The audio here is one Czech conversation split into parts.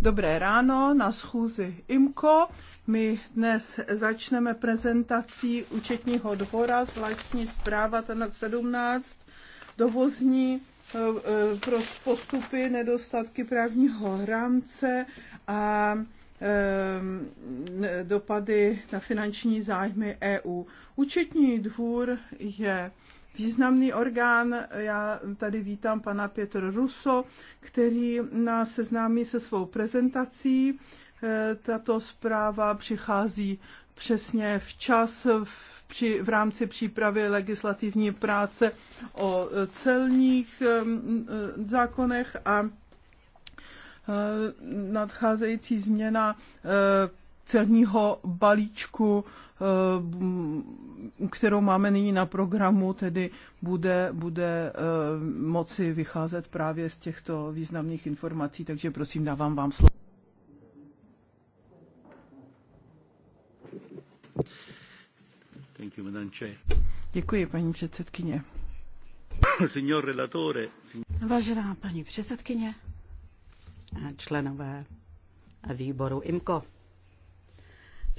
Dobré ráno na schůzi IMCO. My dnes začneme prezentací účetního dvora, zvláštní zpráva rok 17, dovozní e, e, pro postupy, nedostatky právního rámce a e, dopady na finanční zájmy EU. Účetní dvůr je významný orgán. Já tady vítám pana Pětr Russo, který nás seznámí se svou prezentací. Eh, tato zpráva přichází přesně včas v, při, v rámci přípravy legislativní práce o celních eh, zákonech a eh, nadcházející změna celního balíčku, eh, kterou máme nyní na programu, tedy bude, bude eh, moci vycházet právě z těchto významných informací, takže prosím, dávám vám slovo. Děkuji, paní předsedkyně. Signor relatore. Vážená paní předsedkyně, členové výboru IMCO.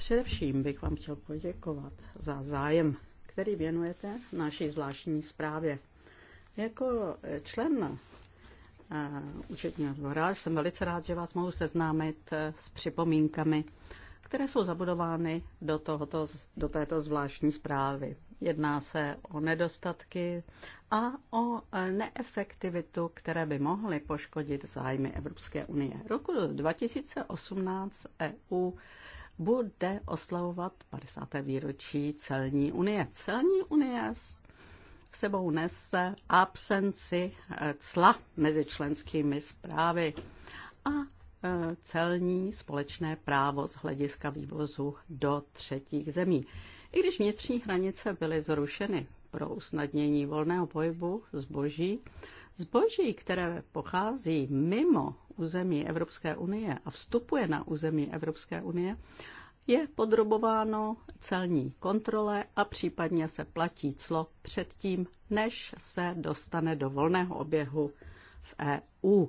Především bych vám chtěl poděkovat za zájem, který věnujete naší zvláštní zprávě. Jako člen eh, účetního dvora jsem velice rád, že vás mohu seznámit eh, s připomínkami, které jsou zabudovány do, tohoto, do této zvláštní zprávy. Jedná se o nedostatky a o eh, neefektivitu, které by mohly poškodit zájmy Evropské unie. Roku 2018 EU bude oslavovat 50. výročí celní unie. Celní unie sebou nese absenci eh, cla mezi členskými zprávy a eh, celní společné právo z hlediska vývozu do třetích zemí. I když vnitřní hranice byly zrušeny pro usnadnění volného pohybu zboží, zboží, které pochází mimo území Evropské unie a vstupuje na území Evropské unie, je podrobováno celní kontrole a případně se platí clo předtím, než se dostane do volného oběhu v EU.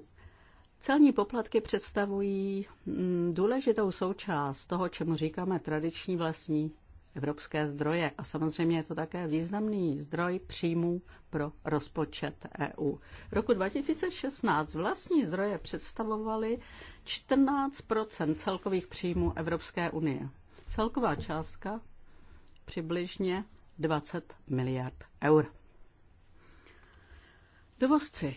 Celní poplatky představují mm, důležitou součást toho, čemu říkáme tradiční vlastní evropské zdroje a samozřejmě je to také významný zdroj příjmů pro rozpočet EU. V roku 2016 vlastní zdroje představovaly 14 celkových příjmů Evropské unie. Celková částka přibližně 20 miliard eur. Dovozci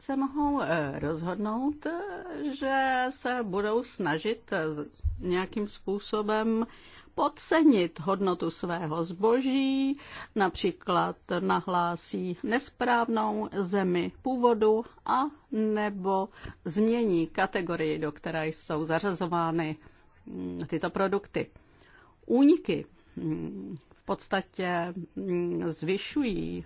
se mohou eh, rozhodnout, eh, že se budou snažit eh, nějakým způsobem podcenit hodnotu svého zboží, například nahlásí nesprávnou zemi původu a nebo změní kategorii, do které jsou zařazovány mm, tyto produkty. Úniky mm, v podstatě mm, zvyšují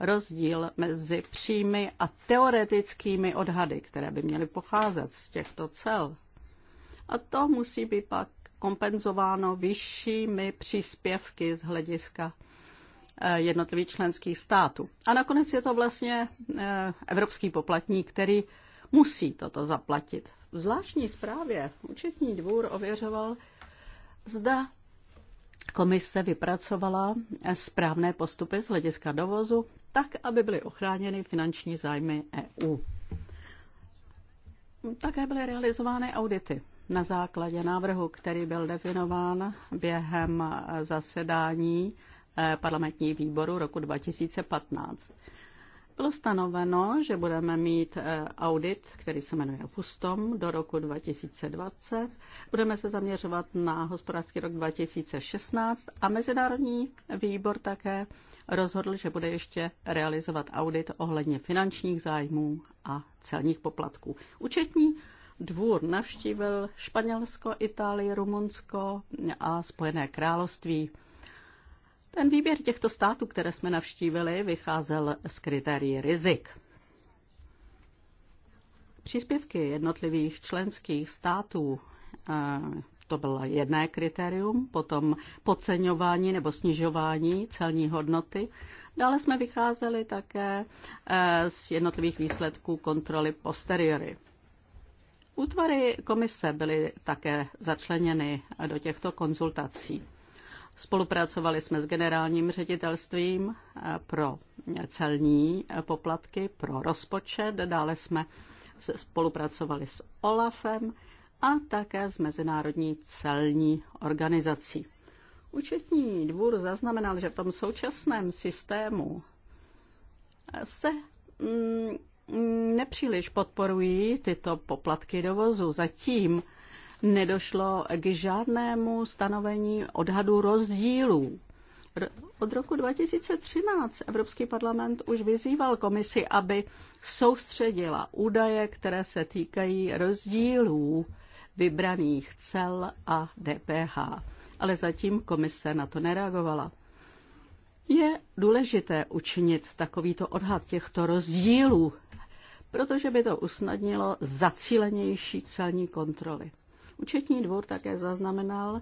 rozdíl mezi příjmy a teoretickými odhady, které by měly pocházet z těchto cel. A to musí být pak kompenzováno vyššími příspěvky z hlediska eh, jednotlivých členských států. A nakonec je to vlastně eh, evropský poplatník, který musí toto zaplatit. V zvláštní zprávě účetní dvůr ověřoval, zda komise vypracovala eh, správné postupy z hlediska dovozu tak, aby byly ochráněny finanční zájmy EU. Také byly realizovány audity na základě návrhu, který byl definován během zasedání eh, parlamentní výboru roku 2015. Bylo stanoveno, že budeme mít eh, audit, který se jmenuje Pustom, do roku 2020. Budeme se zaměřovat na hospodářský rok 2016 a Mezinárodní výbor také rozhodl, že bude ještě realizovat audit ohledně finančních zájmů a celních poplatků. Účetní dvůr navštívil Španělsko, Itálii, Rumunsko a Spojené království. Ten výběr těchto států, které jsme navštívili, vycházel z kritérií rizik. Příspěvky jednotlivých členských států eh, to bylo jedné kritérium, potom podceňování nebo snižování celní hodnoty. Dále jsme vycházeli také eh, z jednotlivých výsledků kontroly posteriory. Útvary komise byly také začleněny do těchto konzultací. Spolupracovali jsme s generálním ředitelstvím eh, pro celní poplatky, pro rozpočet, dále jsme spolupracovali s OLAFem a také z Mezinárodní celní organizací. Účetní dvůr zaznamenal, že v tom současném systému se mm, nepříliš podporují tyto poplatky dovozu. Zatím nedošlo k žádnému stanovení odhadu rozdílů. Od roku 2013 Evropský parlament už vyzýval komisi, aby soustředila údaje, které se týkají rozdílů vybraných cel a DPH. Ale zatím komise na to nereagovala. Je důležité učinit takovýto odhad těchto rozdílů, protože by to usnadnilo zacílenější celní kontroly. Účetní dvůr také zaznamenal,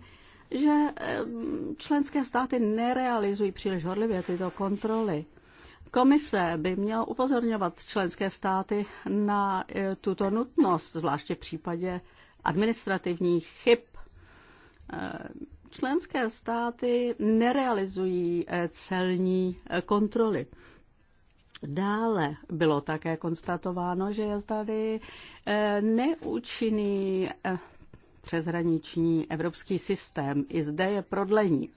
že členské státy nerealizují příliš horlivě tyto kontroly. Komise by měla upozorňovat členské státy na e, tuto nutnost, zvláště v případě administrativních chyb. Eh, členské státy nerealizují eh, celní eh, kontroly. Dále bylo také konstatováno, že je tady neúčinný přeshraniční evropský systém. I zde je prodlení.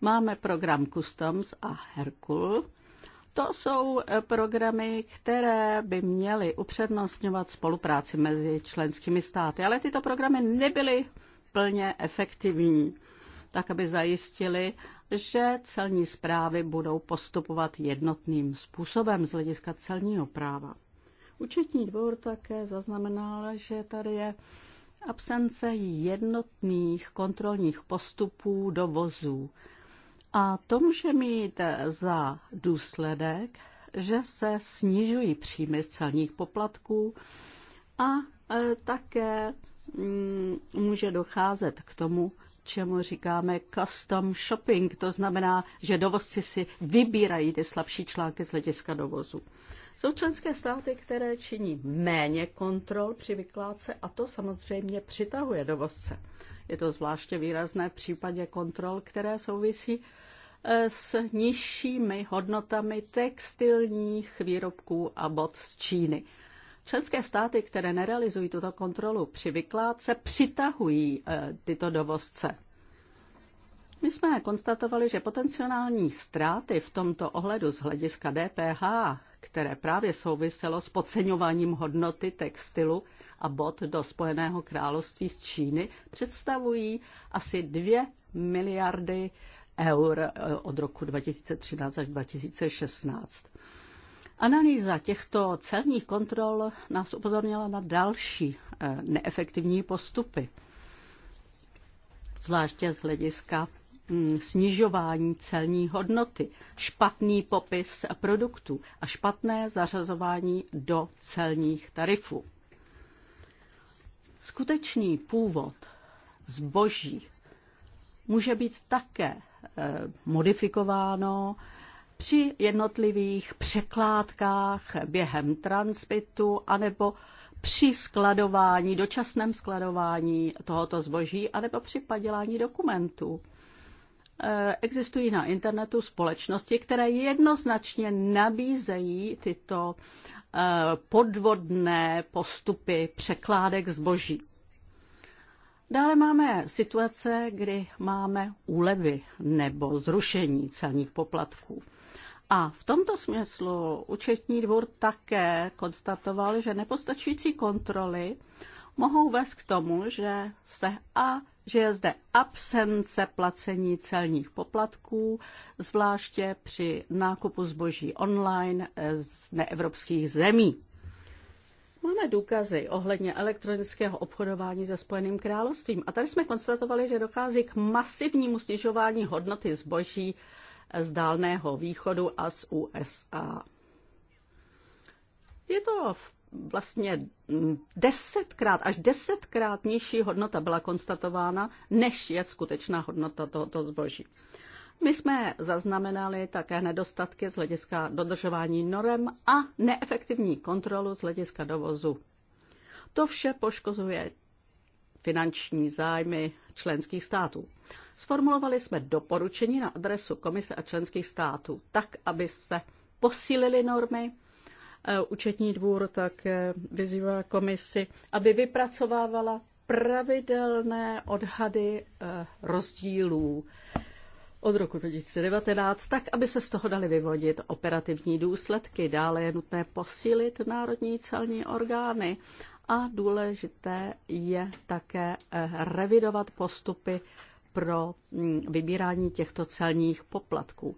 Máme program Customs a Herkul, to jsou e, programy, které by měly upřednostňovat spolupráci mezi členskými státy, ale tyto programy nebyly plně efektivní, tak aby zajistili, že celní zprávy budou postupovat jednotným způsobem z hlediska celního práva. Účetní dvor také zaznamenal, že tady je absence jednotných kontrolních postupů dovozů a to může mít za důsledek, že se snižují příjmy z celních poplatků a e, také mm, může docházet k tomu, čemu říkáme custom shopping. To znamená, že dovozci si vybírají ty slabší články z hlediska dovozu. Jsou členské státy, které činí méně kontrol při vykládce a to samozřejmě přitahuje dovozce. Je to zvláště výrazné v případě kontrol, které souvisí eh, s nižšími hodnotami textilních výrobků a bod z Číny. Členské státy, které nerealizují tuto kontrolu při vykládce, přitahují eh, tyto dovozce. My jsme konstatovali, že potenciální ztráty v tomto ohledu z hlediska DPH které právě souviselo s podceňováním hodnoty textilu a bod do Spojeného království z Číny, představují asi 2 miliardy eur eh, od roku 2013 až 2016. Analýza těchto celních kontrol nás upozornila na další eh, neefektivní postupy, zvláště z hlediska Mm, snižování celní hodnoty, špatný popis produktů a špatné zařazování do celních tarifů. Skutečný původ zboží může být také eh, modifikováno při jednotlivých překládkách během transpitu anebo při skladování, dočasném skladování tohoto zboží anebo při padělání dokumentů. Eh, existují na internetu společnosti, které jednoznačně nabízejí tyto eh, podvodné postupy překládek zboží. Dále máme situace, kdy máme úlevy nebo zrušení celních poplatků. A v tomto smyslu účetní dvůr také konstatoval, že nepostačující kontroly mohou vést k tomu, že, se a, že je zde absence placení celních poplatků, zvláště při nákupu zboží online eh, z neevropských zemí. Máme důkazy ohledně elektronického obchodování se Spojeným královstvím a tady jsme konstatovali, že dochází k masivnímu snižování hodnoty zboží eh, z Dálného východu a z USA. Je to v vlastně mm, desetkrát, až desetkrát nižší hodnota byla konstatována, než je skutečná hodnota tohoto zboží. My jsme zaznamenali také nedostatky z hlediska dodržování norem a neefektivní kontrolu z hlediska dovozu. To vše poškozuje finanční zájmy členských států. Sformulovali jsme doporučení na adresu Komise a členských států tak, aby se posílily normy, Účetní dvůr tak vyzývá komisi, aby vypracovávala pravidelné odhady eh, rozdílů od roku 2019, tak aby se z toho dali vyvodit operativní důsledky. Dále je nutné posílit národní celní orgány a důležité je také eh, revidovat postupy pro mm, vybírání těchto celních poplatků.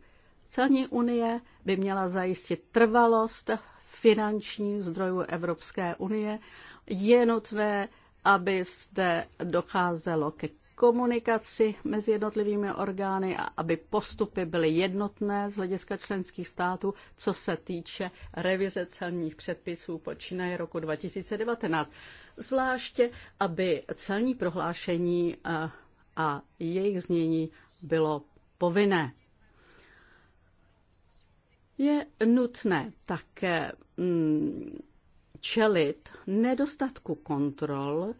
Celní unie by měla zajistit trvalost finančních zdrojů Evropské unie. Je nutné, aby zde docházelo ke komunikaci mezi jednotlivými orgány a aby postupy byly jednotné z hlediska členských států, co se týče revize celních předpisů počínaje roku 2019. Zvláště, aby celní prohlášení eh, a jejich znění bylo povinné. Je nutné také mm, čelit nedostatku kontrol,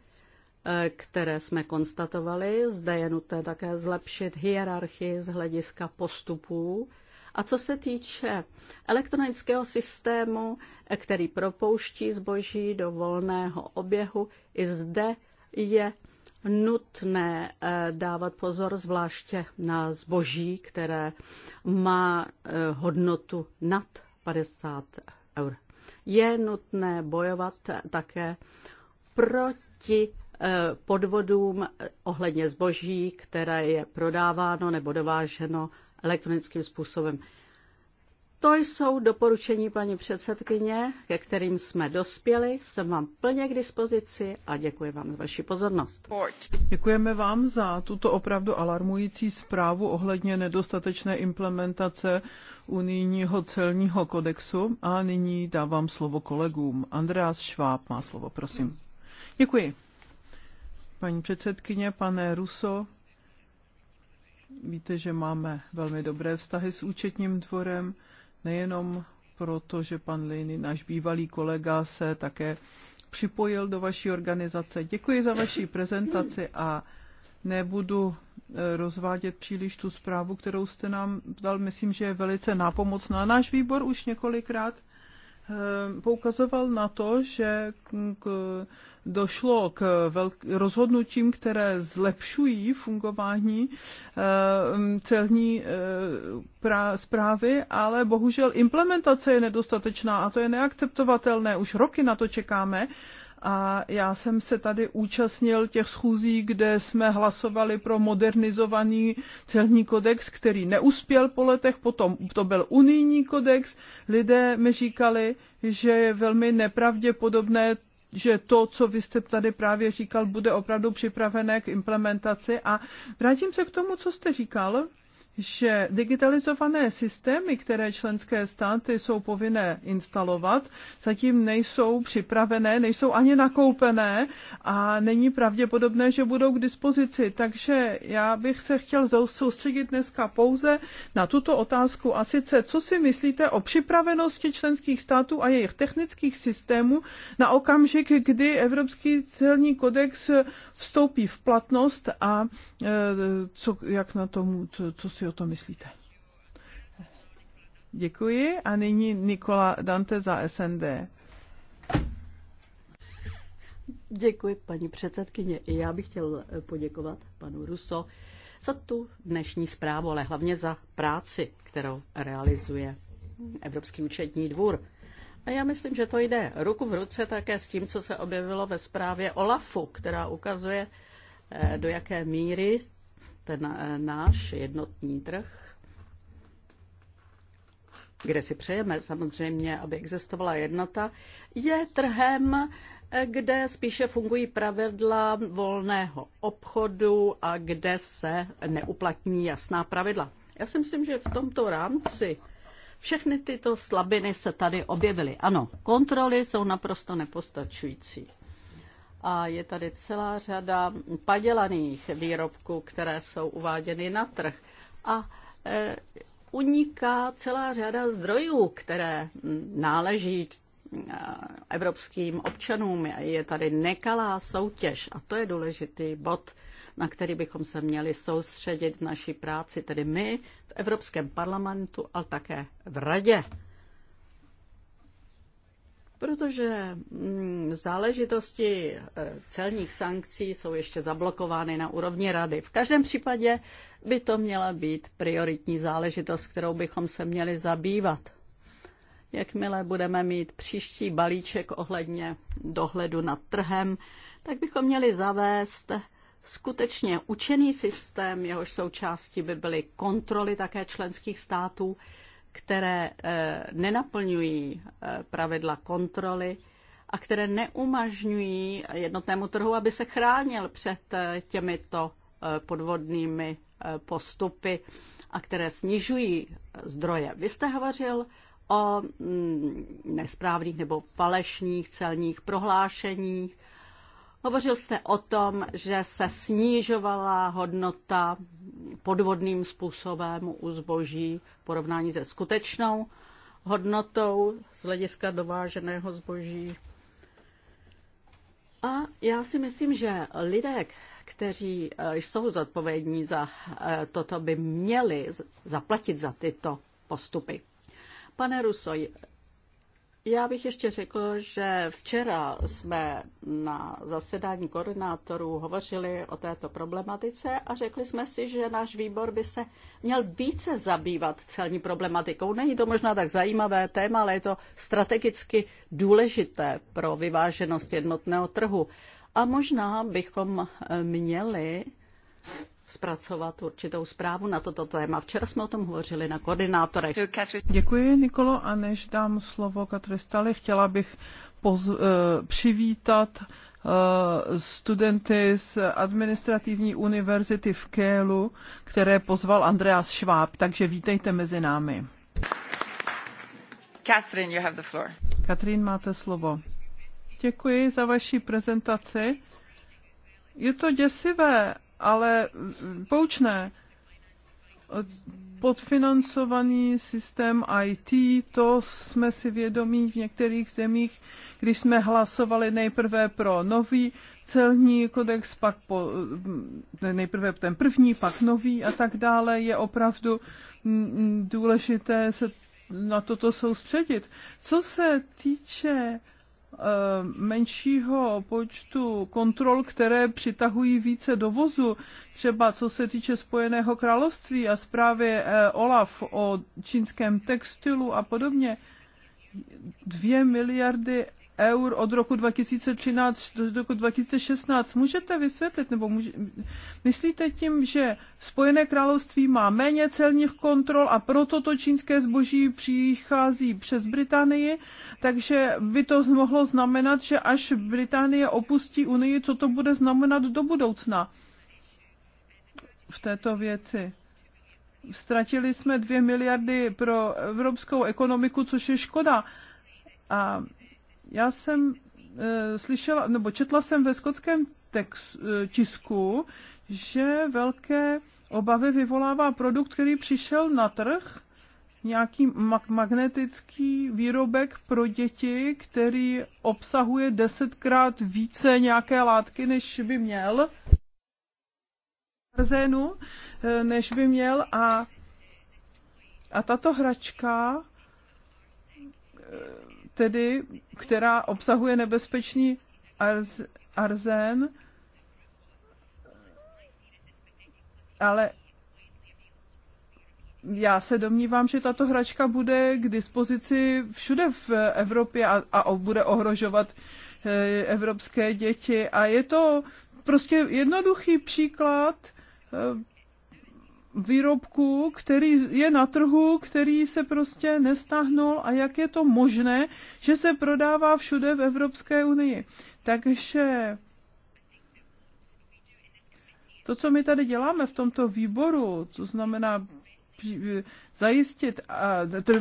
eh, které jsme konstatovali. Zde je nutné také zlepšit hierarchii z hlediska postupů. A co se týče elektronického systému, eh, který propouští zboží do volného oběhu, i zde je nutné eh, dávat pozor zvláště na zboží, které má eh, hodnotu nad 50 eur. Je nutné bojovat také proti eh, podvodům ohledně zboží, které je prodáváno nebo dováženo elektronickým způsobem. To jsou doporučení paní předsedkyně, ke kterým jsme dospěli. Jsem vám plně k dispozici a děkuji vám za vaši pozornost. Děkujeme vám za tuto opravdu alarmující zprávu ohledně nedostatečné implementace unijního celního kodexu a nyní dávám slovo kolegům. Andreas Šváb má slovo, prosím. Děkuji. Paní předsedkyně, pane Ruso, víte, že máme velmi dobré vztahy s účetním dvorem nejenom proto, že pan Lejny, náš bývalý kolega, se také připojil do vaší organizace. Děkuji za vaši prezentaci a nebudu eh, rozvádět příliš tu zprávu, kterou jste nám dal. Myslím, že je velice nápomocná. Náš výbor už několikrát Ehm, poukazoval na to, že došlo k rozhodnutím, které zlepšují fungování ehm, celní zprávy, eh, ale bohužel implementace je nedostatečná a to je neakceptovatelné. Už roky na to čekáme a já jsem se tady účastnil těch schůzí, kde jsme hlasovali pro modernizovaný celní kodex, který neuspěl po letech, potom to byl unijní kodex. Lidé mi říkali, že je velmi nepravděpodobné že to, co vy jste tady právě říkal, bude opravdu připravené k implementaci. A vrátím se k tomu, co jste říkal že digitalizované systémy, které členské státy jsou povinné instalovat, zatím nejsou připravené, nejsou ani nakoupené a není pravděpodobné, že budou k dispozici. Takže já bych se chtěl soustředit dneska pouze na tuto otázku a sice, co si myslíte o připravenosti členských států a jejich technických systémů na okamžik, kdy Evropský celní kodex vstoupí v platnost a e, co, jak na tom co, co si o tom myslíte? Děkuji a nyní Nikola Dante za SND. Děkuji, paní předsedkyně. I já bych chtěl poděkovat panu Ruso za tu dnešní zprávu, ale hlavně za práci, kterou realizuje Evropský účetní dvůr. A já myslím, že to jde ruku v ruce také s tím, co se objevilo ve zprávě OLAFu, která ukazuje, eh, do jaké míry ten eh, náš jednotný trh, kde si přejeme samozřejmě, aby existovala jednota, je trhem, eh, kde spíše fungují pravidla volného obchodu a kde se neuplatní jasná pravidla. Já si myslím, že v tomto rámci všechny tyto slabiny se tady objevily. Ano, kontroly jsou naprosto nepostačující. A je tady celá řada padělaných výrobků, které jsou uváděny na trh. A e, uniká celá řada zdrojů, které náleží e, evropským občanům. Je tady nekalá soutěž a to je důležitý bod, na který bychom se měli soustředit v naší práci, tedy my v Evropském parlamentu, ale také v Radě. Protože mm, záležitosti e, celních sankcí jsou ještě zablokovány na úrovni rady. V každém případě by to měla být prioritní záležitost, kterou bychom se měli zabývat. Jakmile budeme mít příští balíček ohledně dohledu nad trhem, tak bychom měli zavést skutečně učený systém, jehož součástí by byly kontroly také členských států, které eh, nenaplňují eh, pravidla kontroly a které neumažňují jednotnému trhu, aby se chránil před eh, těmito podvodnými postupy a které snižují zdroje. Vy jste hovořil o mm, nesprávných nebo falešných celních prohlášeních Hovořil jste o tom, že se snižovala hodnota podvodným způsobem u zboží v porovnání se skutečnou hodnotou z hlediska dováženého zboží. A já si myslím, že lidé, kteří eh, jsou zodpovědní za eh, toto, by měli zaplatit za tyto postupy. Pane Rusoj, já bych ještě řekl, že včera jsme na zasedání koordinátorů hovořili o této problematice a řekli jsme si, že náš výbor by se měl více zabývat celní problematikou. Není to možná tak zajímavé téma, ale je to strategicky důležité pro vyváženost jednotného trhu. A možná bychom měli zpracovat určitou zprávu na toto téma. Včera jsme o tom hovořili na koordinátorech. Děkuji, Nikolo, a než dám slovo Katry Stali, chtěla bych poz, eh, přivítat eh, studenty z administrativní univerzity v Kélu, které pozval Andreas Schwab, takže vítejte mezi námi. Catherine, you have the floor. Katrin, máte slovo. Děkuji za vaši prezentaci. Je to děsivé, ale poučné. Podfinancovaný systém IT, to jsme si vědomí v některých zemích, když jsme hlasovali nejprve pro nový celní kodex, pak po, nejprve ten první, pak nový a tak dále, je opravdu důležité se na toto soustředit. Co se týče Eh, menšího počtu kontrol, které přitahují více dovozu, třeba co se týče Spojeného království a zprávy eh, OLAF o čínském textilu a podobně, dvě miliardy eur od roku 2013 do roku 2016. Můžete vysvětlit, nebo může, myslíte tím, že Spojené království má méně celních kontrol a proto to čínské zboží přichází přes Británii, takže by to mohlo znamenat, že až Británie opustí Unii, co to bude znamenat do budoucna v této věci? Ztratili jsme dvě miliardy pro evropskou ekonomiku, což je škoda. A já jsem e, slyšela, nebo četla jsem ve skotském text, e, eh, tisku, že velké obavy vyvolává produkt, který přišel na trh, nějaký mag- magnetický výrobek pro děti, který obsahuje desetkrát více nějaké látky, než by měl, arzénu, eh, než by měl a, a tato hračka tedy, která obsahuje nebezpečný arz, arzen, ale já se domnívám, že tato hračka bude k dispozici všude v Evropě a, a bude ohrožovat eh, evropské děti. A je to prostě jednoduchý příklad eh, výrobku, který je na trhu, který se prostě nestáhnul a jak je to možné, že se prodává všude v Evropské unii. Takže to, co my tady děláme v tomto výboru, to znamená zajistit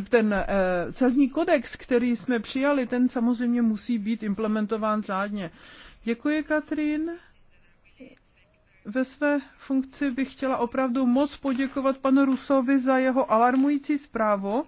ten e, celní kodex, který jsme přijali, ten samozřejmě musí být implementován řádně. Děkuji, Katrin ve své funkci bych chtěla opravdu moc poděkovat panu Rusovi za jeho alarmující zprávu.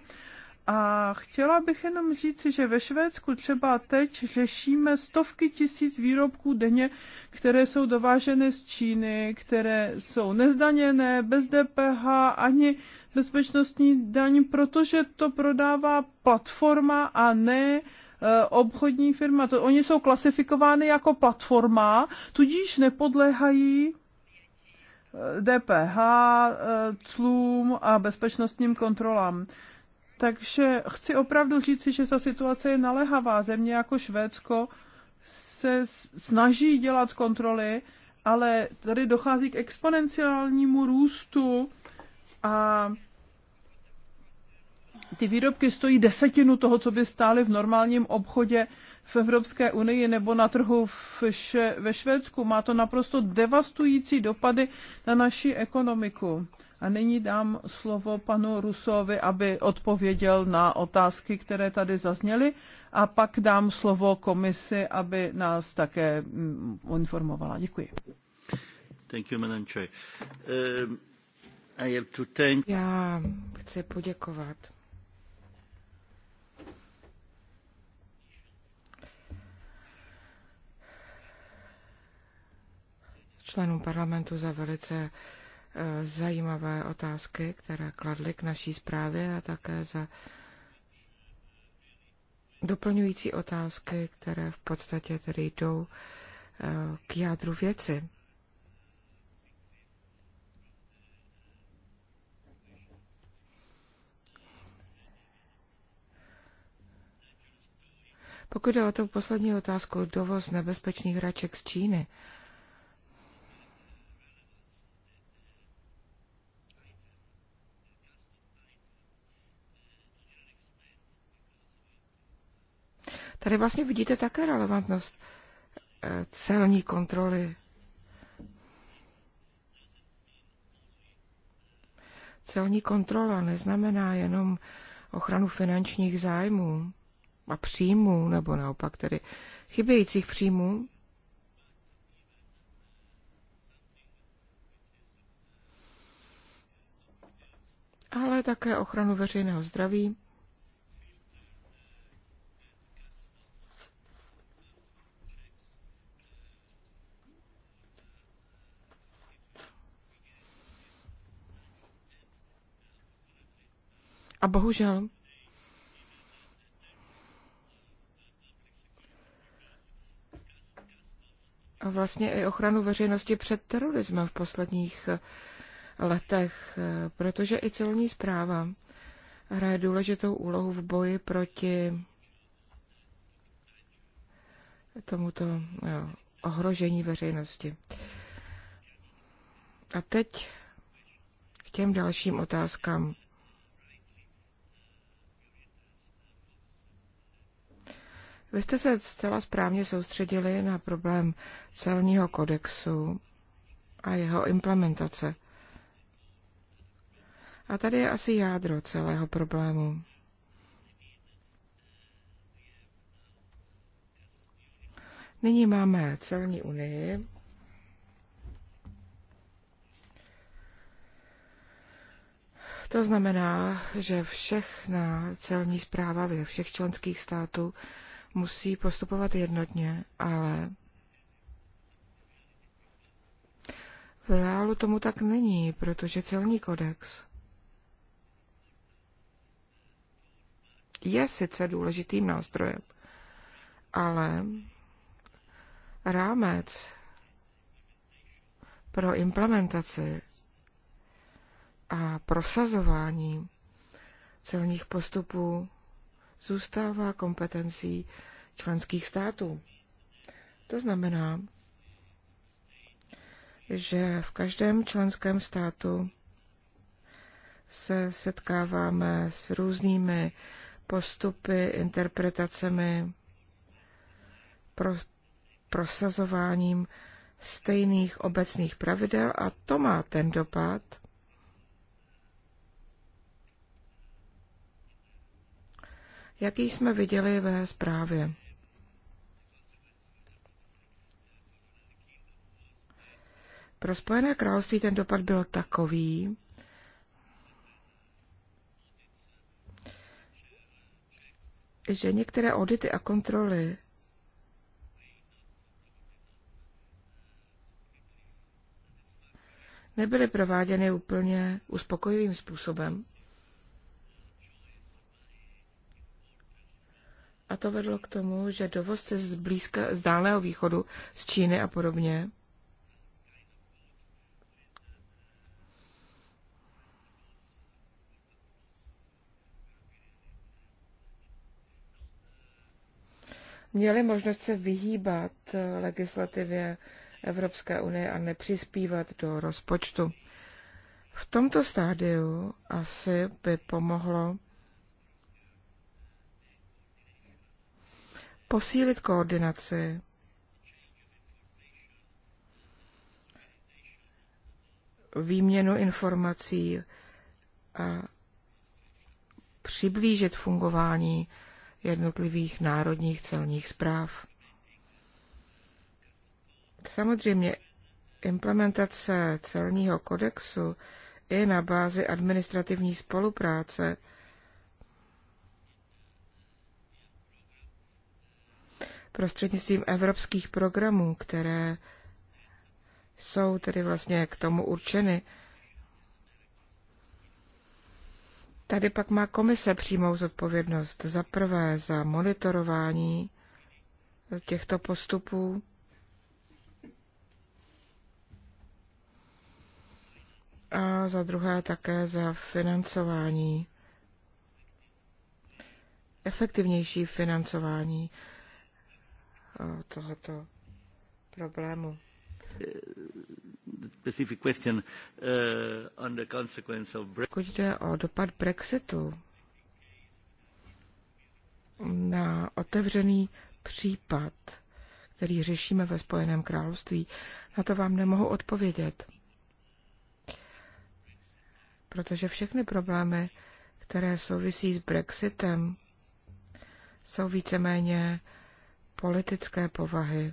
A chtěla bych jenom říct, že ve Švédsku třeba teď řešíme stovky tisíc výrobků denně, které jsou dováženy z Číny, které jsou nezdaněné, bez DPH, ani bezpečnostní daň, protože to prodává platforma a ne eh, obchodní firma. To, oni jsou klasifikovány jako platforma, tudíž nepodléhají DPH, clům a bezpečnostním kontrolám. Takže chci opravdu říci, že ta situace je naléhavá. Země jako Švédsko se snaží dělat kontroly, ale tady dochází k exponenciálnímu růstu a ty výrobky stojí desetinu toho, co by stály v normálním obchodě v Evropské unii nebo na trhu v š- ve Švédsku. Má to naprosto devastující dopady na naši ekonomiku. A nyní dám slovo panu Rusovi, aby odpověděl na otázky, které tady zazněly, a pak dám slovo komisi, aby nás také mm, informovala. Děkuji. Thank you, Madam Chair. Um... Já chci poděkovat členům parlamentu za velice eh, zajímavé otázky, které kladly k naší zprávě a také za doplňující otázky, které v podstatě tedy jdou eh, k jádru věci. Pokud jde o tu poslední otázku, dovoz nebezpečných hraček z Číny, Tady vlastně vidíte také relevantnost eh, celní kontroly. Celní kontrola neznamená jenom ochranu finančních zájmů a příjmů, nebo naopak tedy chybějících příjmů, ale také ochranu veřejného zdraví A bohužel a vlastně i ochranu veřejnosti před terorismem v posledních eh, letech, eh, protože i celní zpráva hraje důležitou úlohu v boji proti tomuto jo, eh, ohrožení veřejnosti. A teď k těm dalším otázkám. Vy jste se zcela správně soustředili na problém celního kodexu a jeho implementace. A tady je asi jádro celého problému. Nyní máme celní unii. To znamená, že všechna celní zpráva ve všech členských států musí postupovat jednotně, ale v reálu tomu tak není, protože celní kodex je sice důležitým nástrojem, ale rámec pro implementaci a prosazování celních postupů zůstává kompetencí členských států. To znamená, že v každém členském státu se setkáváme s různými postupy, interpretacemi, pro, prosazováním stejných obecných pravidel a to má ten dopad, jaký jsme viděli ve zprávě. Pro Spojené království ten dopad byl takový, že některé audity a kontroly nebyly prováděny úplně uspokojivým způsobem. A to vedlo k tomu, že dovozce z, blízka, z dálného východu, z Číny a podobně, měli možnost se vyhýbat legislativě Evropské unie a nepřispívat do rozpočtu. V tomto stádiu asi by pomohlo posílit koordinaci výměnu informací a přiblížit fungování jednotlivých národních celních zpráv. Samozřejmě implementace celního kodexu je na bázi administrativní spolupráce prostřednictvím evropských programů, které jsou tedy vlastně k tomu určeny. Tady pak má komise přímou zodpovědnost za prvé za monitorování těchto postupů, a za druhé také za financování, efektivnější financování tohoto problému. Uh, Pokud jde o dopad Brexitu na otevřený případ, který řešíme ve Spojeném království, na to vám nemohu odpovědět. Protože všechny problémy, které souvisí s Brexitem, jsou víceméně uh, politické povahy.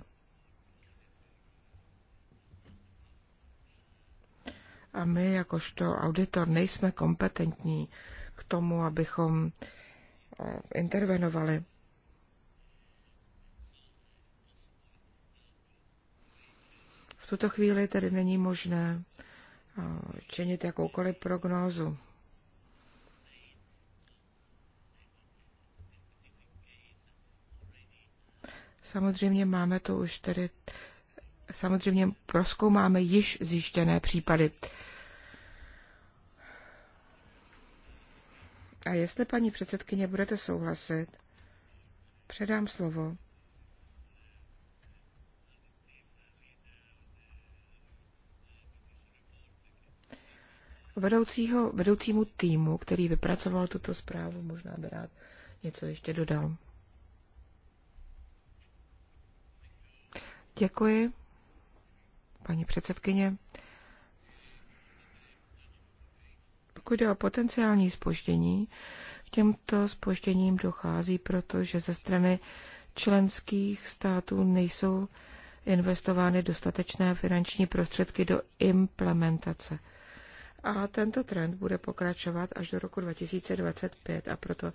A my, jakožto auditor, nejsme kompetentní k tomu, abychom eh, intervenovali. V tuto chvíli tedy není možné eh, činit jakoukoliv prognózu. Samozřejmě máme to už tedy, samozřejmě proskoumáme již zjištěné případy. A jestli paní předsedkyně budete souhlasit, předám slovo vedoucího, vedoucímu týmu, který vypracoval tuto zprávu, možná by rád něco ještě dodal. Děkuji, paní předsedkyně. Pokud jde o potenciální spoždění, k těmto spožděním dochází, protože ze strany členských států nejsou investovány dostatečné finanční prostředky do implementace. A tento trend bude pokračovat až do roku 2025 a proto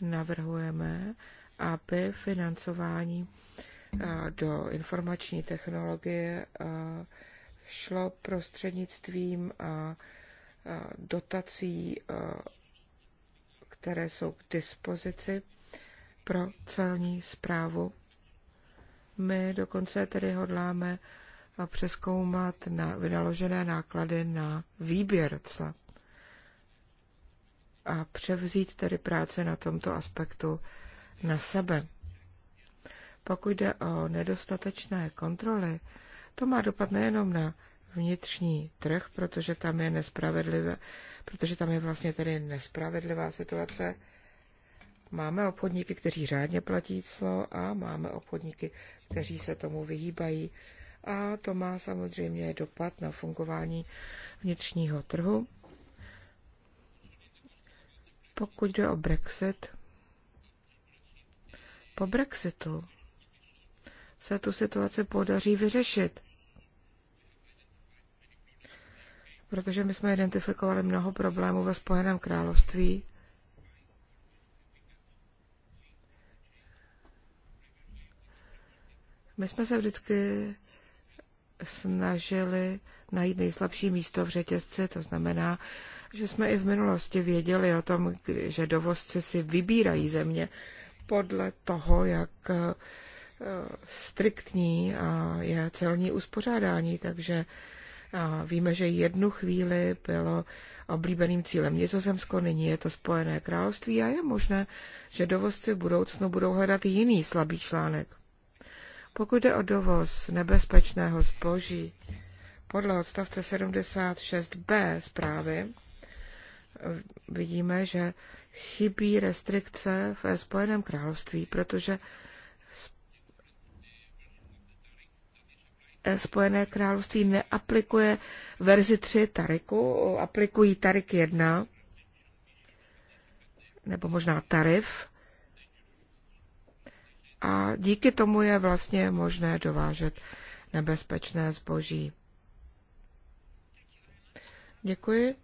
navrhujeme, aby financování do informační technologie šlo prostřednictvím dotací, které jsou k dispozici pro celní zprávu. My dokonce tedy hodláme přeskoumat na vynaložené náklady na výběr cla a převzít tedy práce na tomto aspektu na sebe. Pokud jde o nedostatečné kontroly, to má dopad nejenom na vnitřní trh, protože tam je nespravedlivé, protože tam je vlastně tedy nespravedlivá situace. Máme obchodníky, kteří řádně platí clo a máme obchodníky, kteří se tomu vyhýbají. A to má samozřejmě dopad na fungování vnitřního trhu. Pokud jde o Brexit, po Brexitu se tu situaci podaří vyřešit. Protože my jsme identifikovali mnoho problémů ve Spojeném království. My jsme se vždycky snažili najít nejslabší místo v řetězci, to znamená, že jsme i v minulosti věděli o tom, že dovozci si vybírají země podle toho, jak Eh, striktní a je celní uspořádání, takže víme, že jednu chvíli bylo oblíbeným cílem Nizozemsko, nyní je to Spojené království a je možné, že dovozci v budoucnu budou hledat jiný slabý článek. Pokud jde o dovoz nebezpečného zboží, podle odstavce 76b zprávy eh, vidíme, že chybí restrikce v Spojeném království, protože Spojené království neaplikuje verzi 3 Tariku, aplikují Tarik 1, nebo možná tarif. A díky tomu je vlastně možné dovážet nebezpečné zboží. Děkuji.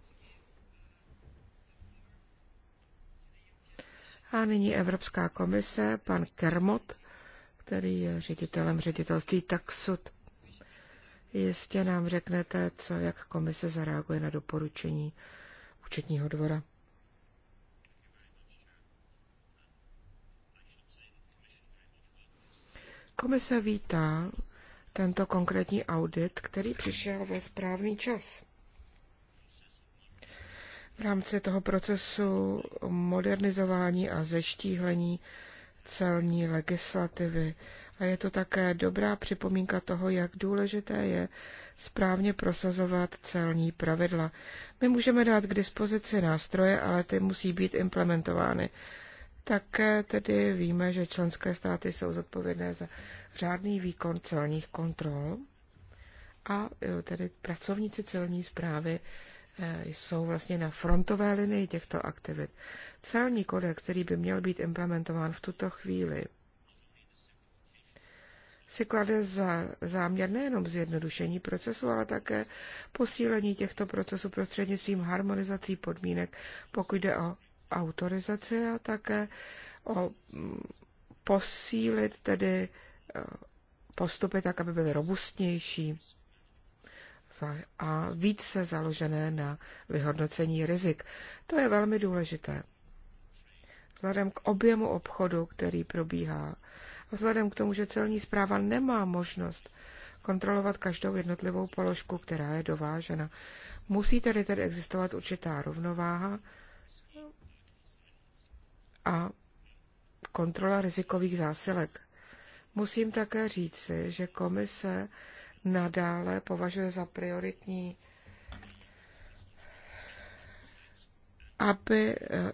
A nyní Evropská komise, pan Kermot, který je ředitelem ředitelství Taxud. Jistě nám řeknete, co, jak komise zareaguje na doporučení účetního dvora. Komise vítá tento konkrétní audit, který přišel ve správný čas. V rámci toho procesu modernizování a zeštíhlení celní legislativy a je to také dobrá připomínka toho, jak důležité je správně prosazovat celní pravidla. My můžeme dát k dispozici nástroje, ale ty musí být implementovány. Také tedy víme, že členské státy jsou zodpovědné za řádný výkon celních kontrol a tedy pracovníci celní zprávy eh, jsou vlastně na frontové linii těchto aktivit. Celní kodex, který by měl být implementován v tuto chvíli, si klade za záměr nejenom zjednodušení procesu, ale také posílení těchto procesů prostřednictvím harmonizací podmínek, pokud jde o autorizaci a také o mm, posílit tedy eh, postupy tak, aby byly robustnější a více založené na vyhodnocení rizik. To je velmi důležité. Vzhledem k objemu obchodu, který probíhá Vzhledem k tomu, že celní zpráva nemá možnost kontrolovat každou jednotlivou položku, která je dovážena, musí tedy tedy existovat určitá rovnováha a kontrola rizikových zásilek. Musím také říci, že komise nadále považuje za prioritní, aby eh,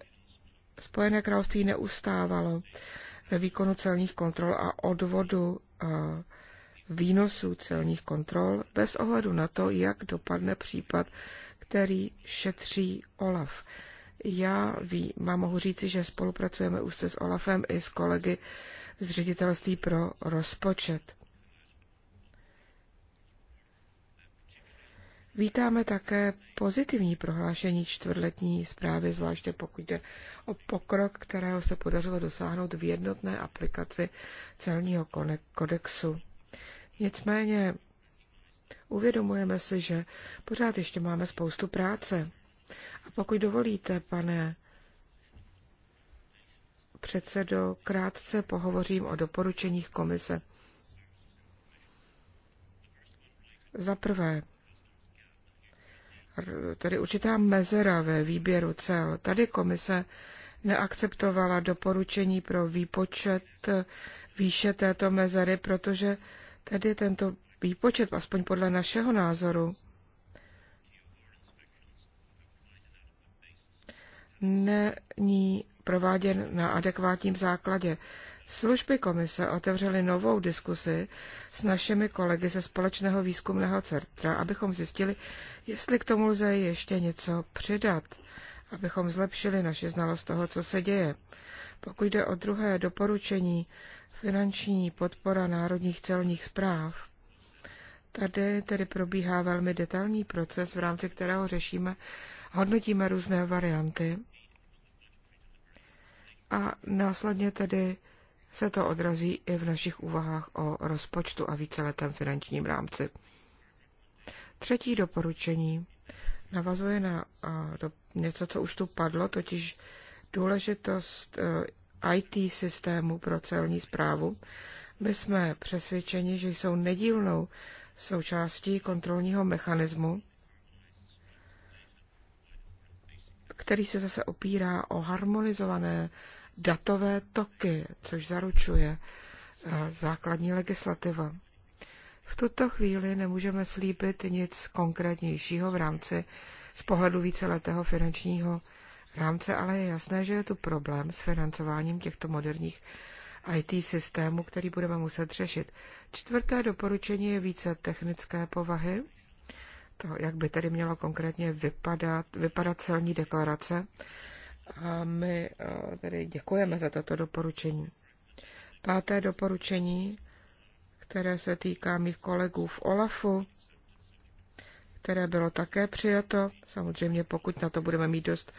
Spojené království neustávalo ve výkonu celních kontrol a odvodu eh, výnosů celních kontrol bez ohledu na to, jak dopadne případ, který šetří OLAF. Já vím a mohu říci, že spolupracujeme už se s OLAFem i s kolegy z ředitelství pro rozpočet. Vítáme také pozitivní prohlášení čtvrtletní zprávy, zvláště pokud jde o pokrok, kterého se podařilo dosáhnout v jednotné aplikaci celního kodexu. Nicméně uvědomujeme si, že pořád ještě máme spoustu práce. A pokud dovolíte, pane předsedo, krátce pohovořím o doporučeních komise. Za prvé, tedy určitá mezera ve výběru cel. Tady komise neakceptovala doporučení pro výpočet e, výše této mezery, protože tedy tento výpočet, aspoň podle našeho názoru, není prováděn na adekvátním základě. Služby komise otevřely novou diskusi s našimi kolegy ze společného výzkumného centra, abychom zjistili, jestli k tomu lze ještě něco přidat, abychom zlepšili naše znalost toho, co se děje. Pokud jde o druhé doporučení, finanční podpora národních celních zpráv, Tady tedy probíhá velmi detailní proces, v rámci kterého řešíme, hodnotíme různé varianty a následně tedy se to odrazí i v našich úvahách o rozpočtu a víceletém finančním rámci. Třetí doporučení navazuje na do, něco, co už tu padlo, totiž důležitost e, IT systému pro celní zprávu. My jsme přesvědčeni, že jsou nedílnou součástí kontrolního mechanismu, který se zase opírá o harmonizované datové toky, což zaručuje eh, základní legislativa. V tuto chvíli nemůžeme slíbit nic konkrétnějšího v rámci z pohledu víceletého finančního rámce, ale je jasné, že je tu problém s financováním těchto moderních IT systému, který budeme muset řešit. Čtvrté doporučení je více technické povahy, to, jak by tedy mělo konkrétně vypadat, vypadat celní deklarace a my eh, tedy děkujeme za tato doporučení. Páté doporučení, které se týká mých kolegů v OLAFu, které bylo také přijato, samozřejmě pokud na to budeme mít dost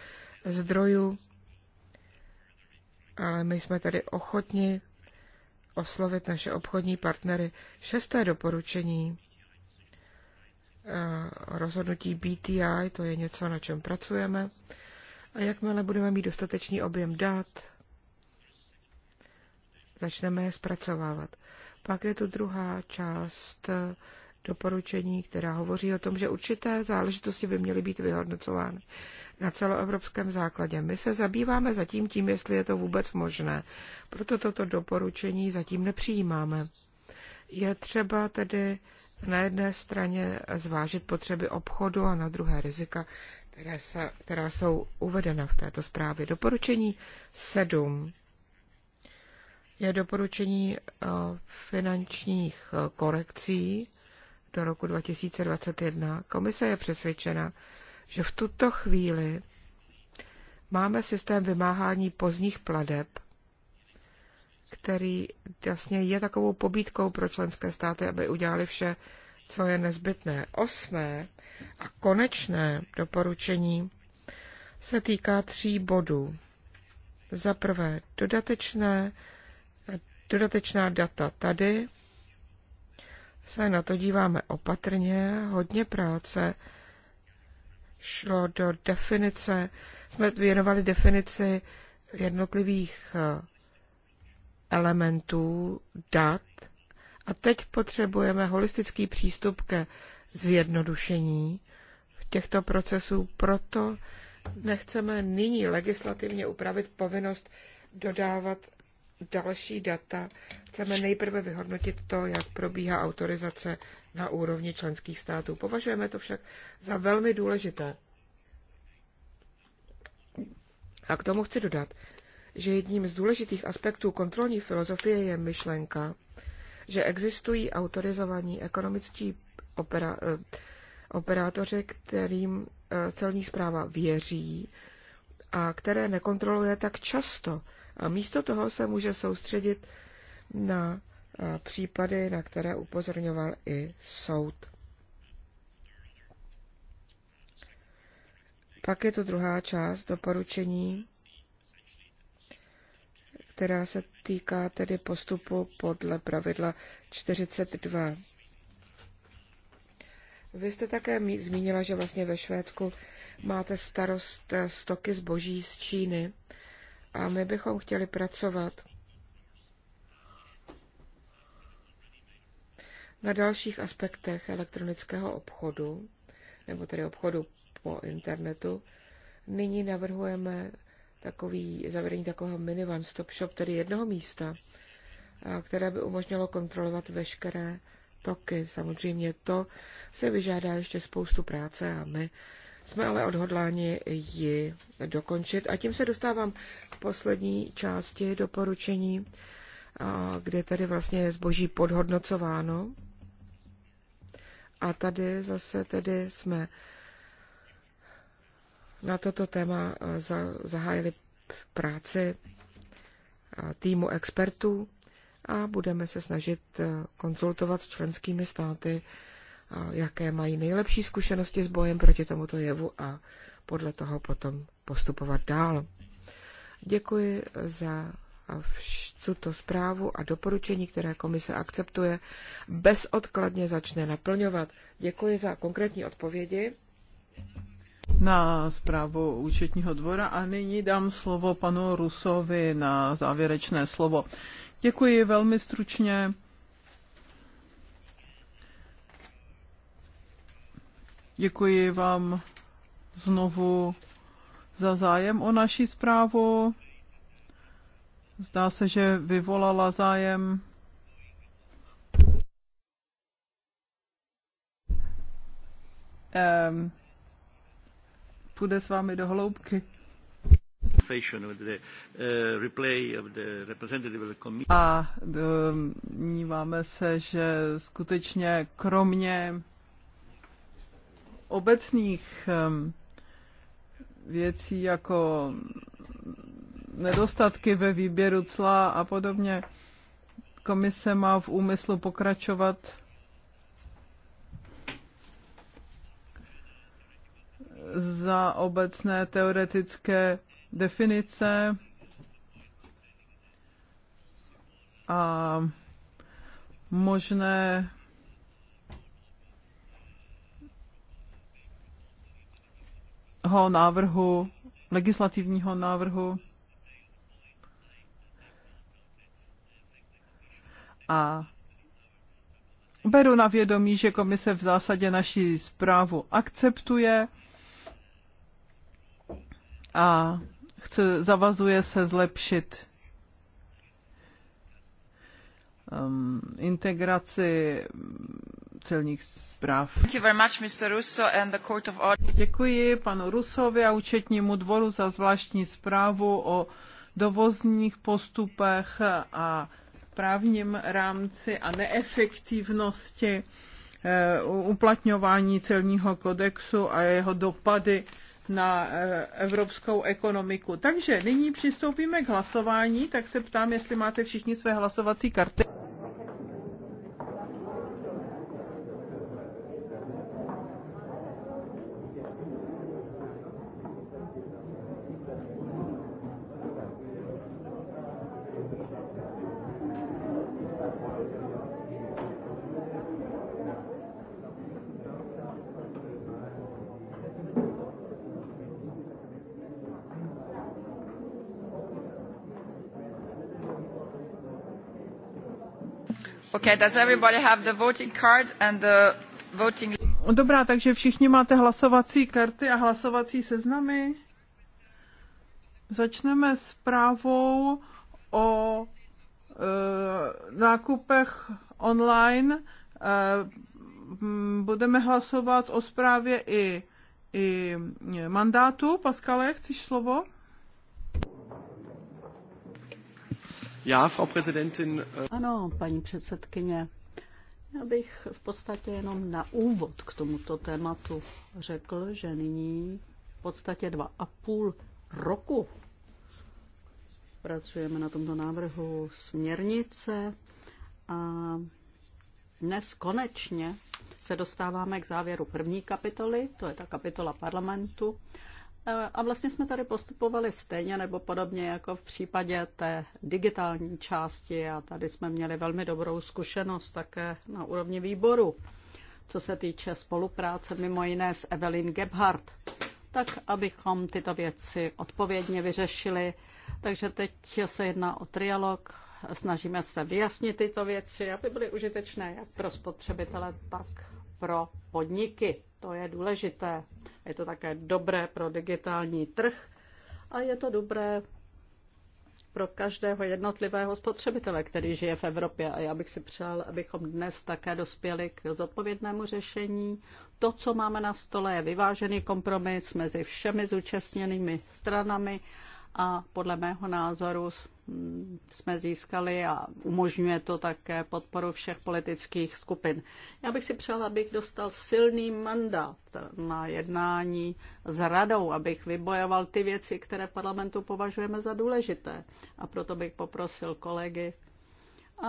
zdrojů, ale my jsme tady ochotni oslovit naše obchodní partnery. Šesté doporučení eh, rozhodnutí BTI, to je něco, na čem pracujeme. A jakmile budeme mít dostatečný objem dat, začneme je zpracovávat. Pak je tu druhá část doporučení, která hovoří o tom, že určité záležitosti by měly být vyhodnocovány na celoevropském základě. My se zabýváme zatím tím, jestli je to vůbec možné. Proto toto doporučení zatím nepřijímáme. Je třeba tedy na jedné straně zvážit potřeby obchodu a na druhé rizika, které se, která jsou uvedena v této zprávě. Doporučení 7 je doporučení eh, finančních eh, korekcí do roku 2021. Komise je přesvědčena, že v tuto chvíli máme systém vymáhání pozdních pladeb, který jasně je takovou pobídkou pro členské státy, aby udělali vše co je nezbytné. Osmé a konečné doporučení se týká tří bodů. Za prvé, dodatečné, dodatečná data tady. Se na to díváme opatrně, hodně práce šlo do definice, jsme věnovali definici jednotlivých eh, elementů dat a teď potřebujeme holistický přístup ke zjednodušení těchto procesů, proto nechceme nyní legislativně upravit povinnost dodávat další data. Chceme nejprve vyhodnotit to, jak probíhá autorizace na úrovni členských států. Považujeme to však za velmi důležité. A k tomu chci dodat, že jedním z důležitých aspektů kontrolní filozofie je myšlenka, že existují autorizovaní ekonomičtí opera, eh, operátoři, kterým eh, celní zpráva věří a které nekontroluje tak často. A místo toho se může soustředit na eh, případy, na které upozorňoval i soud. Pak je to druhá část doporučení, která se týká tedy postupu podle pravidla 42. Vy jste také zmínila, že vlastně ve Švédsku máte starost eh, stoky zboží z Číny a my bychom chtěli pracovat na dalších aspektech elektronického obchodu, nebo tedy obchodu po internetu. Nyní navrhujeme takový, zavedení takového mini one-stop shop, tedy jednoho místa, které by umožnilo kontrolovat veškeré toky. Samozřejmě to se vyžádá ještě spoustu práce a my jsme ale odhodláni ji dokončit. A tím se dostávám k poslední části doporučení, kde tady vlastně je zboží podhodnocováno. A tady zase tedy jsme na toto téma eh, zahájili práci eh, týmu expertů a budeme se snažit eh, konzultovat s členskými státy, jaké mají nejlepší zkušenosti s bojem proti tomuto jevu a podle toho potom postupovat dál. Děkuji za tuto zprávu a doporučení, které komise akceptuje, bezodkladně začne naplňovat. Děkuji za konkrétní odpovědi na zprávu účetního dvora a nyní dám slovo panu Rusovi na závěrečné slovo. Děkuji velmi stručně. Děkuji vám znovu za zájem o naší zprávu. Zdá se, že vyvolala zájem. Um, půjde s vámi do hloubky. Uh, a domníváme um, se, že skutečně kromě obecných um, věcí jako nedostatky ve výběru cla a podobně, komise má v úmyslu pokračovat za obecné teoretické definice a možné ho návrhu, legislativního návrhu. A beru na vědomí, že komise v zásadě naši zprávu akceptuje a chce, zavazuje se zlepšit um, integraci celních zpráv. Děkuji panu Rusovi a účetnímu dvoru za zvláštní zprávu o dovozních postupech a právním rámci a neefektivnosti eh, uplatňování celního kodexu a jeho dopady na eh, evropskou ekonomiku. Takže nyní přistoupíme k hlasování, tak se ptám, jestli máte všichni své hlasovací karty. Dobrá, takže všichni máte hlasovací karty a hlasovací seznamy. Začneme s právou o e, nákupech online. E, budeme hlasovat o zprávě i, i eh, mandátu. Paskale, chceš slovo? Äh, ano, paní předsedkyně. Já bych v podstatě jenom na úvod k tomuto tématu řekl, že nyní v podstatě dva a půl roku pracujeme na tomto návrhu směrnice a dnes konečně se dostáváme k závěru první kapitoly, to je ta kapitola parlamentu. A vlastně jsme tady postupovali stejně nebo podobně jako v případě té digitální části a tady jsme měli velmi dobrou zkušenost také na úrovni výboru, co se týče spolupráce mimo jiné s Evelyn Gebhardt, tak abychom tyto věci odpovědně vyřešili. Takže teď se jedná o trialog, snažíme se vyjasnit tyto věci, aby byly užitečné jak pro spotřebitele, tak pro podniky. To je důležité. Je to také dobré pro digitální trh a je to dobré pro každého jednotlivého spotřebitele, který žije v Evropě. A já bych si přál, abychom dnes také dospěli k zodpovědnému řešení. To, co máme na stole, je vyvážený kompromis mezi všemi zúčastněnými stranami a podle mého názoru jsme získali a umožňuje to také podporu všech politických skupin. Já bych si přála, abych dostal silný mandát na jednání s radou, abych vybojoval ty věci, které parlamentu považujeme za důležité. A proto bych poprosil kolegy,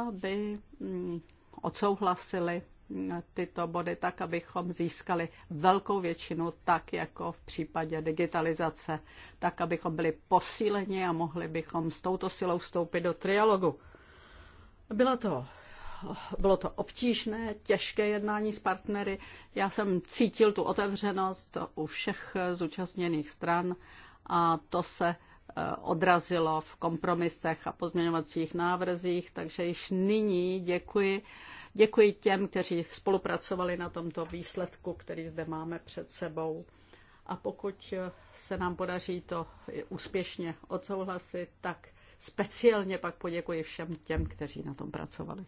aby mm, odsouhlasili tyto body tak, abychom získali velkou většinu, tak jako v případě digitalizace, tak, abychom byli posíleni a mohli bychom s touto silou vstoupit do trialogu. Bylo to bylo to obtížné, těžké jednání s partnery. Já jsem cítil tu otevřenost u všech zúčastněných stran a to se eh, odrazilo v kompromisech a pozměňovacích návrzích, takže již nyní děkuji Děkuji těm, kteří spolupracovali na tomto výsledku, který zde máme před sebou. A pokud se nám podaří to úspěšně odsouhlasit, tak speciálně pak poděkuji všem těm, kteří na tom pracovali.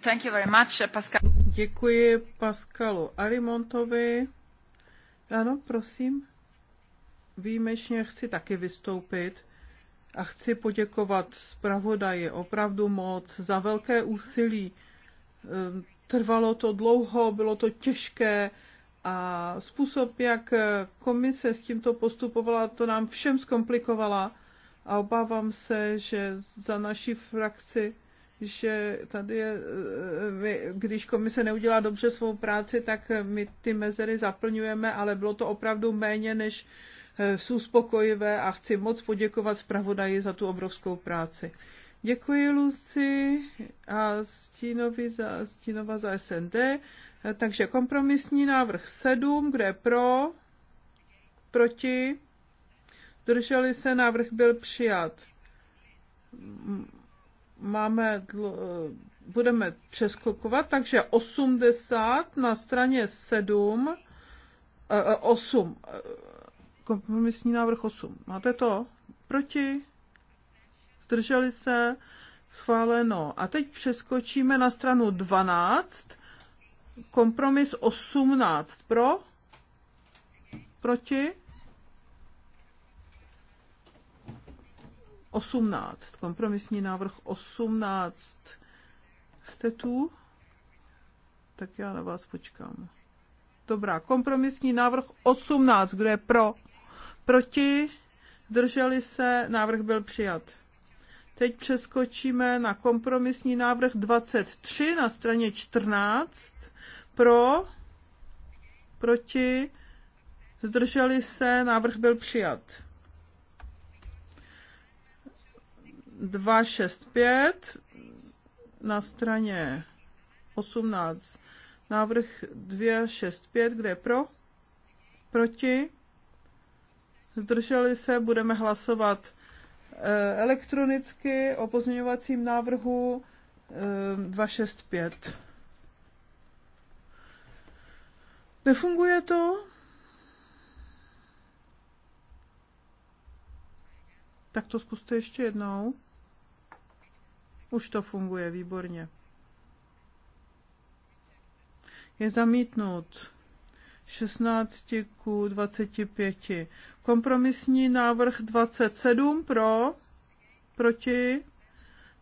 Thank you very much, Pascal. Děkuji Pascalu Arimontovi. Ano, prosím. Výjimečně chci taky vystoupit a chci poděkovat zpravodaji opravdu moc za velké úsilí. Ehm, trvalo to dlouho, bylo to těžké a způsob, jak komise s tímto postupovala, to nám všem zkomplikovala a obávám se, že za naší frakci že tady je, ehm, když komise neudělá dobře svou práci, tak my ty mezery zaplňujeme, ale bylo to opravdu méně, než Eh, jsou spokojivé a chci moc poděkovat zpravodaji za tu obrovskou práci. Děkuji Luci a Stínovi za, Stínova za SND. Eh, takže kompromisní návrh 7, kde pro, proti, drželi se, návrh byl přijat. Máme, eh, budeme přeskokovat, takže 80 na straně 7, 8, Kompromisní návrh 8. Máte to? Proti? Zdrželi se? Schváleno. A teď přeskočíme na stranu 12. Kompromis 18. Pro? Proti? 18. Kompromisní návrh 18. Jste tu? Tak já na vás počkám. Dobrá, kompromisní návrh 18. Kdo je pro? proti, drželi se, návrh byl přijat. Teď přeskočíme na kompromisní návrh 23 na straně 14. Pro, proti, zdrželi se, návrh byl přijat. 265 na straně 18. Návrh 265, kde je pro? Proti? zdrželi se, budeme hlasovat eh, elektronicky o pozměňovacím návrhu 265. Eh, Nefunguje to? Tak to zkuste ještě jednou. Už to funguje, výborně. Je zamítnut 16 ku 25. Kompromisní návrh 27 pro, proti,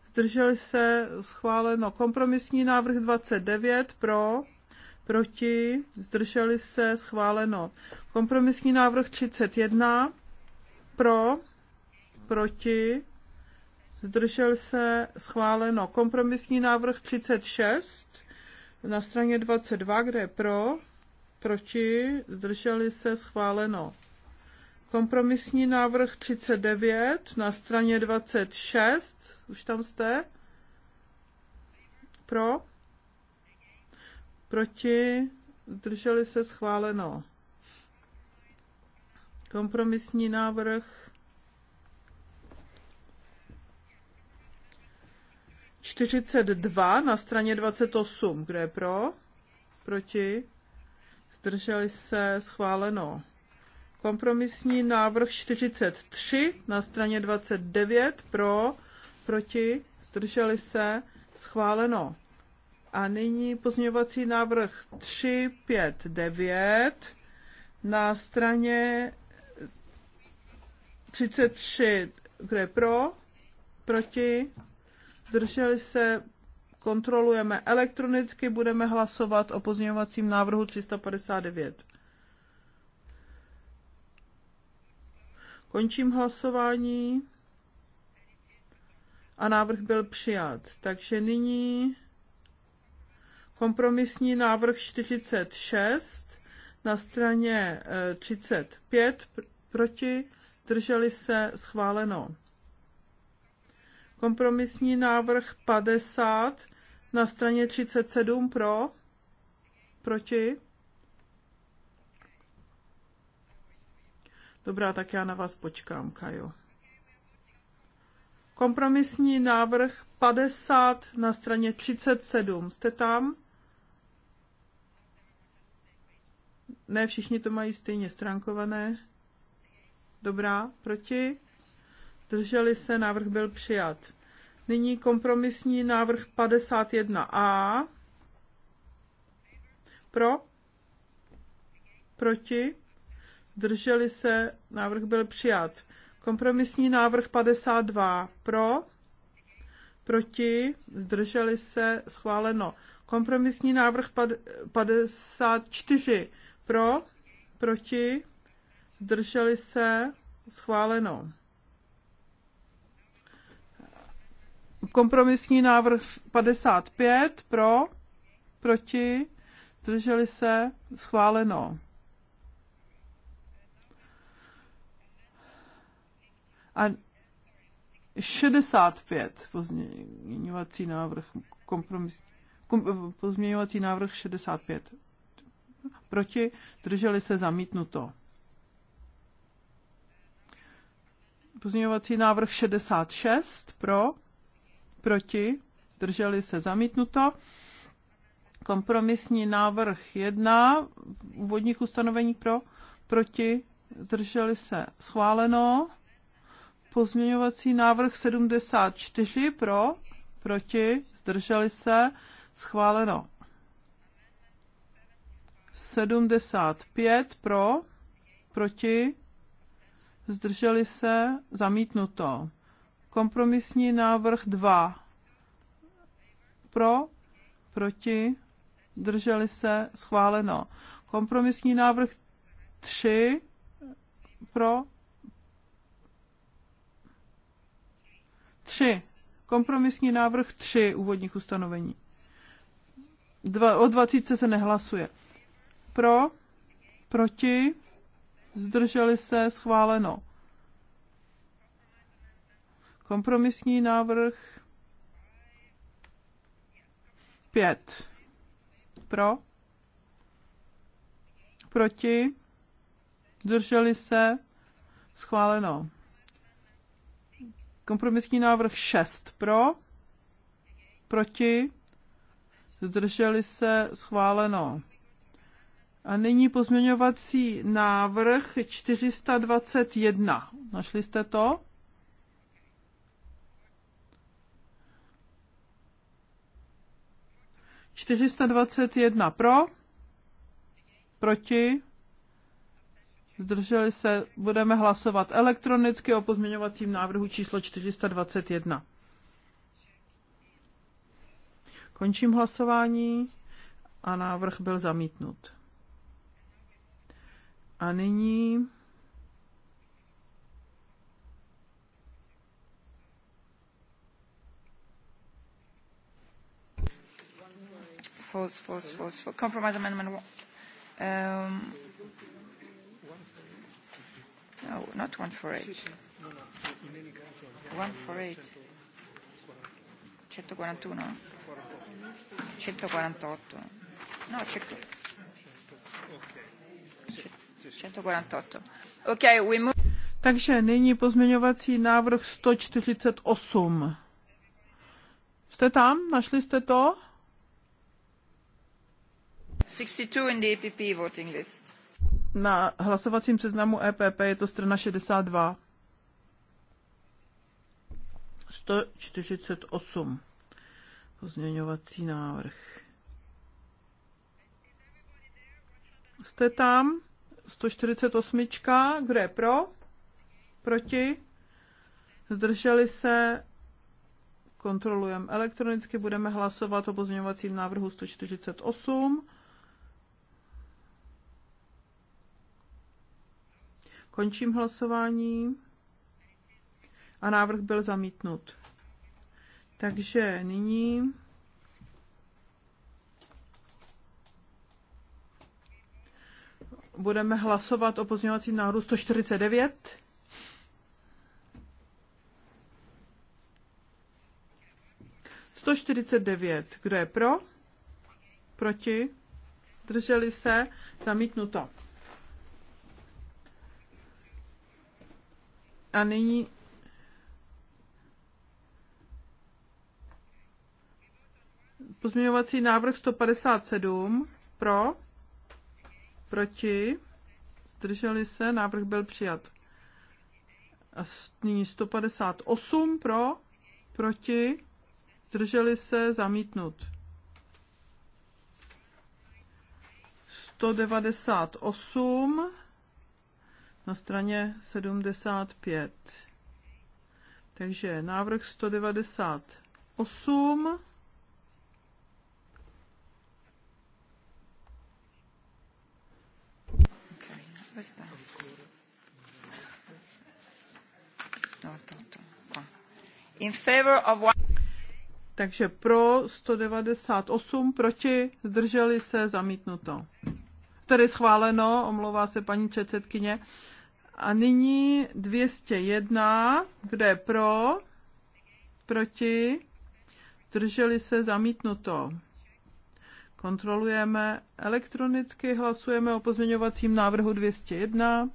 zdrželi se, schváleno. Kompromisní návrh 29 pro, proti, zdrželi se, schváleno. Kompromisní návrh 31 pro, proti, zdržel se, schváleno. Kompromisní návrh 36 na straně 22, kde je pro, proti, zdrželi se, schváleno. Kompromisní návrh 39 na straně 26, už tam jste? Pro? Proti? Zdrželi se schváleno. Kompromisní návrh 42 na straně 28. Kdo je pro? Proti? Zdrželi se schváleno. Kompromisní návrh 43 na straně 29 pro, proti, zdrželi se, schváleno. A nyní pozměňovací návrh 359 na straně 33, kde pro, proti, zdrželi se, kontrolujeme elektronicky, budeme hlasovat o pozměňovacím návrhu 359. Končím hlasování a návrh byl přijat. Takže nyní kompromisní návrh 46 na straně 35 eh, proti, drželi se schváleno. Kompromisní návrh 50 na straně 37 pro, proti, Dobrá, tak já na vás počkám, Kajo. Kompromisní návrh 50 na straně 37. Jste tam? Ne, všichni to mají stejně stránkované. Dobrá, proti? Drželi se, návrh byl přijat. Nyní kompromisní návrh 51a. Pro? Proti? Drželi se, návrh byl přijat. Kompromisní návrh 52 pro, proti, zdrželi se, schváleno. Kompromisní návrh 54 pro, proti, zdrželi se, schváleno. Kompromisní návrh 55 pro, proti, zdrželi se, schváleno. A 65 pozměňovací návrh, kompromis, kom, pozměňovací návrh 65. Proti, drželi se zamítnuto. Pozměňovací návrh 66 pro, proti, drželi se zamítnuto. Kompromisní návrh 1, úvodních ustanovení pro, proti, drželi se schváleno. Pozměňovací návrh 74 pro, proti, zdrželi se, schváleno. 75 pro, proti, zdrželi se, zamítnuto. Kompromisní návrh 2 pro, proti, zdrželi se, schváleno. Kompromisní návrh 3 pro, 3. Kompromisní návrh 3 úvodních ustanovení. Dva, o 20 se nehlasuje. Pro, proti, zdrželi se, schváleno. Kompromisní návrh 5. Pro, proti, zdrželi se, schváleno. Kompromisní návrh 6 pro, proti, zdrželi se, schváleno. A nyní pozměňovací návrh 421. Našli jste to? Čtyřista dvacet jedna pro, proti, zdrželi se, budeme hlasovat elektronicky o pozměňovacím návrhu číslo 421. Končím hlasování a návrh byl zamítnut. A nyní false, false, false, false. Compromise amendment um, No, not one One eight. 148. 148. 141? 148. No, 100. 148. Okay, we move... Takže nyní pozměňovací návrh 148. Jste tam? Našli jste to? 62 in the EPP voting list na hlasovacím seznamu EPP je to strana 62. 148. Pozměňovací návrh. Jste tam? 148. Kdo je pro? Proti? Zdrželi se? Kontrolujeme elektronicky. Budeme hlasovat o pozměňovacím návrhu 148. Končím hlasování. A návrh byl zamítnut. Takže nyní budeme hlasovat o pozměňovacím návrhu 149. Kdo je pro? Proti? Drželi se? Zamítnuto. A nyní pozměňovací návrh 157 pro, proti, zdrželi se, návrh byl přijat. A nyní 158 pro, proti, zdrželi se, zamítnut. 198 na straně 75. Takže návrh 198. In favor of one... Takže pro 198, proti, zdrželi se, zamítnuto tedy schváleno, omlouvá se paní předsedkyně. A nyní 201, kde je pro, proti, drželi se zamítnuto. Kontrolujeme elektronicky, hlasujeme o pozměňovacím návrhu 201.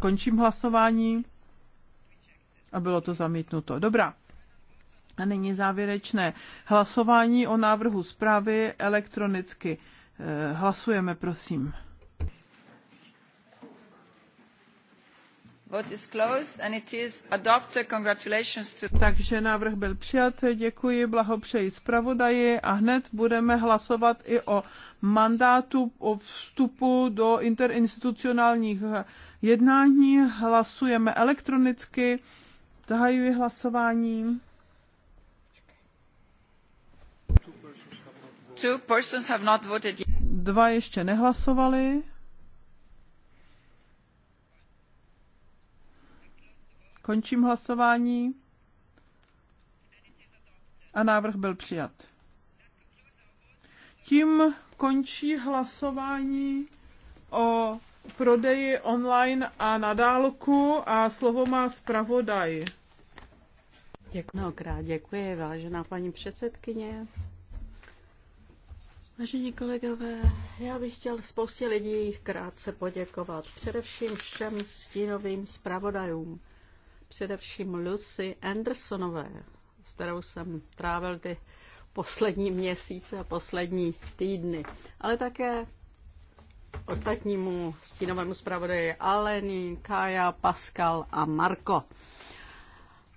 Končím hlasování a bylo to zamítnuto. Dobrá. A nyní závěrečné hlasování o návrhu zprávy elektronicky. Eh, hlasujeme, prosím. Takže návrh byl přijat, děkuji, blahopřeji zpravodaji a hned budeme hlasovat i o mandátu o vstupu do interinstitucionálních jednání. Hlasujeme elektronicky. Zahajuji hlasování. Two persons have not voted Dva ještě nehlasovali. Končím hlasování. A návrh byl přijat. Tím končí hlasování o prodeji online a na dálku a slovo má zpravodaj. Děkuji. Mnohokrát děkuji, vážená paní předsedkyně. Vážení kolegové, já bych chtěl spoustě lidí krátce poděkovat. Především všem stínovým zpravodajům. Především Lucy Andersonové, s kterou jsem trávil ty poslední měsíce a poslední týdny. Ale také ostatnímu stínovému zpravodaji Aleny, Kaja, Pascal a Marko.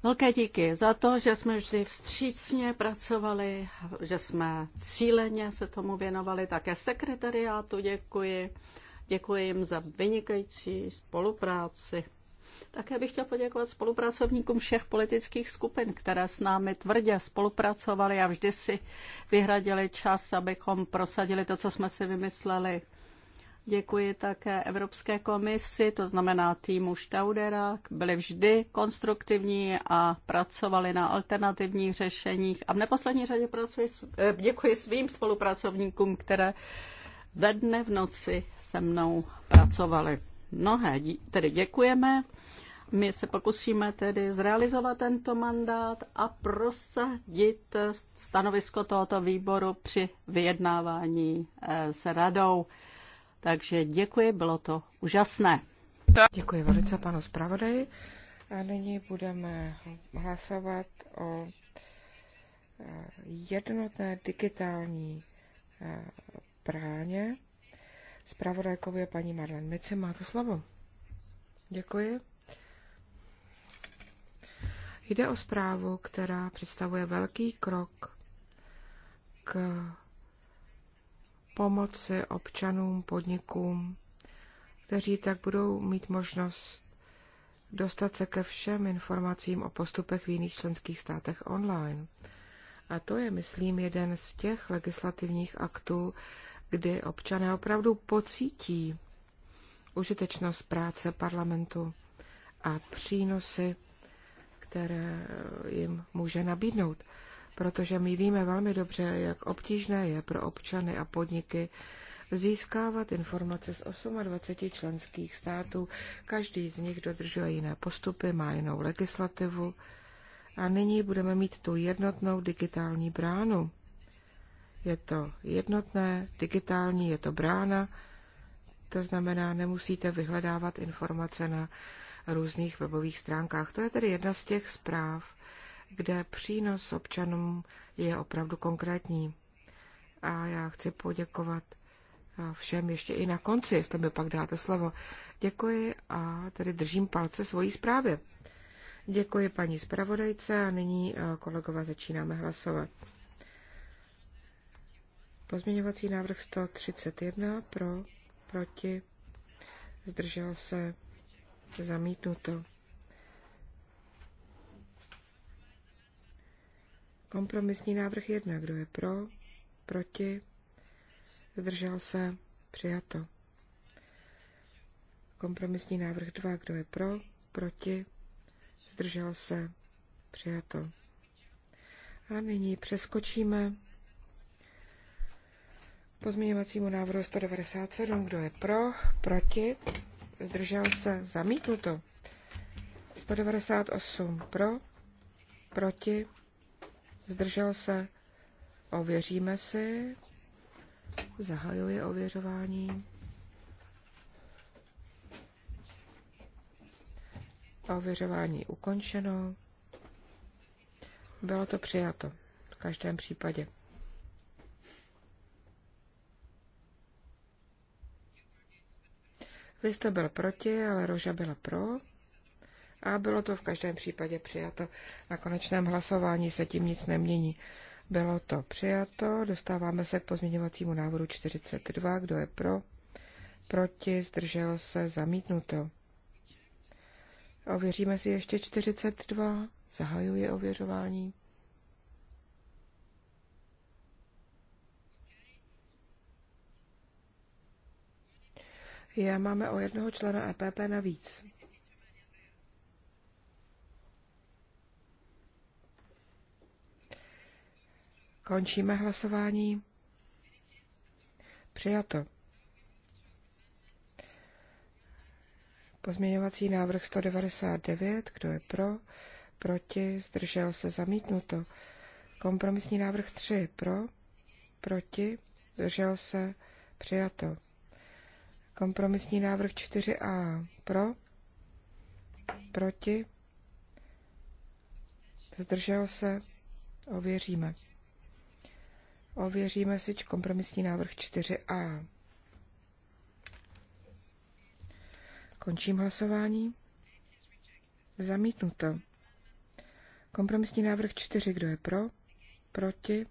Velké díky za to, že jsme vždy vstřícně pracovali, že jsme cíleně se tomu věnovali. Také sekretariátu děkuji. Děkuji jim za vynikající spolupráci. Také bych chtěl poděkovat spolupracovníkům všech politických skupin, které s námi tvrdě spolupracovali a vždy si vyhradili čas, abychom prosadili to, co jsme si vymysleli Děkuji také Evropské komisi, to znamená týmu Staudera, byli vždy konstruktivní a pracovali na alternativních řešeních. A v neposlední řadě pracuji, eh, děkuji svým spolupracovníkům, které ve dne v noci se mnou pracovali. Mnohé tedy děkujeme. My se pokusíme tedy zrealizovat tento mandát a prosadit stanovisko tohoto výboru při vyjednávání eh, s radou. Takže děkuji, bylo to úžasné. Děkuji velice panu zpravodaji. A nyní budeme hlasovat o eh, jednotné digitální eh, bráně. Zpravodajkově paní Marlen Mici, máte slovo. Děkuji. Jde o zprávu, která představuje velký krok k pomoci občanům, podnikům, kteří tak budou mít možnost dostat se ke všem informacím o postupech v jiných členských státech online. A to je, myslím, jeden z těch legislativních aktů, kdy občané opravdu pocítí užitečnost práce parlamentu a přínosy, které jim může nabídnout protože my víme velmi dobře, jak obtížné je pro občany a podniky získávat informace z 28 členských států. Každý z nich dodržuje jiné postupy, má jinou legislativu. A nyní budeme mít tu jednotnou digitální bránu. Je to jednotné, digitální, je to brána, to znamená, nemusíte vyhledávat informace na různých webových stránkách. To je tedy jedna z těch zpráv, kde přínos občanům je opravdu konkrétní. A já chci poděkovat eh, všem ještě i na konci, jestli mi pak dáte slovo. Děkuji a tedy držím palce svojí zprávě. Děkuji paní zpravodajce a nyní eh, kolegova začínáme hlasovat. Pozměňovací návrh 131 pro, proti, zdržel se, zamítnuto. Kompromisní návrh jedna, Kdo je pro? Proti? Zdržel se? Přijato. Kompromisní návrh 2. Kdo je pro? Proti? Zdržel se? Přijato. A nyní přeskočíme k pozměňovacímu návrhu 197. Kdo je pro? Proti? Zdržel se? Zamítnuto. 198 pro? Proti? zdržel se, ověříme si, zahajuji ověřování. Ověřování ukončeno. Bylo to přijato v každém případě. Vy jste byl proti, ale Roža byla pro a bylo to v každém případě přijato. Na konečném hlasování se tím nic nemění. Bylo to přijato, dostáváme se k pozměňovacímu návrhu 42, kdo je pro, proti, zdržel se, zamítnuto. Ověříme si ještě 42, zahajuji ověřování. Já máme o jednoho člena EPP navíc. Končíme hlasování. Přijato. Pozměňovací návrh 199, kdo je pro, proti, zdržel se, zamítnuto. Kompromisní návrh 3, pro, proti, zdržel se, přijato. Kompromisní návrh 4a, pro, proti, zdržel se, ověříme. Ověříme si kompromisní návrh 4a. Končím hlasování. Zamítnuto. Kompromisní návrh 4. Kdo je pro? Proti?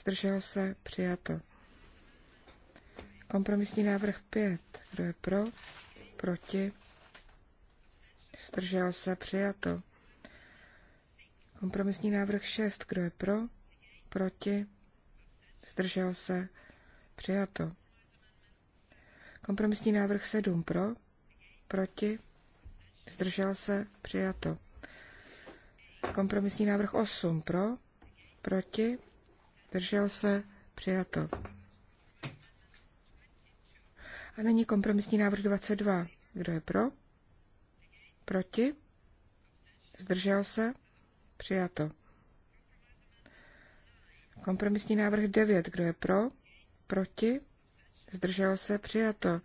Zdržel se? Přijato. Kompromisní návrh 5. Kdo je pro? Proti? Zdržel se? Přijato. Kompromisní návrh 6. Kdo je pro? proti, zdržel se, přijato. Kompromisní návrh 7 pro, proti, zdržel se, přijato. Kompromisní návrh 8 pro, proti, zdržel se, přijato. A není kompromisní návrh 22. Kdo je pro? Proti? Zdržel se? Přijato. Kompromisní návrh 9. Kdo je pro? Proti? Zdržel se? Přijato.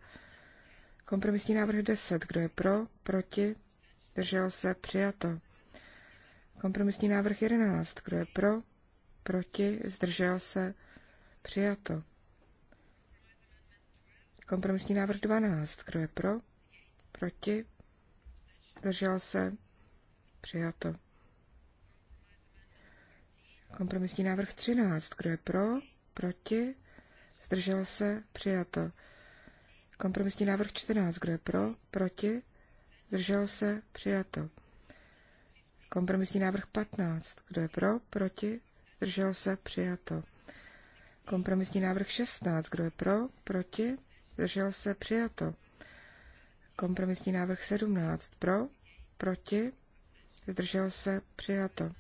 Kompromisní návrh 10. Kdo je pro? Proti? Zdržel se? Přijato. Kompromisní návrh 11. Kdo je pro? Proti? Zdržel se? Přijato. Kompromisní návrh 12. Kdo je pro? Proti? Zdržel se? Přijato. Kompromisní návrh 13. Kdo je pro? Proti? Zdržel se? Přijato. Kompromisní návrh 14. Kdo je pro? Proti? Zdržel se? Přijato. Kompromisní návrh 15. Kdo je pro? Proti? Zdržel se? Přijato. Kompromisní návrh 16. Kdo je pro? Proti? Zdržel se? Přijato. Kompromisní návrh 17. Pro? Proti? Zdržel se? Přijato.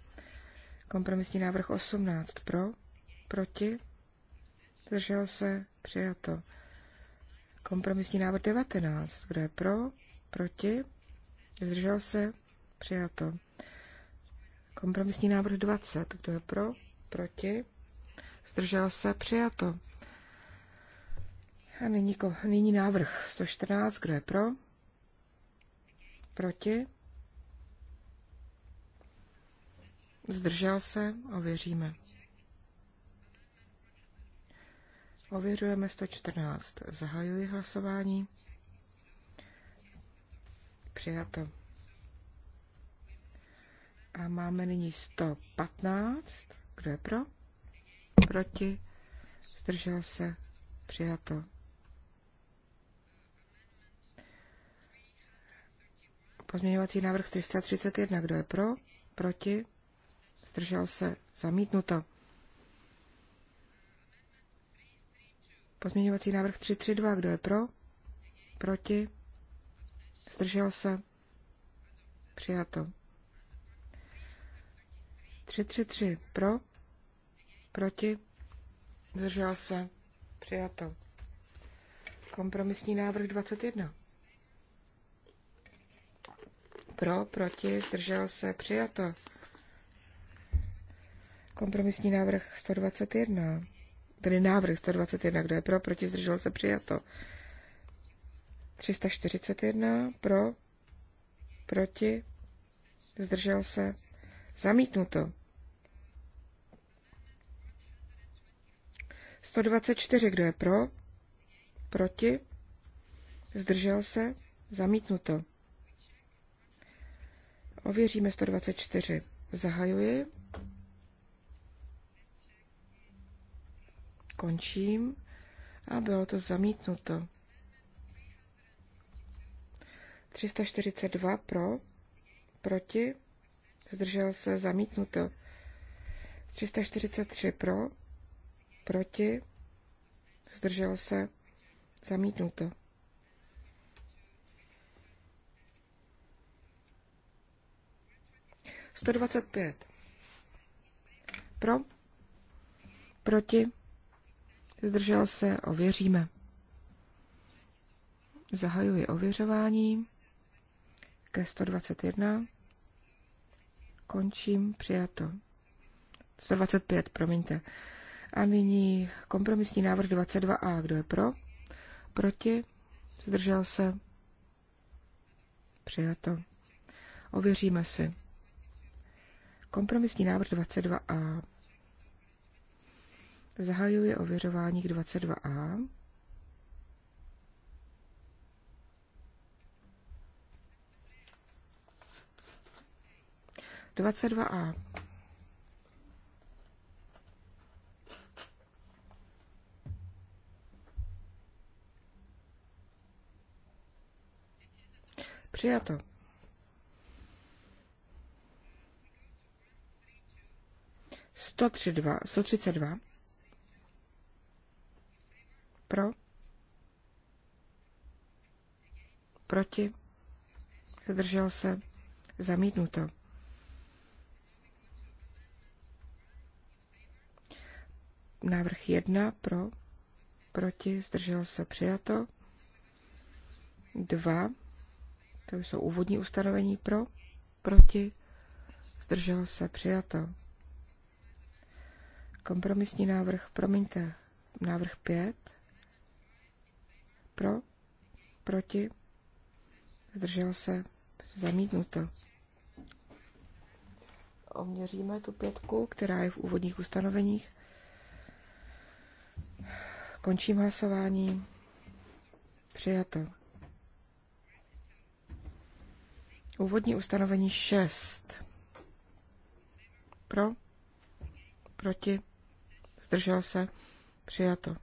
Kompromisní návrh 18 pro, proti, zdržel se, přijato. Kompromisní návrh 19, kdo je pro, proti, zdržel se, přijato. Kompromisní návrh 20, kdo je pro, proti, zdržel se, přijato. A nyní, nyní návrh 114, kdo je pro, proti, Zdržel se? Ověříme. Ověřujeme 114. Zahajuji hlasování. Přijato. A máme nyní 115. Kdo je pro? Proti? Zdržel se? Přijato. Pozměňovací návrh 331. Kdo je pro? Proti? zdržel se, zamítnuto. Pozměňovací návrh 332, kdo je pro? Proti? Zdržel se? Přijato. 333, pro? Proti? Zdržel se? Přijato. Kompromisní návrh 21. Pro, proti, zdržel se, přijato. Kompromisní návrh 121, tedy návrh 121, kdo je pro, proti, zdržel se, přijato. 341 pro, proti, zdržel se, zamítnuto. 124, kdo je pro, proti, zdržel se, zamítnuto. Ověříme 124. Zahajuji. Končím. A bylo to zamítnuto. 342 pro, proti, zdržel se zamítnuto. 343 pro, proti, zdržel se zamítnuto. Sto dvacet pět. Pro, proti, zdržel se, ověříme. Zahajuji ověřování ke 121. Končím, přijato. 125, promiňte. A nyní kompromisní návrh 22a. Kdo je pro? Proti? Zdržel se? Přijato. Ověříme si. Kompromisní návrh 22a. Zahajuji ověřování k 22a. Dvacet dva A. Přijato. Sto tři dva, sto třicet dva pro, proti, zdržel se, zamítnuto. Návrh 1 pro, proti, zdržel se, přijato. 2, to jsou úvodní ustanovení pro, proti, zdržel se, přijato. Kompromisní návrh, promiňte, návrh 5, pro, proti, zdržel se, zamítnuto. Oměříme tu pětku, která je v úvodních ustanoveních. Končím hlasování. Přijato. Úvodní ustanovení 6. Pro, proti, zdržel se, přijato.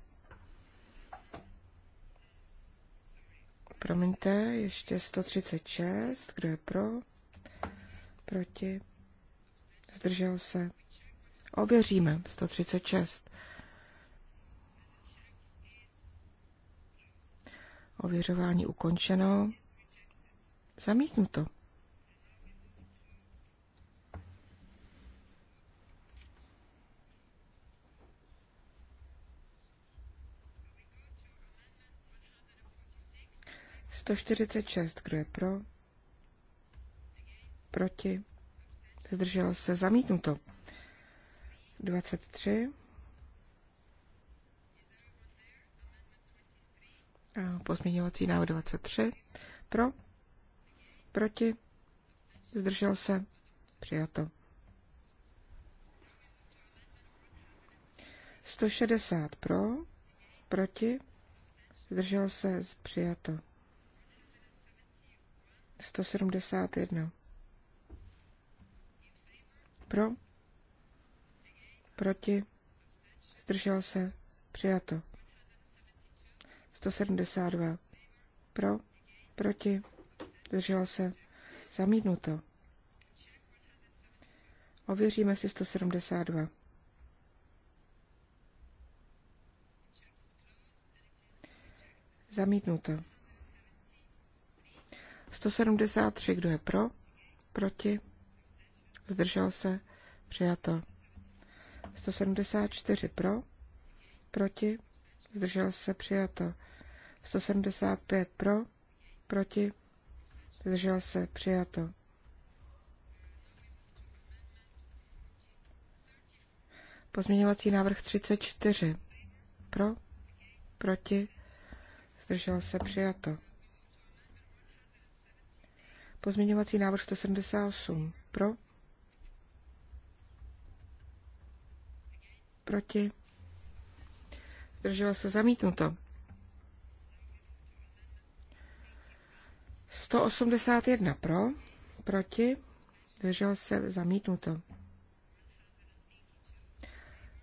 Promiňte, ještě 136, kdo je pro, proti, zdržel se. Ověříme, 136. Ověřování ukončeno. Zamítnuto. to. 146, kdo je pro? Proti? Zdržel se zamítnuto. 23. Pozměňovací návrh 23. Pro? Proti? Zdržel se? Přijato. 160 pro, proti, zdržel se, přijato. 171. Pro? Proti? Zdržel se? Přijato. 172. Pro? Proti? Zdržel se? Zamítnuto. Ověříme si 172. Zamítnuto. 173, kdo je pro, proti, zdržel se, přijato. 174 pro, proti, zdržel se, přijato. 175 pro, proti, zdržel se, přijato. Pozměňovací návrh 34. Pro? Proti? Zdržel se přijato. Pozměňovací návrh 178 pro. Proti. Zdrželo se zamítnuto. 181 pro. Proti. zdržel se zamítnuto.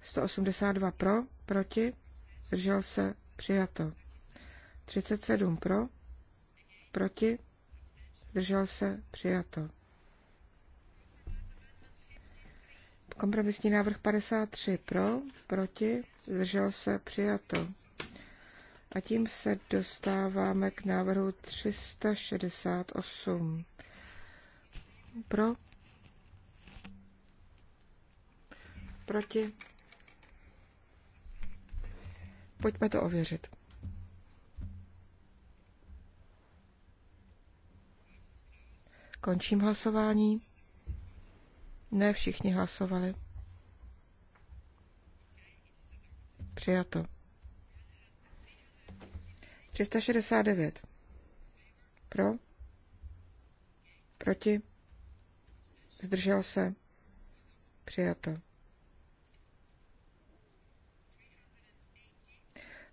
182 pro. Proti. zdržel se přijato. 37 pro. Proti zdržel se, přijato. Kompromisní návrh 53 pro, proti, zdržel se, přijato. A tím se dostáváme k návrhu 368. Pro, proti. Pojďme to ověřit. Končím hlasování. Ne všichni hlasovali. Přijato. 369. Pro? Proti? Zdržel se? Přijato.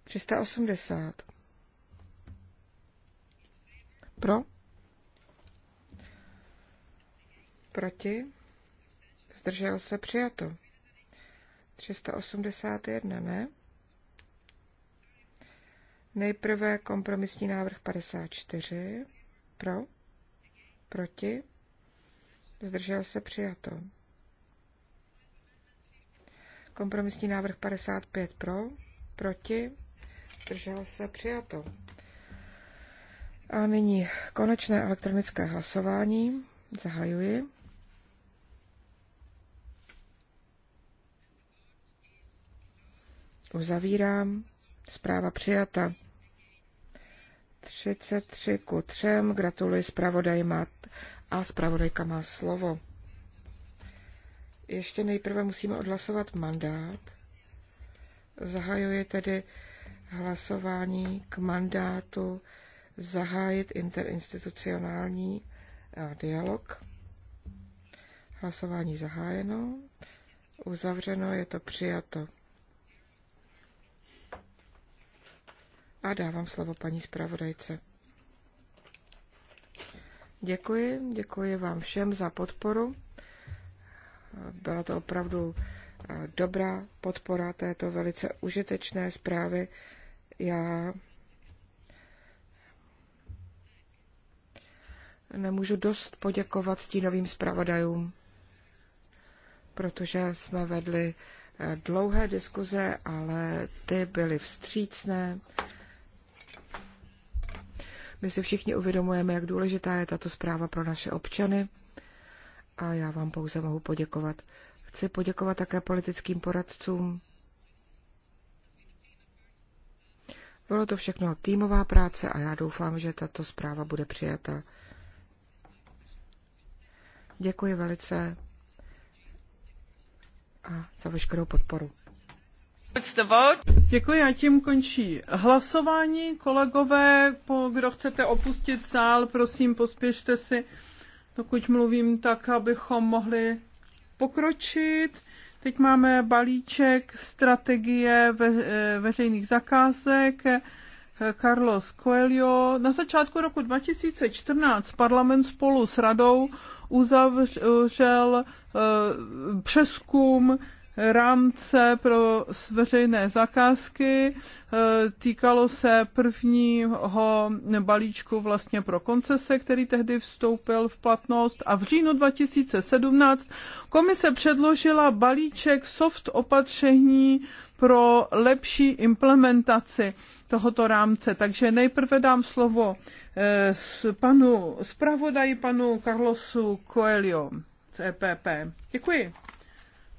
380. Pro? Proti? Zdržel se přijato. 381, ne? Nejprve kompromisní návrh 54. Pro? Proti? Zdržel se přijato. Kompromisní návrh 55 pro, proti, zdržel se přijato. A nyní konečné elektronické hlasování. Zahajuji. Uzavírám. Zpráva přijata. 33 ku 3. Gratuluji zpravodaj Mat a zpravodajka má slovo. Ještě nejprve musíme odhlasovat mandát. Zahajuje tedy hlasování k mandátu zahájit interinstitucionální eh, dialog. Hlasování zahájeno, uzavřeno, je to přijato. a dávám slovo paní zpravodajce. Děkuji, děkuji vám všem za podporu. Byla to opravdu eh, dobrá podpora této velice užitečné zprávy. Já nemůžu dost poděkovat stínovým zpravodajům, protože jsme vedli eh, dlouhé diskuze, ale ty byly vstřícné my si všichni uvědomujeme, jak důležitá je tato zpráva pro naše občany a já vám pouze mohu poděkovat. Chci poděkovat také politickým poradcům. Bylo to všechno týmová práce a já doufám, že tato zpráva bude přijata. Děkuji velice a za veškerou podporu. Děkuji a tím končí hlasování. Kolegové, kdo chcete opustit sál, prosím, pospěšte si, dokud mluvím, tak abychom mohli pokročit. Teď máme balíček strategie ve, eh, veřejných zakázek. Carlos Coelho. Na začátku roku 2014 parlament spolu s radou uzavřel eh, přeskum rámce pro veřejné zakázky. E, týkalo se prvního balíčku vlastně pro koncese, který tehdy vstoupil v platnost a v říjnu 2017 komise předložila balíček soft opatření pro lepší implementaci tohoto rámce. Takže nejprve dám slovo e, s panu zpravodaji, panu Carlosu Coelho z EPP. Děkuji.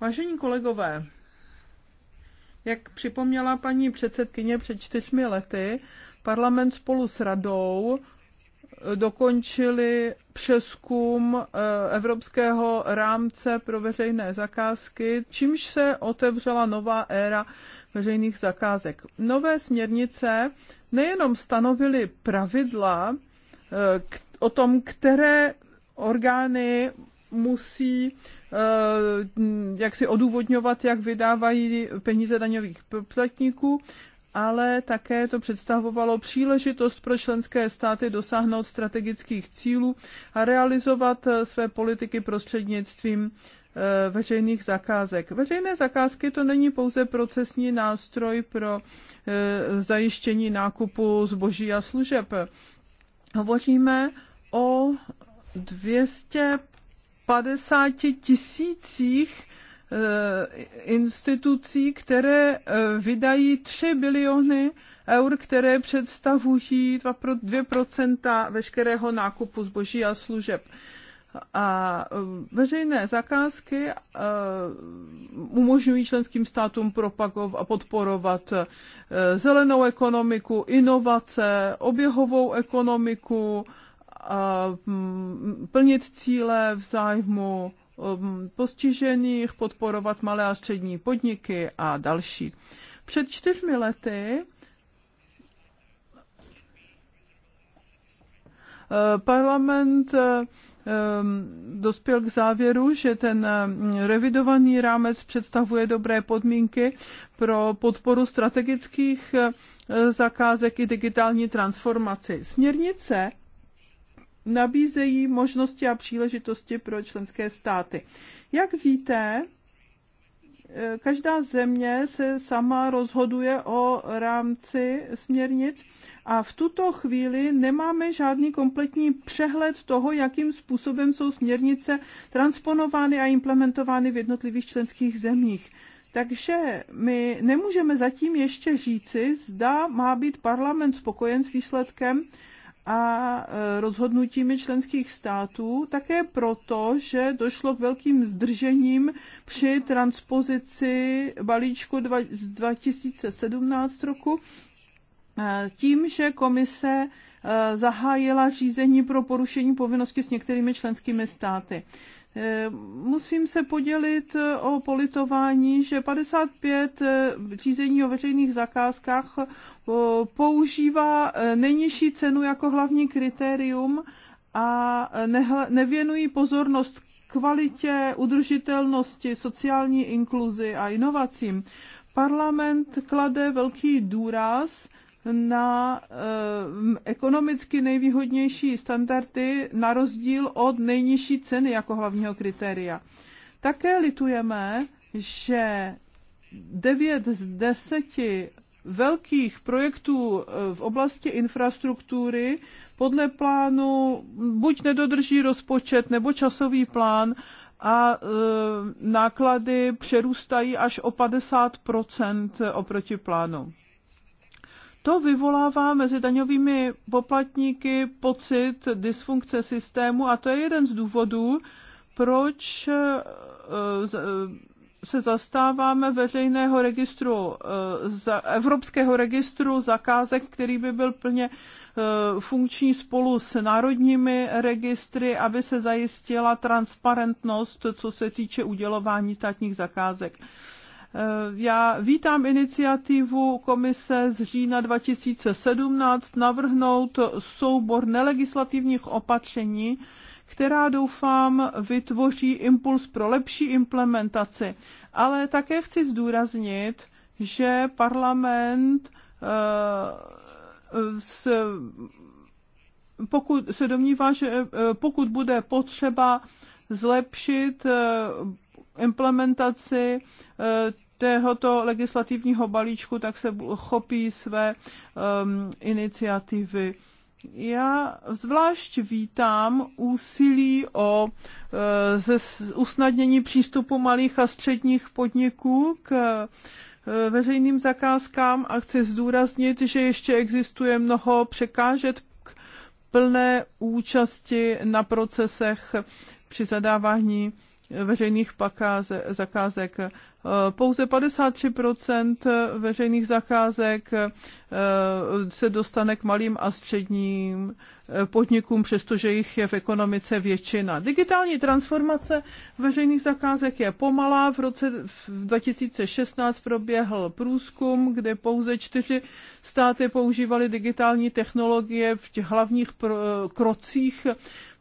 Vážení kolegové, jak připomněla paní předsedkyně před čtyřmi lety, parlament spolu s radou eh, dokončili přeskum eh, evropského rámce pro veřejné zakázky, čímž se otevřela nová éra veřejných zakázek. Nové směrnice nejenom stanovily pravidla eh, o tom, které orgány musí eh, jak si odůvodňovat, jak vydávají peníze daňových poplatníků, ale také to představovalo příležitost pro členské státy dosáhnout strategických cílů a realizovat eh, své politiky prostřednictvím eh, veřejných zakázek. Veřejné zakázky to není pouze procesní nástroj pro zajištění nákupu zboží a služeb. Hovoříme o 200 50 tisících eh, institucí, které eh, vydají 3 biliony eur, které představují 2% veškerého nákupu zboží a služeb. A eh, veřejné zakázky umožňují členským státům propagovat a podporovat zelenou ekonomiku, inovace, oběhovou ekonomiku, Mm, plnit cíle v zájmu mm, postižených, podporovat malé a střední podniky a další. Před čtyřmi lety e, parlament e, mm, dospěl k závěru, že ten revidovaný rámec představuje dobré podmínky pro podporu strategických e, zakázek i digitální transformaci. Směrnice nabízejí možnosti a příležitosti pro členské státy. Jak víte, eh, každá země se sama rozhoduje o rámci směrnic a v tuto chvíli nemáme žádný kompletní přehled toho, jakým způsobem jsou směrnice transponovány a implementovány v jednotlivých členských zemích. Takže my nemůžeme zatím ještě říci, zda má být parlament spokojen s výsledkem a e, rozhodnutími členských států, také proto, že došlo k velkým zdržením při transpozici balíčku dva, z 2017 roku, e, tím, že komise e, zahájila řízení pro porušení povinnosti s některými členskými státy. Eh, musím se podělit eh, o politování, že 55 eh, řízení o veřejných zakázkách používá nejnižší cenu jako hlavní kritérium a nevěnují pozornost kvalitě, udržitelnosti, sociální inkluzi a inovacím. Parlament klade velký důraz na ehm, ekonomicky nejvýhodnější standardy na rozdíl od nejnižší ceny jako hlavního kritéria. Také litujeme, že 9 z 10 velkých projektů ehm, v oblasti infrastruktury podle plánu buď nedodrží rozpočet nebo časový plán a e, náklady přerůstají až o 50 oproti plánu. To vyvolává mezi daňovými poplatníky pocit dysfunkce systému a to je jeden z důvodů, proč eh, eh, se zastáváme veřejného registru, eh, evropského registru zakázek, který by byl plně funkční spolu s národními registry, aby se zajistila transparentnost, co se týče udělování státních zakázek. Eh, já vítám iniciativu komise z října 2017 navrhnout soubor nelegislativních opatření, která doufám vytvoří impuls pro lepší implementaci. Ale také chci zdůraznit, že parlament eh, s, pokud se domnívá, že eh, pokud bude potřeba zlepšit implementaci eh, tohoto legislativního balíčku, tak se chopí své um, iniciativy. Já zvlášť vítám úsilí o e, ze, usnadnění přístupu malých a středních podniků k e, veřejným zakázkám a chci zdůraznit, že ještě existuje mnoho překážet k plné účasti na procesech při zadávání veřejných pakáze, zakázek pouze 53% veřejných zakázek eh, se dostane k malým a středním eh, podnikům, přestože jich je v ekonomice většina. Digitální transformace veřejných zakázek je pomalá. V roce 2016 proběhl průzkum, kde pouze čtyři státy používaly digitální technologie v těch hlavních eh, krocích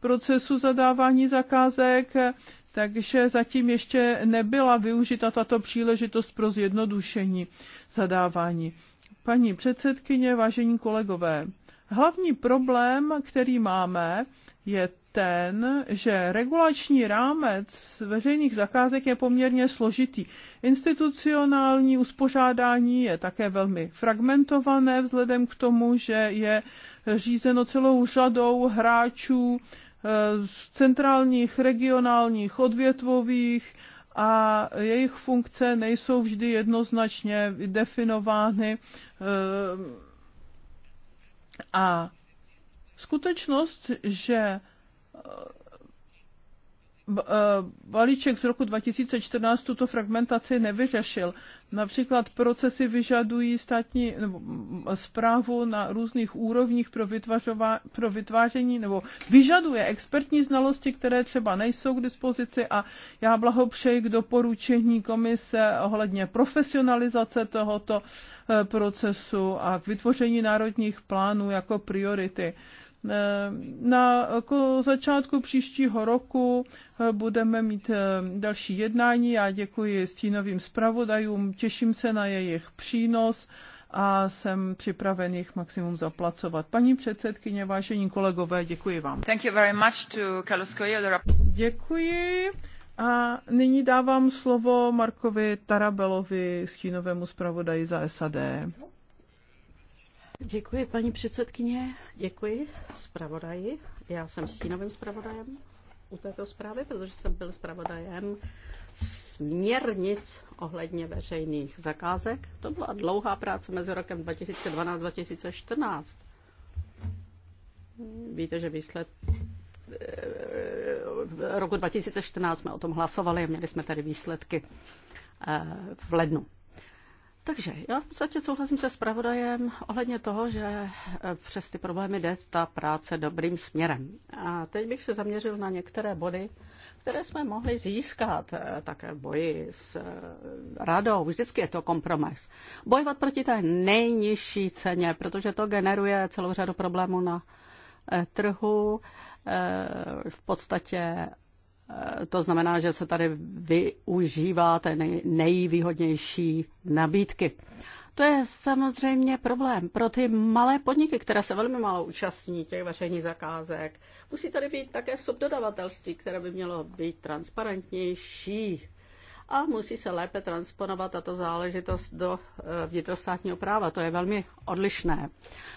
procesu zadávání zakázek takže zatím ještě nebyla využita tato to příležitost pro zjednodušení zadávání. Paní předsedkyně, vážení kolegové, hlavní problém, který máme, je ten, že regulační rámec veřejných zakázek je poměrně složitý. Institucionální uspořádání je také velmi fragmentované vzhledem k tomu, že je řízeno celou řadou hráčů eh, z centrálních, regionálních, odvětvových a jejich funkce nejsou vždy jednoznačně definovány eh, a skutečnost, že E, balíček z roku 2014 tuto fragmentaci nevyřešil. Například procesy vyžadují státní nebo zprávu na různých úrovních pro, pro vytváření nebo vyžaduje expertní znalosti, které třeba nejsou k dispozici a já blahopřeji k doporučení komise ohledně profesionalizace tohoto e, procesu a k vytvoření národních plánů jako priority. Eh, na začátku příštího roku eh, budeme mít eh, další jednání. Já děkuji stínovým zpravodajům, těším se na jejich přínos a jsem připraven jich maximum zaplacovat. Paní předsedkyně, vážení kolegové, děkuji vám. Thank you very much to děkuji. A nyní dávám slovo Markovi Tarabelovi, stínovému zpravodaji za SAD. Děkuji, paní předsedkyně. Děkuji zpravodaji. Já jsem stínovým zpravodajem u této zprávy, protože jsem byl zpravodajem směrnic ohledně veřejných zakázek. To byla dlouhá práce mezi rokem 2012-2014. Víte, že výsled v eh, roku 2014 jsme o tom hlasovali a měli jsme tady výsledky eh, v lednu. Takže já v podstatě souhlasím se zpravodajem ohledně toho, že eh, přes ty problémy jde ta práce dobrým směrem. A teď bych se zaměřil na některé body, které jsme mohli získat eh, také v boji s eh, radou. Vždycky je to kompromis. Bojovat proti té nejnižší ceně, protože to generuje celou řadu problémů na trhu. V podstatě Eh, to znamená, že se tady využívá té nejvýhodnější nabídky. To je samozřejmě problém pro ty malé podniky, které se velmi málo účastní těch veřejných zakázek. Musí tady být také subdodavatelství, které by mělo být transparentnější a musí se lépe transponovat tato záležitost do eh, vnitrostátního práva. To je velmi odlišné.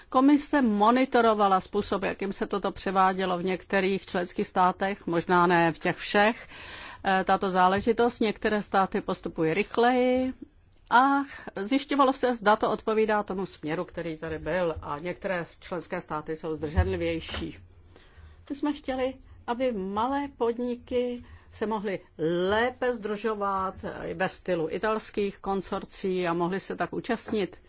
Komise monitorovala způsob, jakým se toto převádělo v některých členských státech, možná ne v těch všech. Eh, tato záležitost některé státy postupují rychleji, a zjišťovalo se, zda to odpovídá tomu směru, který tady byl a některé členské státy jsou zdrženlivější. My jsme chtěli, aby malé podniky se mohli lépe združovat i ve stylu italských konsorcí a mohli se tak účastnit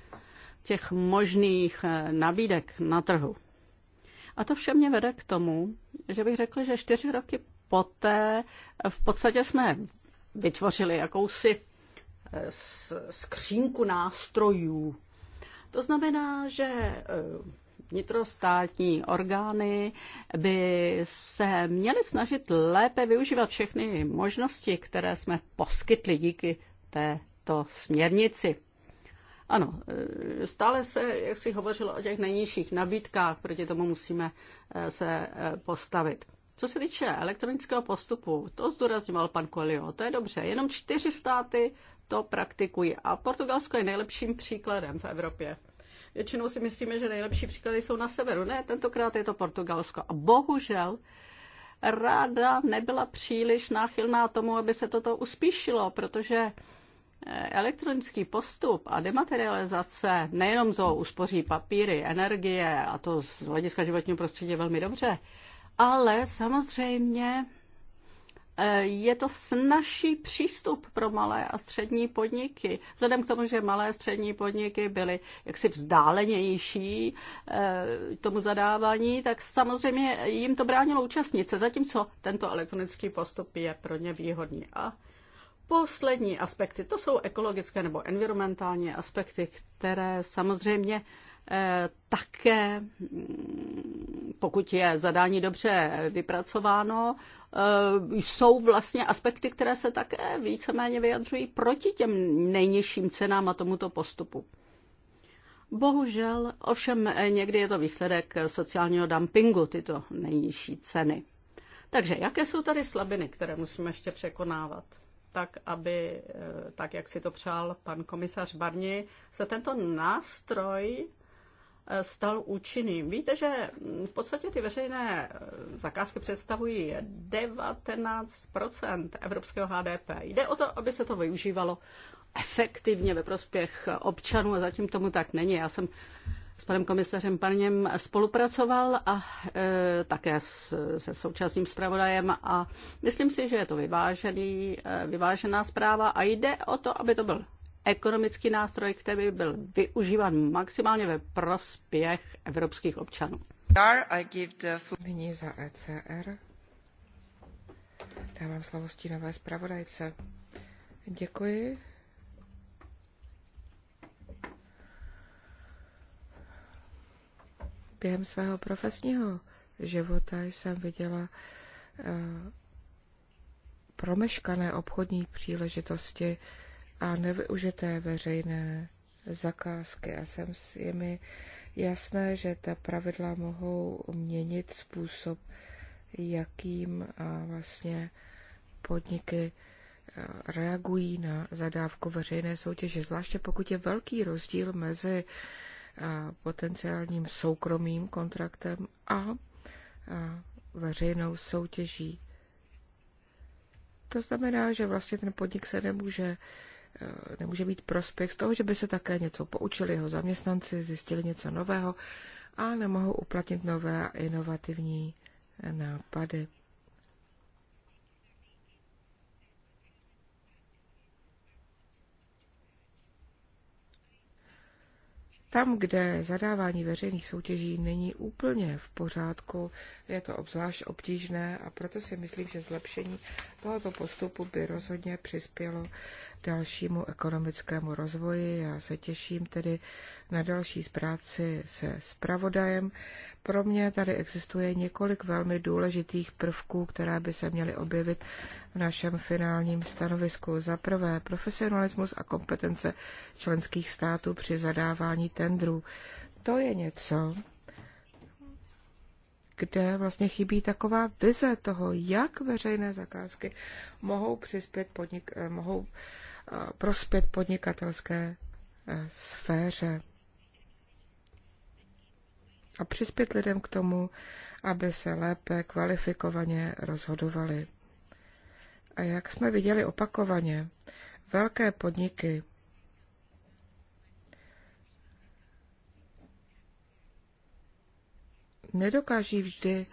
těch možných eh, nabídek na trhu. A to vše mě vede k tomu, že bych řekl, že čtyři roky poté v podstatě jsme vytvořili jakousi eh, skřínku nástrojů. To znamená, že eh, vnitrostátní orgány by se měly snažit lépe využívat všechny možnosti, které jsme poskytli díky této směrnici. Ano, e, stále se, jak si hovořilo o těch nejnižších nabídkách, proti tomu musíme e, se e, postavit. Co se týče elektronického postupu, to zdůrazňoval pan Kolio, to je dobře. Jenom čtyři státy to praktikují a Portugalsko je nejlepším příkladem v Evropě. Většinou si myslíme, že nejlepší příklady jsou na severu. Ne, tentokrát je to Portugalsko. A bohužel ráda nebyla příliš náchylná tomu, aby se toto uspíšilo, protože eh, elektronický postup a dematerializace nejenom zo uspoří papíry, energie a to z hlediska životního prostředí je velmi dobře, ale samozřejmě Eh, je to snažší přístup pro malé a střední podniky. Vzhledem k tomu, že malé a střední podniky byly jaksi vzdálenější eh, tomu zadávání, tak samozřejmě jim to bránilo účastnit se, zatímco tento elektronický postup je pro ně výhodný. A poslední aspekty, to jsou ekologické nebo environmentální aspekty, které samozřejmě také, pokud je zadání dobře vypracováno, eh, jsou vlastně aspekty, které se také eh, víceméně vyjadřují proti těm nejnižším cenám a tomuto postupu. Bohužel, ovšem eh, někdy je to výsledek sociálního dumpingu, tyto nejnižší ceny. Takže jaké jsou tady slabiny, které musíme ještě překonávat? tak, aby, tak jak si to přál pan komisař Barni, se tento nástroj stal účinným. Víte, že v podstatě ty veřejné eh, zakázky představují 19 evropského HDP. Jde o to, aby se to využívalo efektivně ve prospěch občanů a zatím tomu tak není. Já jsem s panem komisařem Parněm spolupracoval a e, také s, se současným zpravodajem a myslím si, že je to vyvážený, e, vyvážená zpráva a jde o to, aby to byl ekonomický nástroj, který by byl využívan maximálně ve prospěch evropských občanů. Nyní za ECR. Dávám slovo stínové zpravodajce. Děkuji. Během svého profesního života jsem viděla eh, promeškané obchodní příležitosti, a nevyužité veřejné zakázky. A jsem, s nimi jasné, že ta pravidla mohou měnit způsob, jakým vlastně podniky reagují na zadávku veřejné soutěže, zvláště pokud je velký rozdíl mezi potenciálním soukromým kontraktem a veřejnou soutěží. To znamená, že vlastně ten podnik se nemůže Eh, nemůže být prospěch z toho, že by se také něco poučili jeho zaměstnanci, zjistili něco nového a nemohou uplatnit nové a inovativní eh, nápady. Tam, kde zadávání veřejných soutěží není úplně v pořádku, je to obzvlášť obtížné a proto si myslím, že zlepšení tohoto postupu by rozhodně přispělo dalšímu ekonomickému rozvoji. Já se těším tedy na další zpráci se spravodajem. Pro mě tady existuje několik velmi důležitých prvků, které by se měly objevit v našem finálním stanovisku. Za prvé, profesionalismus a kompetence členských států při zadávání tendrů. To je něco, kde vlastně chybí taková vize toho, jak veřejné zakázky mohou přispět podnik, eh, mohou prospět podnikatelské e, sféře a přispět lidem k tomu, aby se lépe kvalifikovaně rozhodovali. A jak jsme viděli opakovaně, velké podniky nedokáží vždy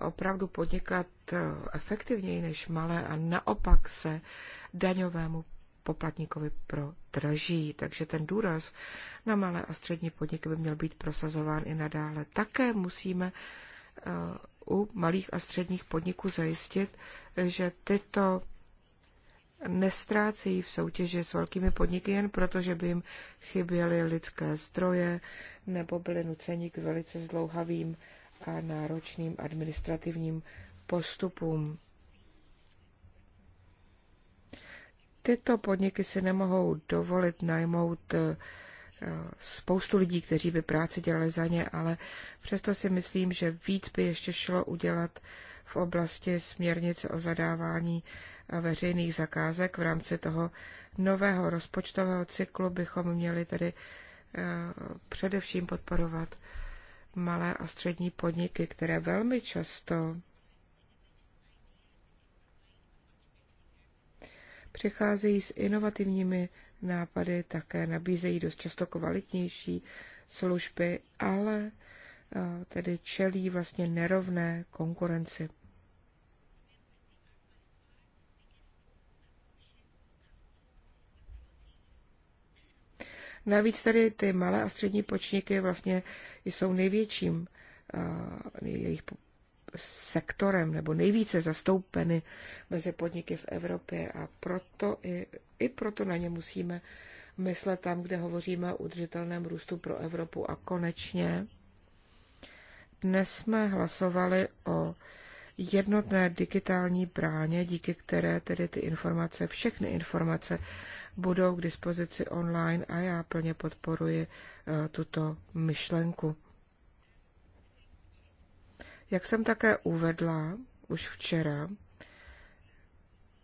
opravdu podnikat e, efektivněji než malé a naopak se daňovému poplatníkovi pro draží. Takže ten důraz na malé a střední podniky by měl být prosazován i nadále. Také musíme eh, u malých a středních podniků zajistit, že tyto nestrácejí v soutěži s velkými podniky jen proto, že by jim chyběly lidské zdroje nebo byli nuceni k velice zdlouhavým a náročným administrativním postupům. tyto podniky si nemohou dovolit najmout eh, spoustu lidí, kteří by práci dělali za ně, ale přesto si myslím, že víc by ještě šlo udělat v oblasti směrnice o zadávání eh, veřejných zakázek. V rámci toho nového rozpočtového cyklu bychom měli tedy eh, především podporovat malé a střední podniky, které velmi často přecházejí s inovativními nápady, také nabízejí dost často kvalitnější služby, ale eh, tedy čelí vlastně nerovné konkurenci. Navíc tady ty malé a střední počníky vlastně jsou největším, eh, jejich sektorem nebo nejvíce zastoupeny mezi podniky v Evropě a proto i, i proto na ně musíme myslet tam, kde hovoříme o udržitelném růstu pro Evropu. A konečně dnes jsme hlasovali o jednotné digitální bráně, díky které tedy ty informace, všechny informace budou k dispozici online a já plně podporuji eh, tuto myšlenku. Jak jsem také uvedla už včera,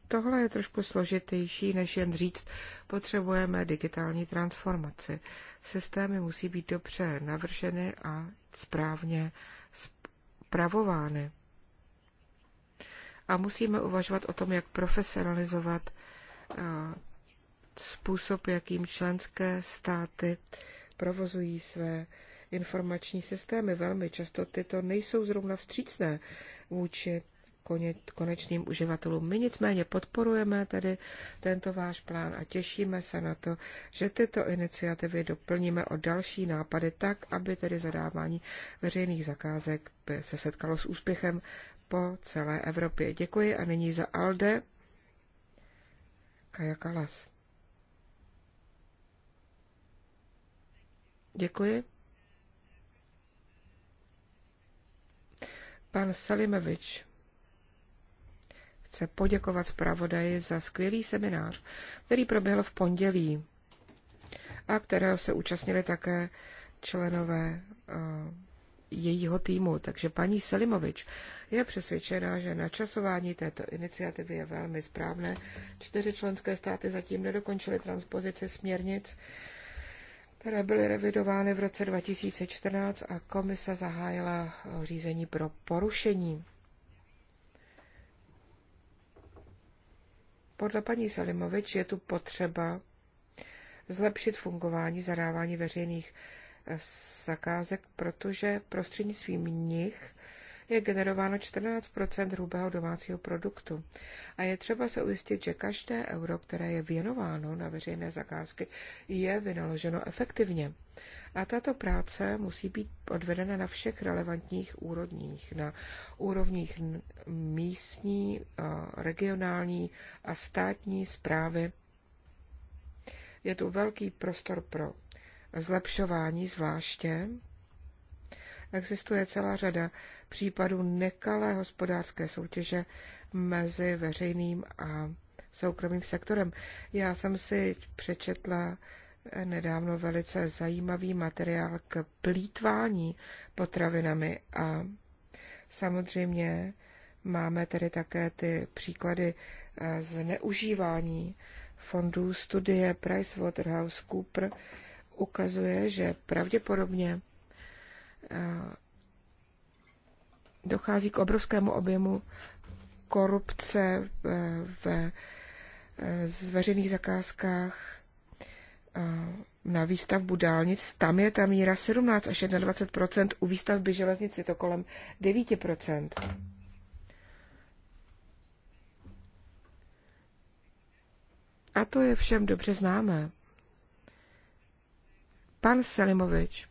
tohle je trošku složitější, než jen říct, potřebujeme digitální transformaci. Systémy musí být dobře navrženy a správně spravovány. A musíme uvažovat o tom, jak profesionalizovat eh, způsob, jakým členské státy provozují své informační systémy. Velmi často tyto nejsou zrovna vstřícné vůči konečným uživatelům. My nicméně podporujeme tedy tento váš plán a těšíme se na to, že tyto iniciativy doplníme o další nápady tak, aby tedy zadávání veřejných zakázek by se setkalo s úspěchem po celé Evropě. Děkuji a nyní za Alde Kaja Kalas. Děkuji. Pan Salimovič chce poděkovat zpravodaji za skvělý seminář, který proběhl v pondělí a kterého se účastnili také členové eh, jejího týmu. Takže paní Selimovič je přesvědčena, že načasování této iniciativy je velmi správné. Čtyři členské státy zatím nedokončily transpozici směrnic které byly revidovány v roce 2014 a komise zahájila eh, řízení pro porušení. Podle paní Salimovič je tu potřeba zlepšit fungování zadávání veřejných eh, zakázek, protože prostřednictvím nich je generováno 14 hrubého domácího produktu. A je třeba se ujistit, že každé euro, které je věnováno na veřejné zakázky, je vynaloženo efektivně. A tato práce musí být odvedena na všech relevantních úrovních, na úrovních místní, regionální a státní zprávy. Je tu velký prostor pro zlepšování, zvláště existuje celá řada případů nekalé hospodářské soutěže mezi veřejným a soukromým sektorem. Já jsem si přečetla eh, nedávno velice zajímavý materiál k plítvání potravinami a samozřejmě máme tedy také ty příklady eh, zneužívání fondů studie PricewaterhouseCoopers ukazuje, že pravděpodobně Eh, dochází k obrovskému objemu korupce eh, v eh, veřejných zakázkách na výstavbu dálnic. Tam je ta míra 17 až 21 u výstavby železnic je to kolem 9 A to je všem dobře známé. Pan Selimovič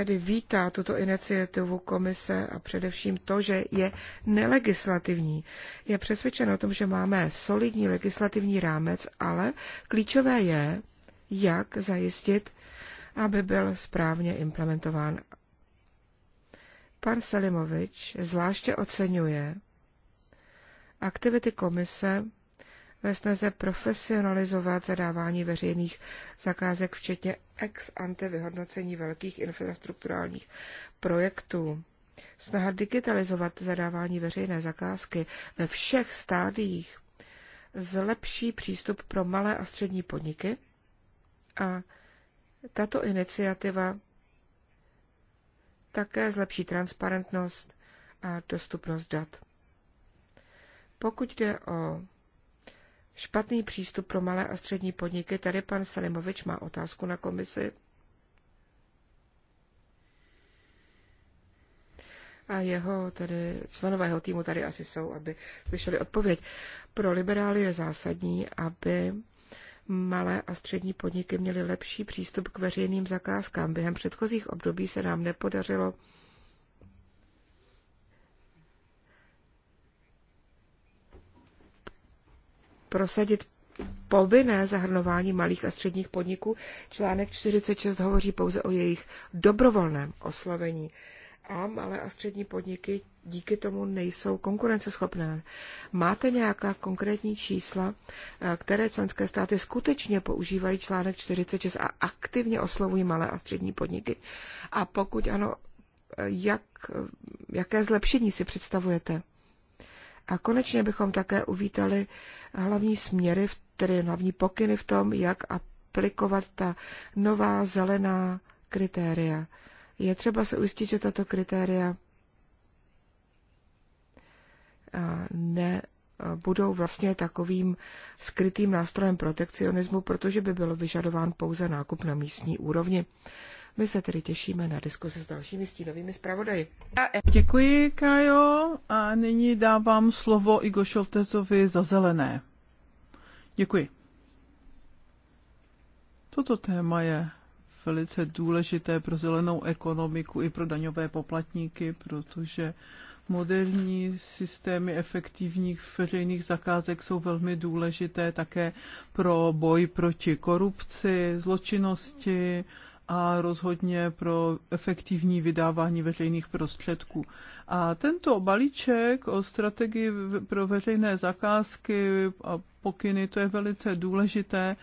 tedy vítá tuto iniciativu komise a především to, že je nelegislativní. Je přesvědčen o tom, že máme solidní legislativní rámec, ale klíčové je, jak zajistit, aby byl správně implementován. Pan Selimovič zvláště oceňuje aktivity komise ve snaze profesionalizovat zadávání veřejných zakázek, včetně ex ante vyhodnocení velkých infrastrukturálních projektů. Snaha digitalizovat zadávání veřejné zakázky ve všech stádiích zlepší přístup pro malé a střední podniky a tato iniciativa také zlepší transparentnost a dostupnost dat. Pokud jde o Špatný přístup pro malé a střední podniky. Tady pan Salimovič má otázku na komisi. a jeho tedy členové jeho týmu tady asi jsou, aby slyšeli odpověď. Pro liberály je zásadní, aby malé a střední podniky měly lepší přístup k veřejným zakázkám. Během předchozích období se nám nepodařilo prosadit povinné zahrnování malých a středních podniků. Článek 46 hovoří pouze o jejich dobrovolném oslovení. A malé a střední podniky díky tomu nejsou konkurenceschopné. Máte nějaká konkrétní čísla, eh, které členské státy skutečně používají článek 46 a aktivně oslovují malé a střední podniky? A pokud ano, eh, jak, eh, jaké zlepšení si představujete? A konečně bychom také uvítali hlavní směry, tedy hlavní pokyny v tom, jak aplikovat ta nová zelená kritéria. Je třeba se ujistit, že tato kritéria ne budou vlastně takovým skrytým nástrojem protekcionismu, protože by byl vyžadován pouze nákup na místní úrovni. My se tedy těšíme na diskusi s dalšími stínovými zpravodaji. Děkuji, Kajo. A nyní dávám slovo Igo Šoltezovi za zelené. Děkuji. Toto téma je velice důležité pro zelenou ekonomiku i pro daňové poplatníky, protože moderní systémy efektivních veřejných zakázek jsou velmi důležité také pro boj proti korupci, zločinnosti, a rozhodně pro efektivní vydávání veřejných prostředků. A tento balíček o strategii pro veřejné zakázky a pokyny, to je velice důležité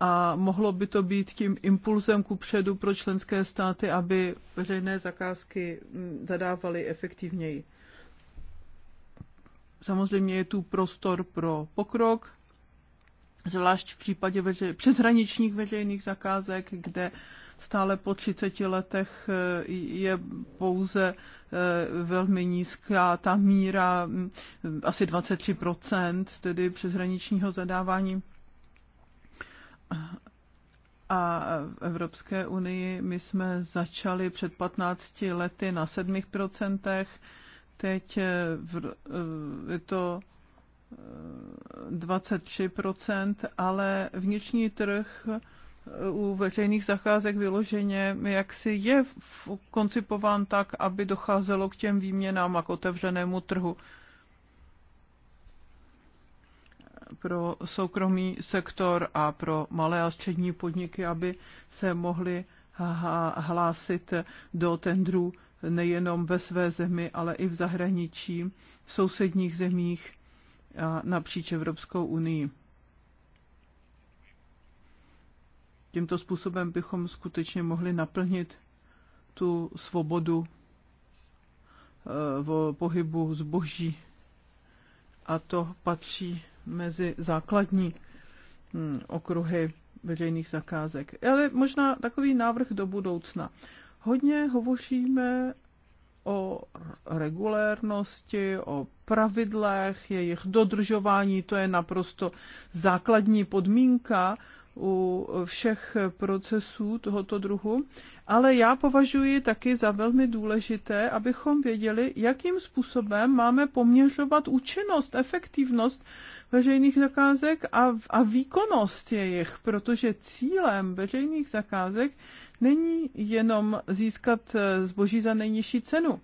a mohlo by to být tím impulzem ku předu pro členské státy, aby veřejné zakázky mm, zadávaly efektivněji. Samozřejmě je tu prostor pro pokrok, zvlášť v případě veře- přeshraničních veřejných zakázek, kde stále po 30 letech eh, je pouze eh, velmi nízká ta míra, mm, asi 23%, tedy přeshraničního zadávání. A v Evropské unii my jsme začali před 15 lety na 7%, teď eh, je to 23%, ale vnitřní trh u veřejných zacházek vyloženě, jak si je koncipován tak, aby docházelo k těm výměnám a k otevřenému trhu pro soukromý sektor a pro malé a střední podniky, aby se mohly hlásit do tendrů nejenom ve své zemi, ale i v zahraničí, v sousedních zemích a napříč Evropskou unii. Tímto způsobem bychom skutečně mohli naplnit tu svobodu eh, v pohybu zboží. A to patří mezi základní hm, okruhy veřejných zakázek. Ale možná takový návrh do budoucna. Hodně hovoříme o regulérnosti, o pravidlech, jejich dodržování, to je naprosto základní podmínka u všech procesů tohoto druhu, ale já považuji taky za velmi důležité, abychom věděli, jakým způsobem máme poměřovat účinnost, efektivnost veřejných zakázek a, a výkonnost jejich, protože cílem veřejných zakázek není jenom získat zboží za nejnižší cenu.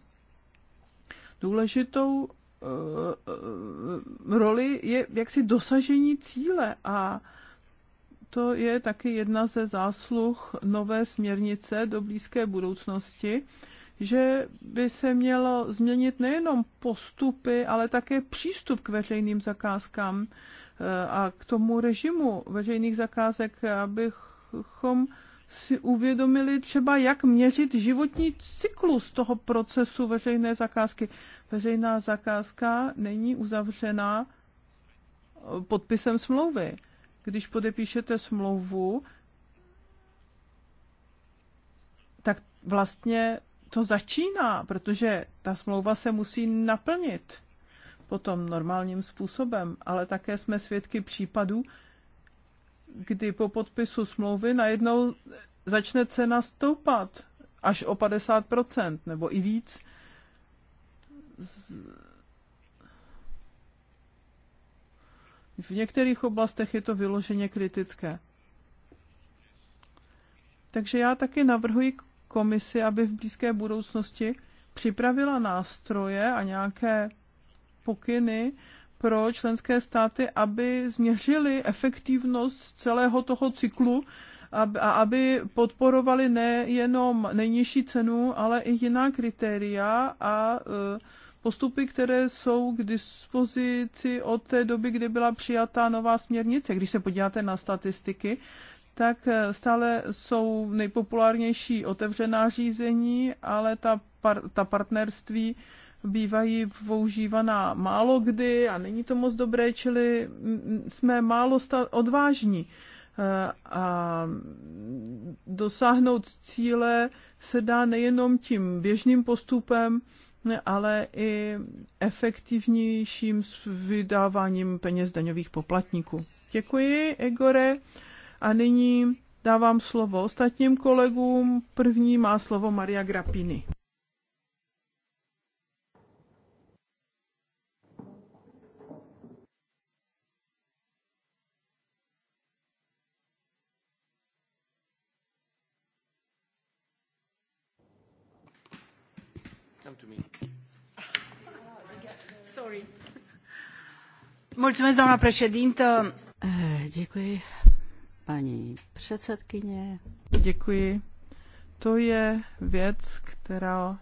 Důležitou eh, eh, roli je jaksi dosažení cíle a to je taky jedna ze zásluh nové směrnice do blízké budoucnosti, že by se mělo změnit nejenom postupy, ale také přístup k veřejným zakázkám eh, a k tomu režimu veřejných zakázek, abychom si uvědomili třeba, jak měřit životní cyklus toho procesu veřejné zakázky. Veřejná zakázka není uzavřena eh, podpisem smlouvy když podepíšete smlouvu, tak vlastně to začíná, protože ta smlouva se musí naplnit potom normálním způsobem, ale také jsme svědky případů, kdy po podpisu smlouvy najednou začne cena stoupat až o 50% nebo i víc V některých oblastech je to vyloženě kritické. Takže já taky navrhuji komisi, aby v blízké budoucnosti připravila nástroje a nějaké pokyny pro členské státy, aby změřili efektivnost celého toho cyklu a aby podporovali nejenom nejnižší cenu, ale i jiná kritéria a e, postupy, které jsou k dispozici od té doby, kdy byla přijatá nová směrnice. Když se podíváte na statistiky, tak eh, stále jsou nejpopulárnější otevřená řízení, ale ta, par, ta partnerství bývají používaná málo kdy a není to moc dobré, čili mm, mm, jsme málo odvážní. Eh, a dosáhnout cíle se dá nejenom tím běžným postupem, ale i efektivnějším vydáváním peněz daňových poplatníků. Děkuji, Egore. A nyní dávám slovo ostatním kolegům. První má slovo Maria Grapini. Mulțumesc, doamna președintă. Eh, děkuji, paní předsedkyně. Děkuji. To je věc, která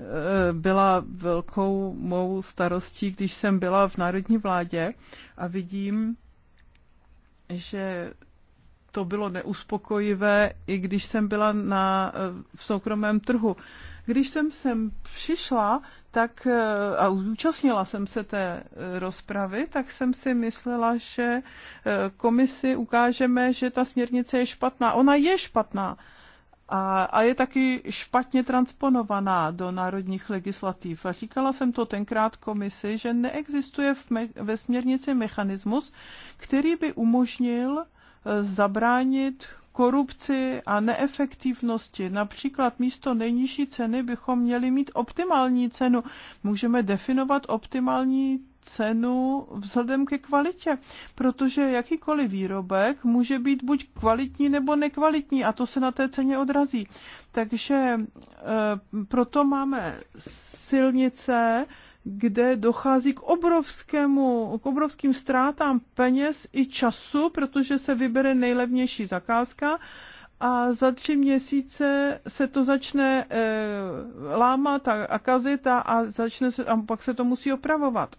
eh, byla velkou mou starostí, když jsem byla v národní vládě a vidím, že to bylo neuspokojivé, i když jsem byla na, eh, v soukromém trhu. Když jsem sem přišla tak, eh, a zúčastnila jsem se té eh, rozpravy, tak jsem si myslela, že eh, komisi ukážeme, že ta směrnice je špatná. Ona je špatná. A, a je taky špatně transponovaná do národních legislativ. A říkala jsem to tenkrát komisi, že neexistuje v me, ve směrnici mechanismus, který by umožnil zabránit korupci a neefektivnosti. Například místo nejnižší ceny bychom měli mít optimální cenu. Můžeme definovat optimální cenu vzhledem ke kvalitě, protože jakýkoliv výrobek může být buď kvalitní nebo nekvalitní a to se na té ceně odrazí. Takže e, proto máme silnice, kde dochází k, obrovskému, k obrovským ztrátám peněz i času, protože se vybere nejlevnější zakázka a za tři měsíce se to začne e, lámat a, a kazit a, a, začne se, a pak se to musí opravovat.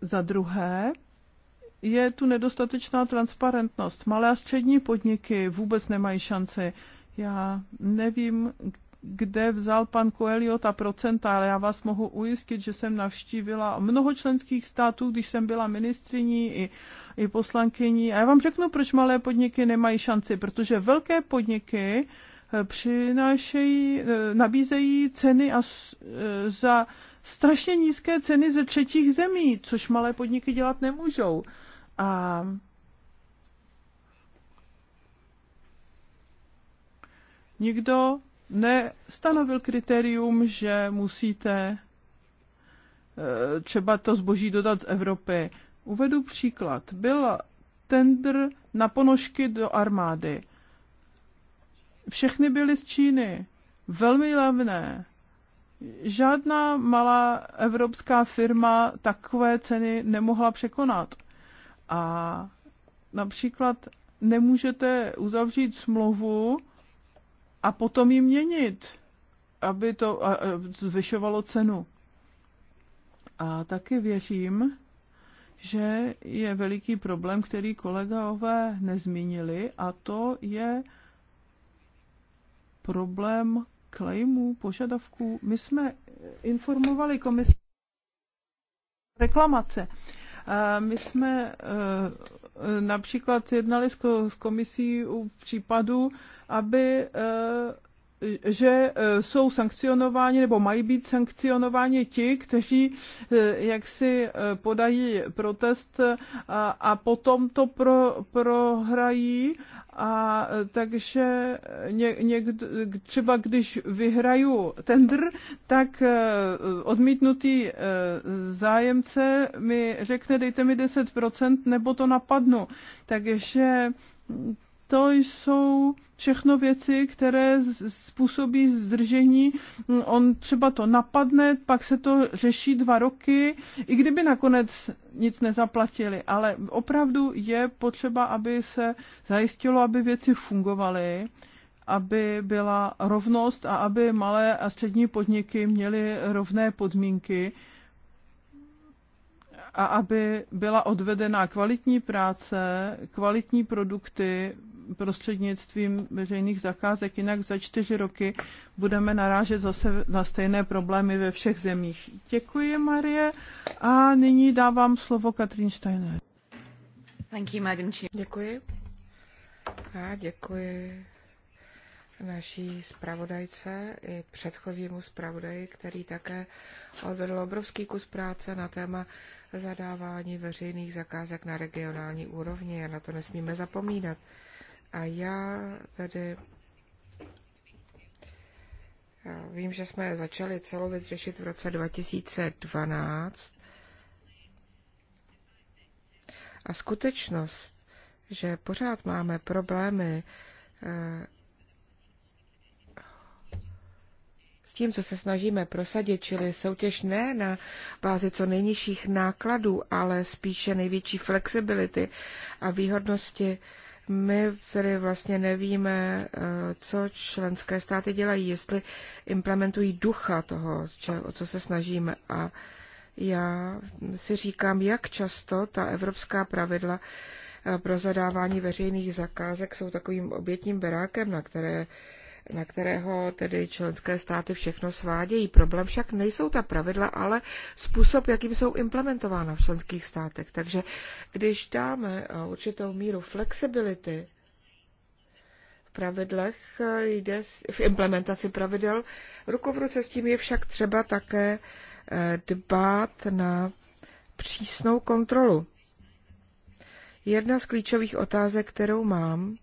Za druhé, je tu nedostatečná transparentnost. Malé a střední podniky vůbec nemají šanci. Já nevím, kde vzal pan Coelho ta procenta, ale já vás mohu ujistit, že jsem navštívila mnoho členských států, když jsem byla ministriní i, i poslankyní. A já vám řeknu, proč malé podniky nemají šanci, protože velké podniky eh, přinášejí, eh, nabízejí ceny a eh, za strašně nízké ceny ze třetích zemí, což malé podniky dělat nemůžou. A nikdo nestanovil kritérium, že musíte eh, třeba to zboží dodat z Evropy. Uvedu příklad. Byl tender na ponožky do armády. Všechny byly z Číny. Velmi levné. Žádná malá evropská firma takové ceny nemohla překonat. A například nemůžete uzavřít smlouvu a potom ji měnit, aby to zvyšovalo cenu. A taky věřím, že je veliký problém, který kolegové nezmínili, a to je problém claimů, požadavků. My jsme informovali komisi reklamace. My jsme Eh, například jednali s komisí u případu, aby eh, že e, jsou sankcionováni nebo mají být sankcionováni ti, kteří e, jak si e, podají protest a, a potom to pro, prohrají. A takže ně, někdo, třeba když vyhraju tender, tak odmítnutý zájemce mi řekne dejte mi 10% nebo to napadnu. Takže to jsou všechno věci, které způsobí zdržení. On třeba to napadne, pak se to řeší dva roky, i kdyby nakonec nic nezaplatili. Ale opravdu je potřeba, aby se zajistilo, aby věci fungovaly aby byla rovnost a aby malé a střední podniky měly rovné podmínky a aby byla odvedena kvalitní práce, kvalitní produkty prostřednictvím veřejných zakázek, jinak za čtyři roky budeme narážet zase na stejné problémy ve všech zemích. Děkuji, Marie. A nyní dávám slovo Katrin Steiner. Thank you, Madam Chair. Děkuji. A děkuji naší zpravodajce i předchozímu zpravodaji, který také odvedl obrovský kus práce na téma zadávání veřejných zakázek na regionální úrovni a na to nesmíme zapomínat. A já tady já vím, že jsme začali celou věc řešit v roce 2012. A skutečnost, že pořád máme problémy eh, s tím, co se snažíme prosadit, čili soutěž ne na bázi co nejnižších nákladů, ale spíše největší flexibility a výhodnosti my tedy vlastně nevíme, eh, co členské státy dělají, jestli implementují ducha toho, o co se snažíme. A já si říkám, jak často ta evropská pravidla eh, pro zadávání veřejných zakázek jsou takovým obětním berákem, na které na kterého tedy členské státy všechno svádějí. Problém však nejsou ta pravidla, ale způsob, jakým jsou implementována v členských státech. Takže když dáme eh, určitou míru flexibility v pravidlech, eh, jde v implementaci pravidel, ruku v ruce s tím je však třeba také eh, dbát na přísnou kontrolu. Jedna z klíčových otázek, kterou mám,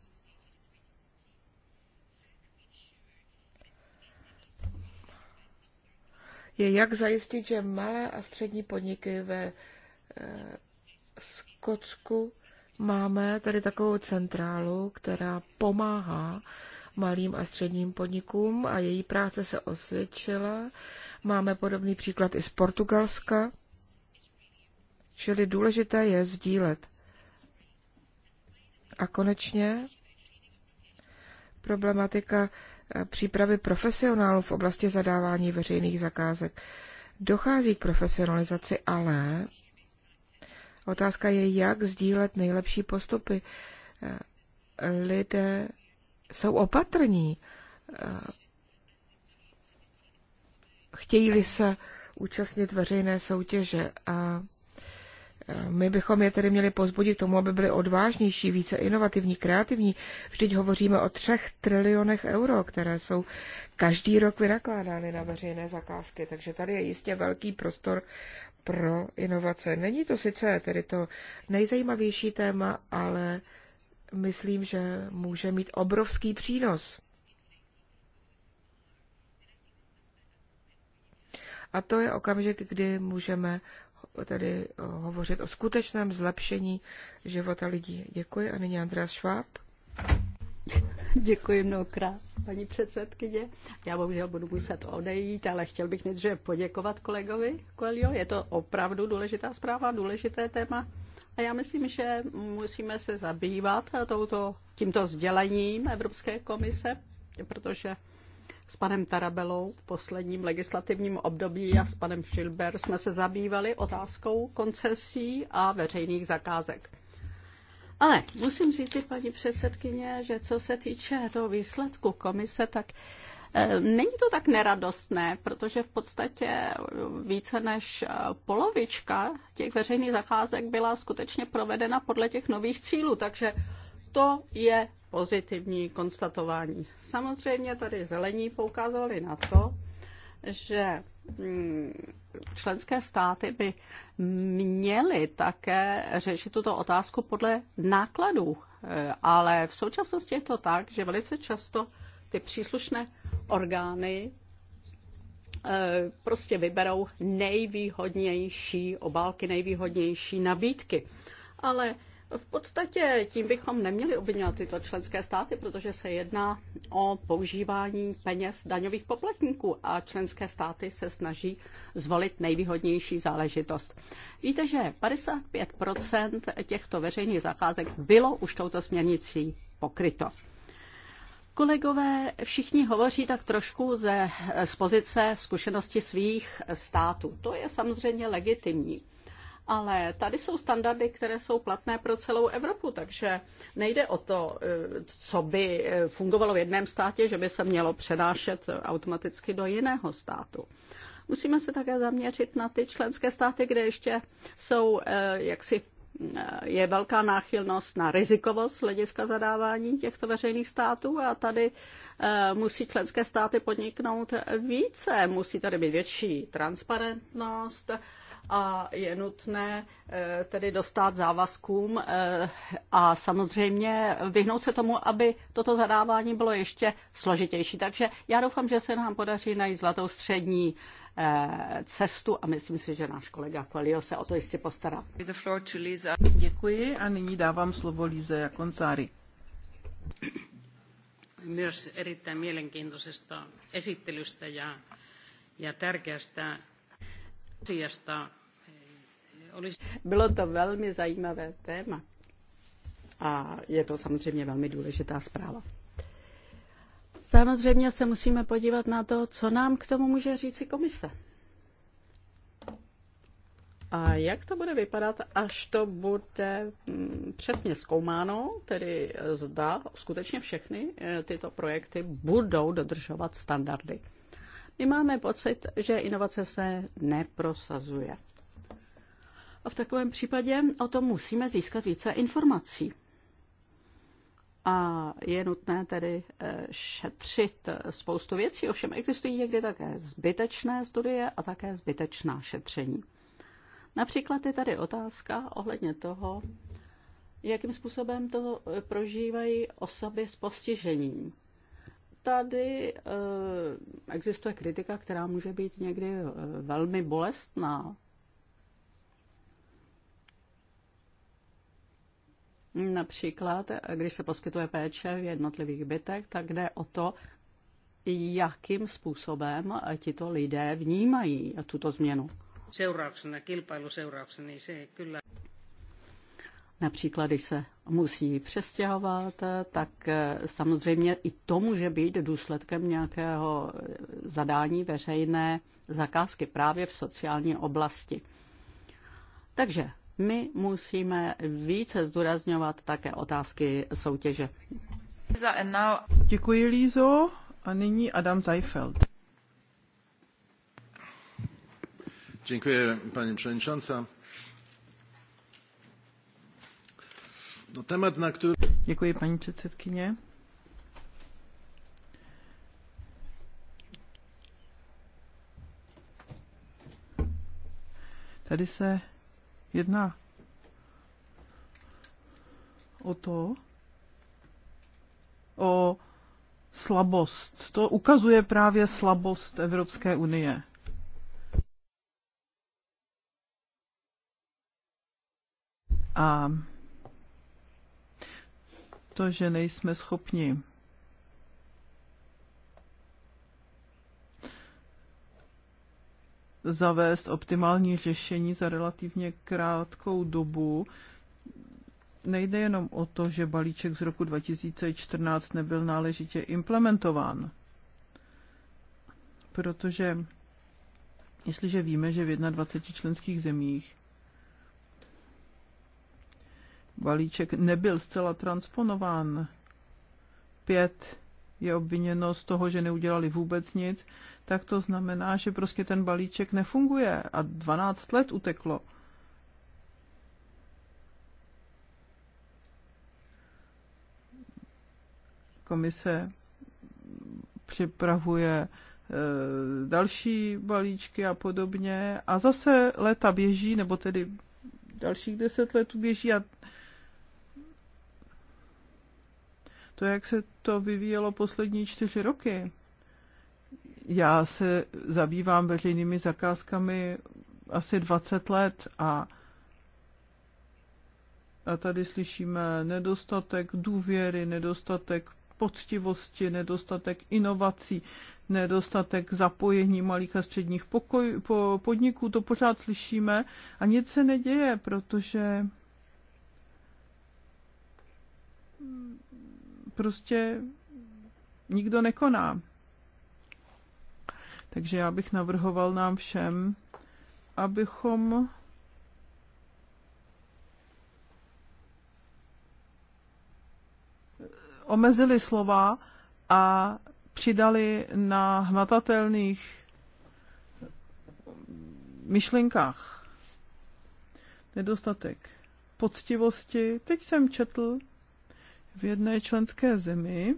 je, jak zajistit, že malé a střední podniky ve eh, Skotsku máme tady takovou centrálu, která pomáhá malým a středním podnikům a její práce se osvědčila. Máme podobný příklad i z Portugalska. Čili důležité je sdílet. A konečně problematika Eh, přípravy profesionálů v oblasti zadávání veřejných zakázek. Dochází k profesionalizaci, ale otázka je, jak sdílet nejlepší postupy. Eh, lidé jsou opatrní. Eh, chtějí-li se účastnit veřejné soutěže a my bychom je tedy měli pozbudit k tomu, aby byli odvážnější, více inovativní, kreativní. Vždyť hovoříme o třech trilionech euro, které jsou každý rok vynakládány na veřejné zakázky, takže tady je jistě velký prostor pro inovace. Není to sice tedy to nejzajímavější téma, ale myslím, že může mít obrovský přínos. A to je okamžik, kdy můžeme tedy eh, hovořit o skutečném zlepšení života lidí. Děkuji a nyní Andreas Schwab. Děkuji mnohokrát, paní předsedkyně. Já bohužel budu muset odejít, ale chtěl bych nejdříve poděkovat kolegovi Coelho. Je to opravdu důležitá zpráva, důležité téma. A já myslím, že musíme se zabývat touto, tímto sdělením Evropské komise, protože s panem Tarabelou v posledním legislativním období a s panem Schilber jsme se zabývali otázkou koncesí a veřejných zakázek. Ale musím říct, paní předsedkyně, že co se týče toho výsledku komise, tak eh, Není to tak neradostné, protože v podstatě více než eh, polovička těch veřejných zakázek byla skutečně provedena podle těch nových cílů, takže to je pozitivní konstatování. Samozřejmě tady zelení poukázali na to, že mm, členské státy by měly také řešit tuto otázku podle nákladů, e, ale v současnosti je to tak, že velice často ty příslušné orgány e, prostě vyberou nejvýhodnější obálky, nejvýhodnější nabídky. Ale v podstatě tím bychom neměli obvinovat tyto členské státy, protože se jedná o používání peněz daňových poplatníků a členské státy se snaží zvolit nejvýhodnější záležitost. Víte, že 55 těchto veřejných zakázek bylo už touto směrnicí pokryto. Kolegové všichni hovoří tak trošku ze, z pozice zkušenosti svých států. To je samozřejmě legitimní ale tady jsou standardy, které jsou platné pro celou Evropu, takže nejde o to, eh, co by eh, fungovalo v jednom státě, že by se mělo přenášet automaticky do jiného státu. Musíme se také zaměřit na ty členské státy, kde ještě jsou eh, jaksi je velká náchylnost na rizikovost hlediska zadávání těchto veřejných států a tady musí členské státy podniknout více. Musí tady být větší transparentnost, a je nutné eh, tedy dostat závazkům eh, a samozřejmě vyhnout se tomu, aby toto zadávání bylo ještě složitější. Takže já doufám, že se nám podaří najít zlatou střední eh, cestu a myslím si, že náš kolega Kolio se o to jistě postará. Děkuji a nyní dávám slovo Líze Jakoncári. Myös erittäin mielenkiintoisesta esittelystä ja, ja tärkeästä bylo to velmi zajímavé téma a je to samozřejmě velmi důležitá zpráva. Samozřejmě se musíme podívat na to, co nám k tomu může říci komise. A jak to bude vypadat, až to bude mm, přesně zkoumáno, tedy zda skutečně všechny eh, tyto projekty budou dodržovat standardy. My máme pocit, že inovace se neprosazuje. A v takovém případě o tom musíme získat více informací. A je nutné tedy eh, šetřit spoustu věcí, ovšem existují někdy také zbytečné studie a také zbytečná šetření. Například je tady otázka ohledně toho, jakým způsobem to prožívají osoby s postižením tady eh, existuje kritika, která může být někdy eh, velmi bolestná. Například, eh, když se poskytuje péče v jednotlivých bytech, tak jde o to, jakým způsobem tito lidé vnímají tuto změnu. Například, když se musí přestěhovat, tak eh, samozřejmě i to může být důsledkem nějakého eh, zadání veřejné zakázky právě v sociální oblasti. Takže my musíme více zdůrazňovat také otázky soutěže. Děkuji, Lízo. A nyní Adam Zajfeld. Děkuji, paní předsedající. Děkuji, paní předsedkyně. Tady se jedná o to, o slabost. To ukazuje právě slabost Evropské unie. A to, že nejsme schopni zavést optimální řešení za relativně krátkou dobu. Nejde jenom o to, že balíček z roku 2014 nebyl náležitě implementován, protože jestliže víme, že v 21 členských zemích balíček nebyl zcela transponován. Pět je obviněno z toho, že neudělali vůbec nic, tak to znamená, že prostě ten balíček nefunguje a 12 let uteklo. Komise připravuje e, další balíčky a podobně. A zase léta běží, nebo tedy dalších deset let běží a to, jak se to vyvíjelo poslední čtyři roky. Já se zabývám veřejnými zakázkami asi 20 let a a tady slyšíme nedostatek důvěry, nedostatek poctivosti, nedostatek inovací, nedostatek zapojení malých a středních pokoj, po, podniků. To pořád slyšíme a nic se neděje, protože prostě nikdo nekoná. Takže já bych navrhoval nám všem, abychom omezili slova a přidali na hmatatelných myšlenkách. Nedostatek poctivosti. Teď jsem četl v jedné členské zemi,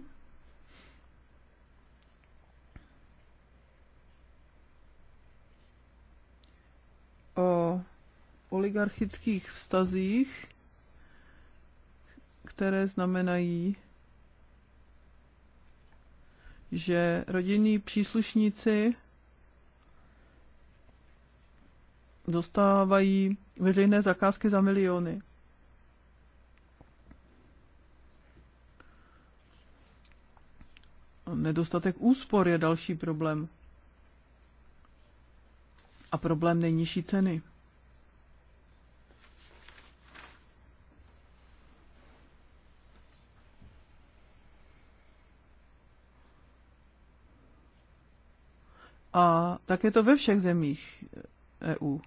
o oligarchických vztazích, které znamenají, že rodinní příslušníci dostávají veřejné zakázky za miliony. Nedostatek úspor je další problém. A problém nejnižší ceny. A tak je to ve všech zemích EU.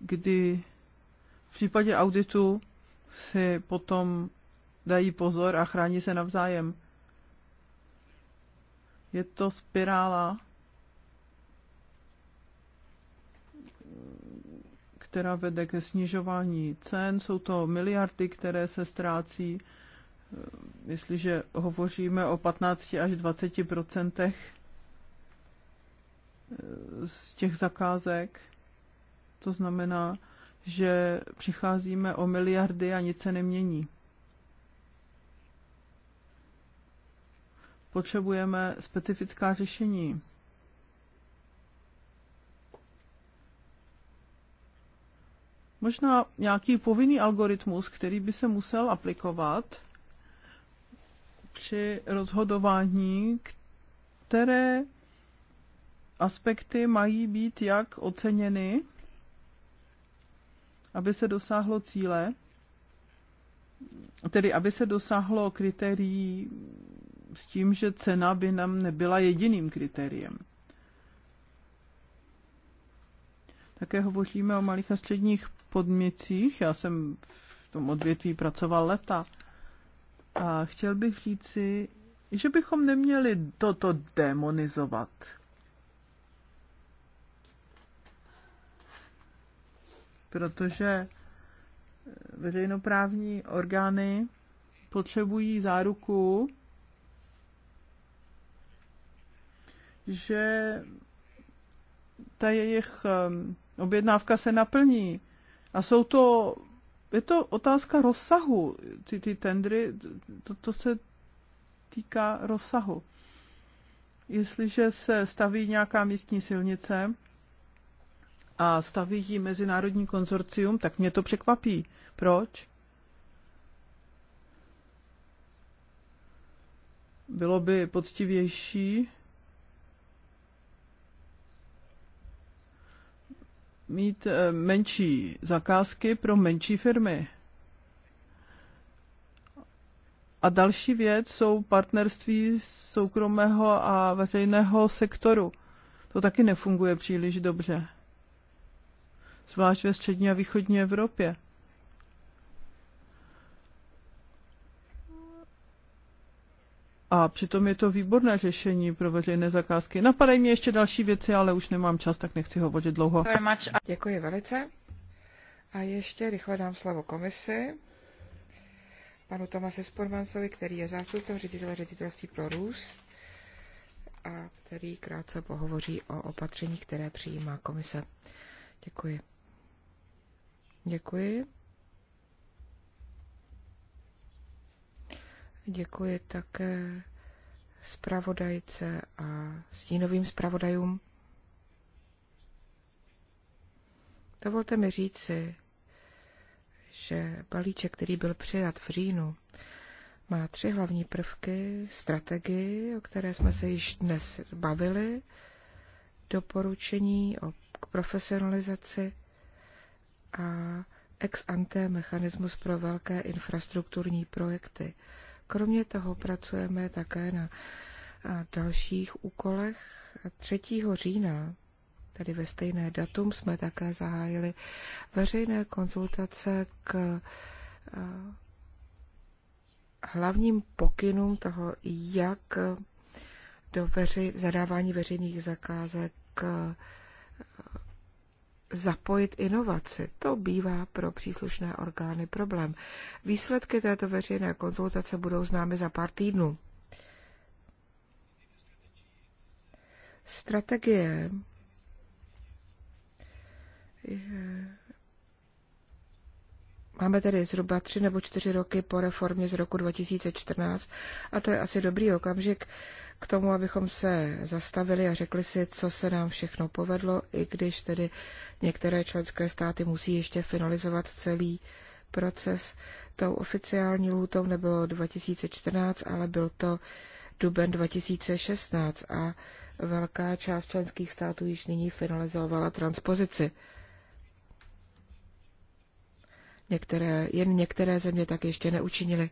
Kdy v případě auditu si potom dají pozor a chrání se navzájem. Je to spirála, která vede ke snižování cen. Jsou to miliardy, které se ztrácí. Jestliže hovoříme o 15 až 20 procentech eh, z těch zakázek, to znamená, že přicházíme o miliardy a nic se nemění. Potřebujeme specifická řešení. Možná nějaký povinný algoritmus, který by se musel aplikovat při rozhodování, které aspekty mají být jak oceněny aby se dosáhlo cíle, tedy aby se dosáhlo kritérií s tím, že cena by nám nebyla jediným kritériem. Také hovoříme o malých a středních podmicích. Já jsem v tom odvětví pracoval leta. A chtěl bych říci, že bychom neměli toto demonizovat protože eh, veřejnoprávní orgány potřebují záruku, že ta jejich ehm, objednávka se naplní. A jsou to, je to otázka rozsahu, ty, ty tendry, to, to se týká rozsahu. Jestliže se staví nějaká místní silnice, a staví ji mezinárodní konzorcium, tak mě to překvapí. Proč? Bylo by poctivější mít eh, menší zakázky pro menší firmy. A další věc jsou partnerství soukromého a veřejného sektoru. To taky nefunguje příliš dobře zvlášť ve střední a východní Evropě. A přitom je to výborné řešení pro veřejné zakázky. Napadají mě ještě další věci, ale už nemám čas, tak nechci hovořit dlouho. Děkuji velice. A ještě rychle dám slovo komisi. Panu Tomase Spormansovi, který je zástupcem ředitele ředitelství pro růst a který krátce pohovoří o opatření, které přijímá komise. Děkuji. Děkuji. Děkuji také zpravodajce a stínovým zpravodajům. Dovolte mi říci, že balíček, který byl přijat v říjnu, má tři hlavní prvky, strategii, o které jsme se již dnes bavili, doporučení o k profesionalizaci a ex ante mechanismus pro velké infrastrukturní projekty. Kromě toho pracujeme také na dalších úkolech. 3. října, tedy ve stejné datum, jsme také zahájili veřejné konzultace k hlavním pokynům toho, jak do veři, zadávání veřejných zakázek zapojit inovaci. To bývá pro příslušné orgány problém. Výsledky této veřejné konzultace budou známy za pár týdnů. Strategie Máme tedy zhruba tři nebo čtyři roky po reformě z roku 2014 a to je asi dobrý okamžik k tomu, abychom se zastavili a řekli si, co se nám všechno povedlo, i když tedy některé členské státy musí ještě finalizovat celý proces. Tou oficiální lůtou nebylo 2014, ale byl to duben 2016 a velká část členských států již nyní finalizovala transpozici. Některé, jen některé země tak ještě neučinili.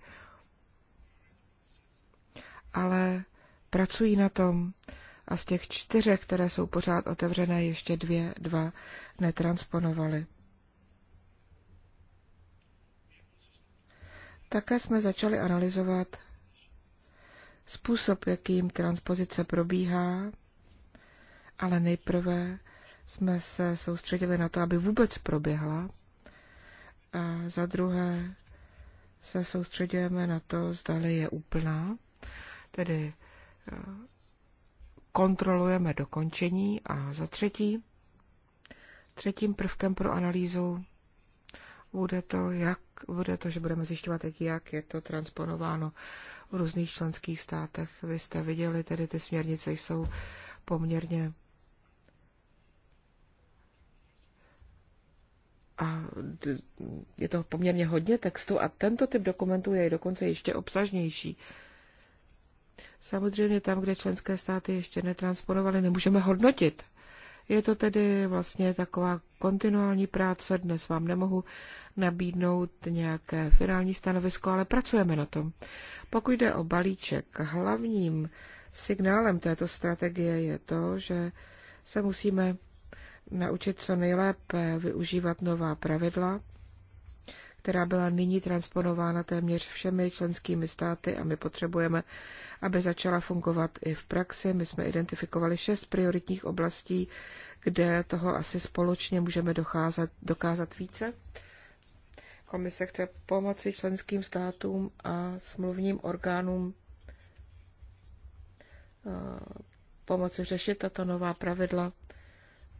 Ale pracují na tom a z těch čtyřech, které jsou pořád otevřené, ještě dvě, dva netransponovali. Také jsme začali analyzovat způsob, jakým transpozice probíhá, ale nejprve jsme se soustředili na to, aby vůbec proběhla. A za druhé se soustředujeme na to, zdali je úplná, tedy kontrolujeme dokončení a za třetí, třetím prvkem pro analýzu bude to, jak, bude to, že budeme zjišťovat, jak je to transponováno v různých členských státech. Vy jste viděli, tedy ty směrnice jsou poměrně a je to poměrně hodně textu a tento typ dokumentů je dokonce ještě obsažnější Samozřejmě tam, kde členské státy ještě netransponovaly, nemůžeme hodnotit. Je to tedy vlastně taková kontinuální práce. Dnes vám nemohu nabídnout nějaké finální stanovisko, ale pracujeme na tom. Pokud jde o balíček, hlavním signálem této strategie je to, že se musíme naučit co nejlépe využívat nová pravidla, která byla nyní transponována téměř všemi členskými státy a my potřebujeme, aby začala fungovat i v praxi. My jsme identifikovali šest prioritních oblastí, kde toho asi společně můžeme docházet, dokázat více. Komise chce pomoci členským státům a smluvním orgánům eh, pomoci řešit tato nová pravidla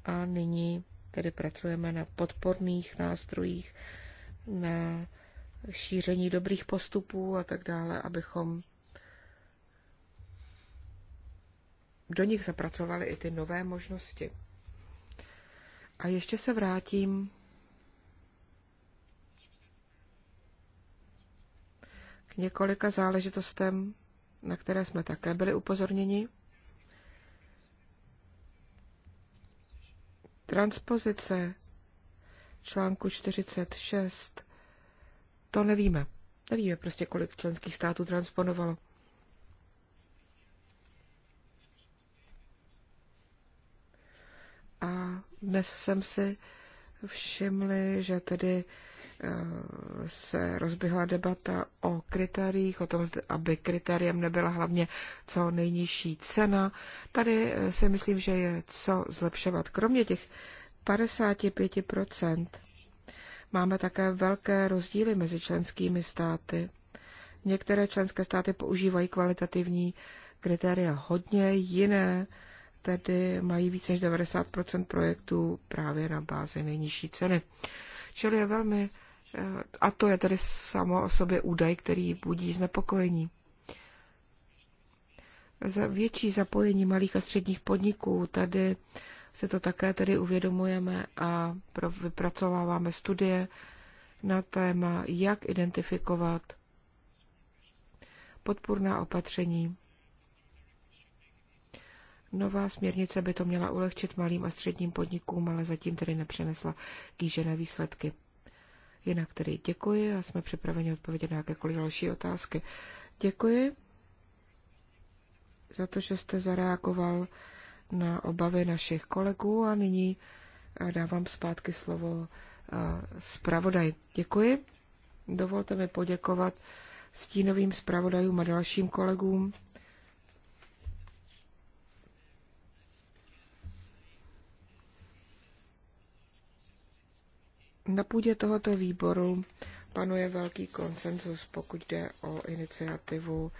a nyní tedy pracujeme na podporných nástrojích na šíření dobrých postupů a tak dále, abychom do nich zapracovali i ty nové možnosti. A ještě se vrátím k několika záležitostem, na které jsme také byli upozorněni. Transpozice článku 46. To nevíme. Nevíme prostě, kolik členských států transponovalo. A dnes jsem si všimli, že tedy eh, se rozběhla debata o kritériích, o tom, aby kritériem nebyla hlavně co nejnižší cena. Tady eh, si myslím, že je co zlepšovat. Kromě těch 55 Máme také velké rozdíly mezi členskými státy. Některé členské státy používají kvalitativní kritéria hodně, jiné tedy mají více než 90 projektů právě na bázi nejnižší ceny. Čili je velmi, eh, a to je tedy samo o sobě údaj, který budí znepokojení. Za větší zapojení malých a středních podniků tady si to také tedy uvědomujeme a vypracováváme studie na téma, jak identifikovat podpůrná opatření. Nová směrnice by to měla ulehčit malým a středním podnikům, ale zatím tedy nepřinesla kýžené výsledky. Jinak tedy děkuji a jsme připraveni odpovědět na jakékoliv další otázky. Děkuji za to, že jste zareagoval na obavy našich kolegů a nyní eh, dávám zpátky slovo eh, zpravodaj. Děkuji. Dovolte mi poděkovat stínovým zpravodajům a dalším kolegům. Na půdě tohoto výboru panuje velký konsenzus, pokud jde o iniciativu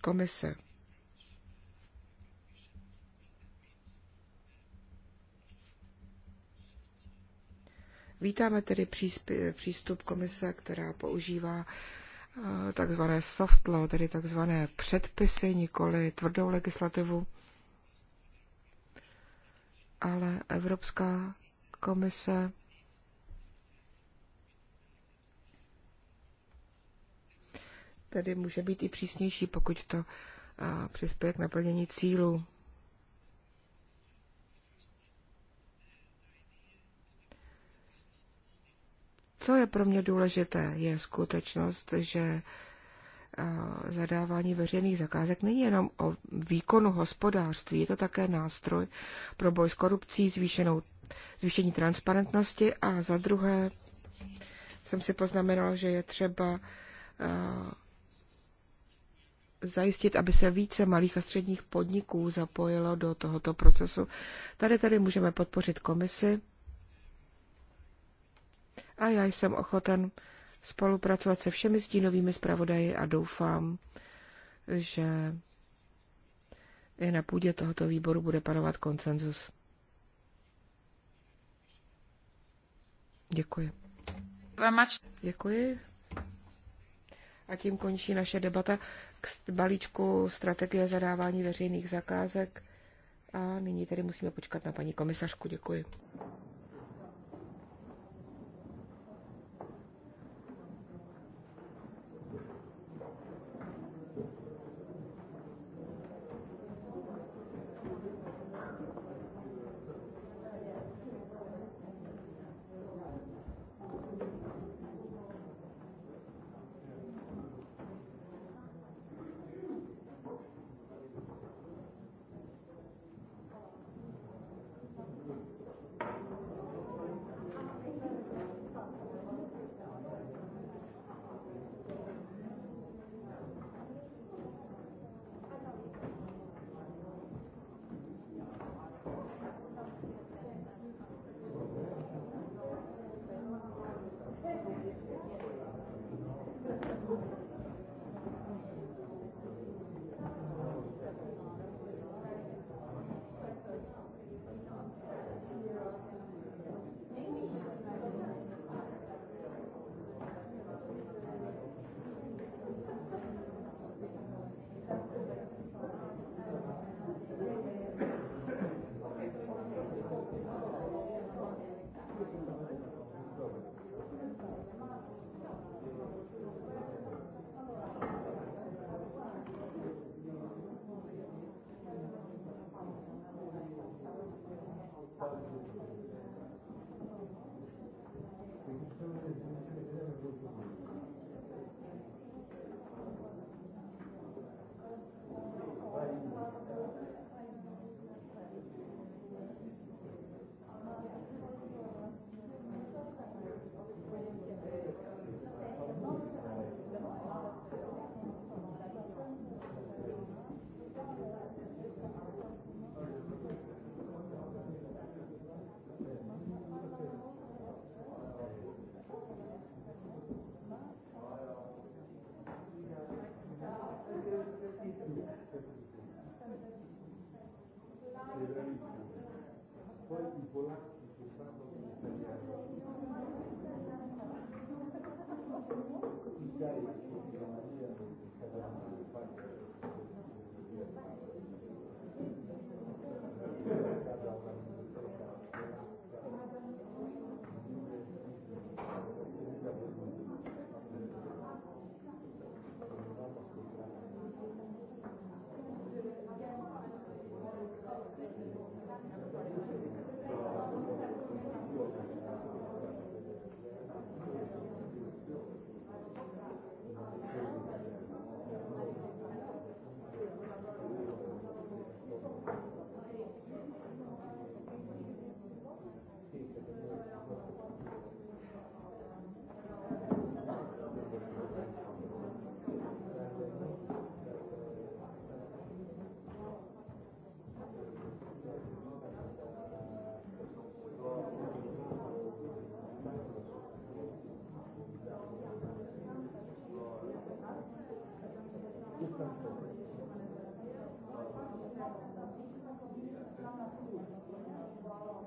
komise. Vítáme tedy přístup komise, která používá eh, takzvané soft law, tedy takzvané předpisy, nikoli tvrdou legislativu. Ale Evropská komise tedy může být i přísnější, pokud to eh, přispěje k naplnění cílů. Co je pro mě důležité, je skutečnost, že eh, zadávání veřejných zakázek není jenom o výkonu hospodářství, je to také nástroj pro boj s korupcí, zvýšenou, zvýšení transparentnosti a za druhé jsem si poznamenal, že je třeba eh, zajistit, aby se více malých a středních podniků zapojilo do tohoto procesu. Tady tady můžeme podpořit komisi a já jsem ochoten spolupracovat se všemi stínovými zpravodaji a doufám, že i na půdě tohoto výboru bude panovat konsenzus. Děkuji. Děkuji. A tím končí naše debata k balíčku strategie zadávání veřejných zakázek. A nyní tedy musíme počkat na paní komisařku. Děkuji.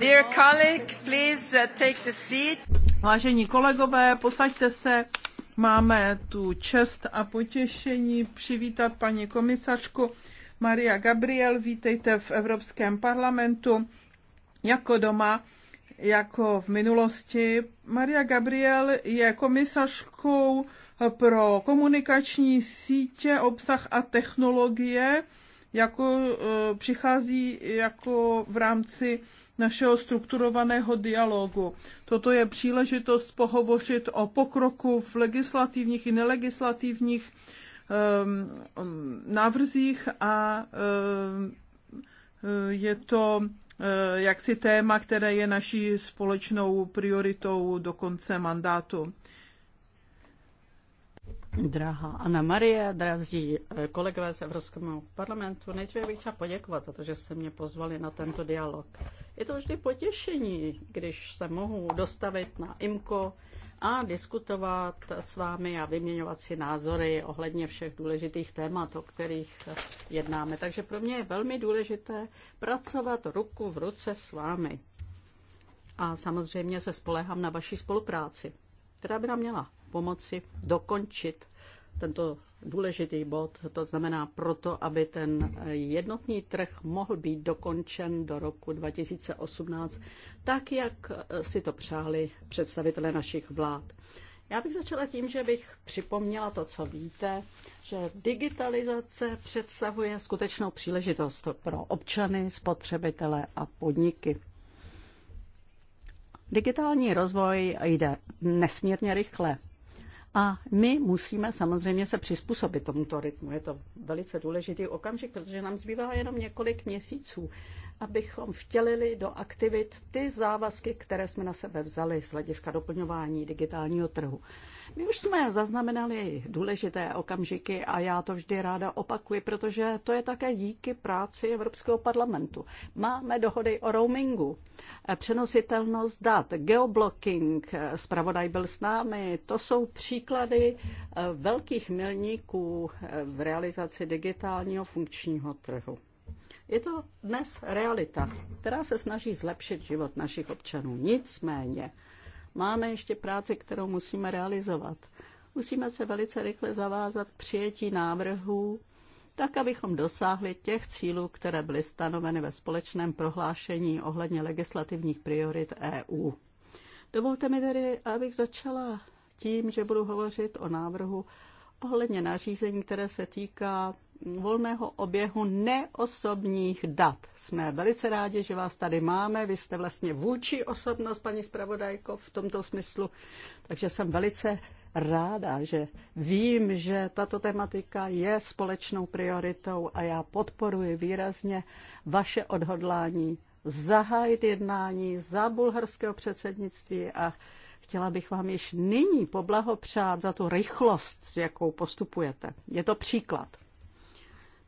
Dear please uh, take the seat. Vážení kolegové, posaďte se. Máme tu čest a potěšení přivítat paní komisařku Maria Gabriel. Vítejte v Evropském parlamentu jako doma, jako v minulosti. Maria Gabriel je komisařkou pro komunikační sítě, obsah a technologie jako e, přichází jako v rámci našeho strukturovaného dialogu. Toto je příležitost pohovořit o pokroku v legislativních i nelegislativních návrzích a je to e, jaksi téma, které je naší společnou prioritou do konce mandátu. Drahá Anna Marie, drazí eh, kolegové z Evropského parlamentu, nejdříve bych chtěla poděkovat za to, že jste mě pozvali na tento dialog. Je to vždy potěšení, když se mohu dostavit na IMCO a diskutovat s vámi a vyměňovat si názory ohledně všech důležitých témat, o kterých jednáme. Takže pro mě je velmi důležité pracovat ruku v ruce s vámi. A samozřejmě se spolehám na vaši spolupráci která by nám měla pomoci dokončit tento důležitý bod, to znamená proto, aby ten jednotný trh mohl být dokončen do roku 2018, tak jak si to přáli představitelé našich vlád. Já bych začala tím, že bych připomněla to, co víte, že digitalizace představuje skutečnou příležitost pro občany, spotřebitele a podniky. Digitální rozvoj jde nesmírně rychle. A my musíme samozřejmě se přizpůsobit tomuto rytmu. Je to velice důležitý okamžik, protože nám zbývá jenom několik měsíců, abychom vtělili do aktivit ty závazky, které jsme na sebe vzali z hlediska doplňování digitálního trhu. My už jsme zaznamenali důležité okamžiky a já to vždy ráda opakuji, protože to je také díky práci Evropského parlamentu. Máme dohody o roamingu, eh, přenositelnost dat, geoblocking, eh, zpravodaj byl s námi. To jsou příklady eh, velkých milníků v realizaci digitálního funkčního trhu. Je to dnes realita, která se snaží zlepšit život našich občanů. Nicméně Máme ještě práci, kterou musíme realizovat. Musíme se velice rychle zavázat k přijetí návrhů, tak abychom dosáhli těch cílů, které byly stanoveny ve společném prohlášení ohledně legislativních priorit EU. Dovolte mi tedy, abych začala tím, že budu hovořit o návrhu ohledně nařízení, které se týká volného oběhu neosobních dat. Jsme velice rádi, že vás tady máme. Vy jste vlastně vůči osobnost, paní zpravodajko, v tomto smyslu. Takže jsem velice ráda, že vím, že tato tematika je společnou prioritou a já podporuji výrazně vaše odhodlání zahájit jednání za bulharského předsednictví a chtěla bych vám již nyní poblahopřát za tu rychlost, s jakou postupujete. Je to příklad.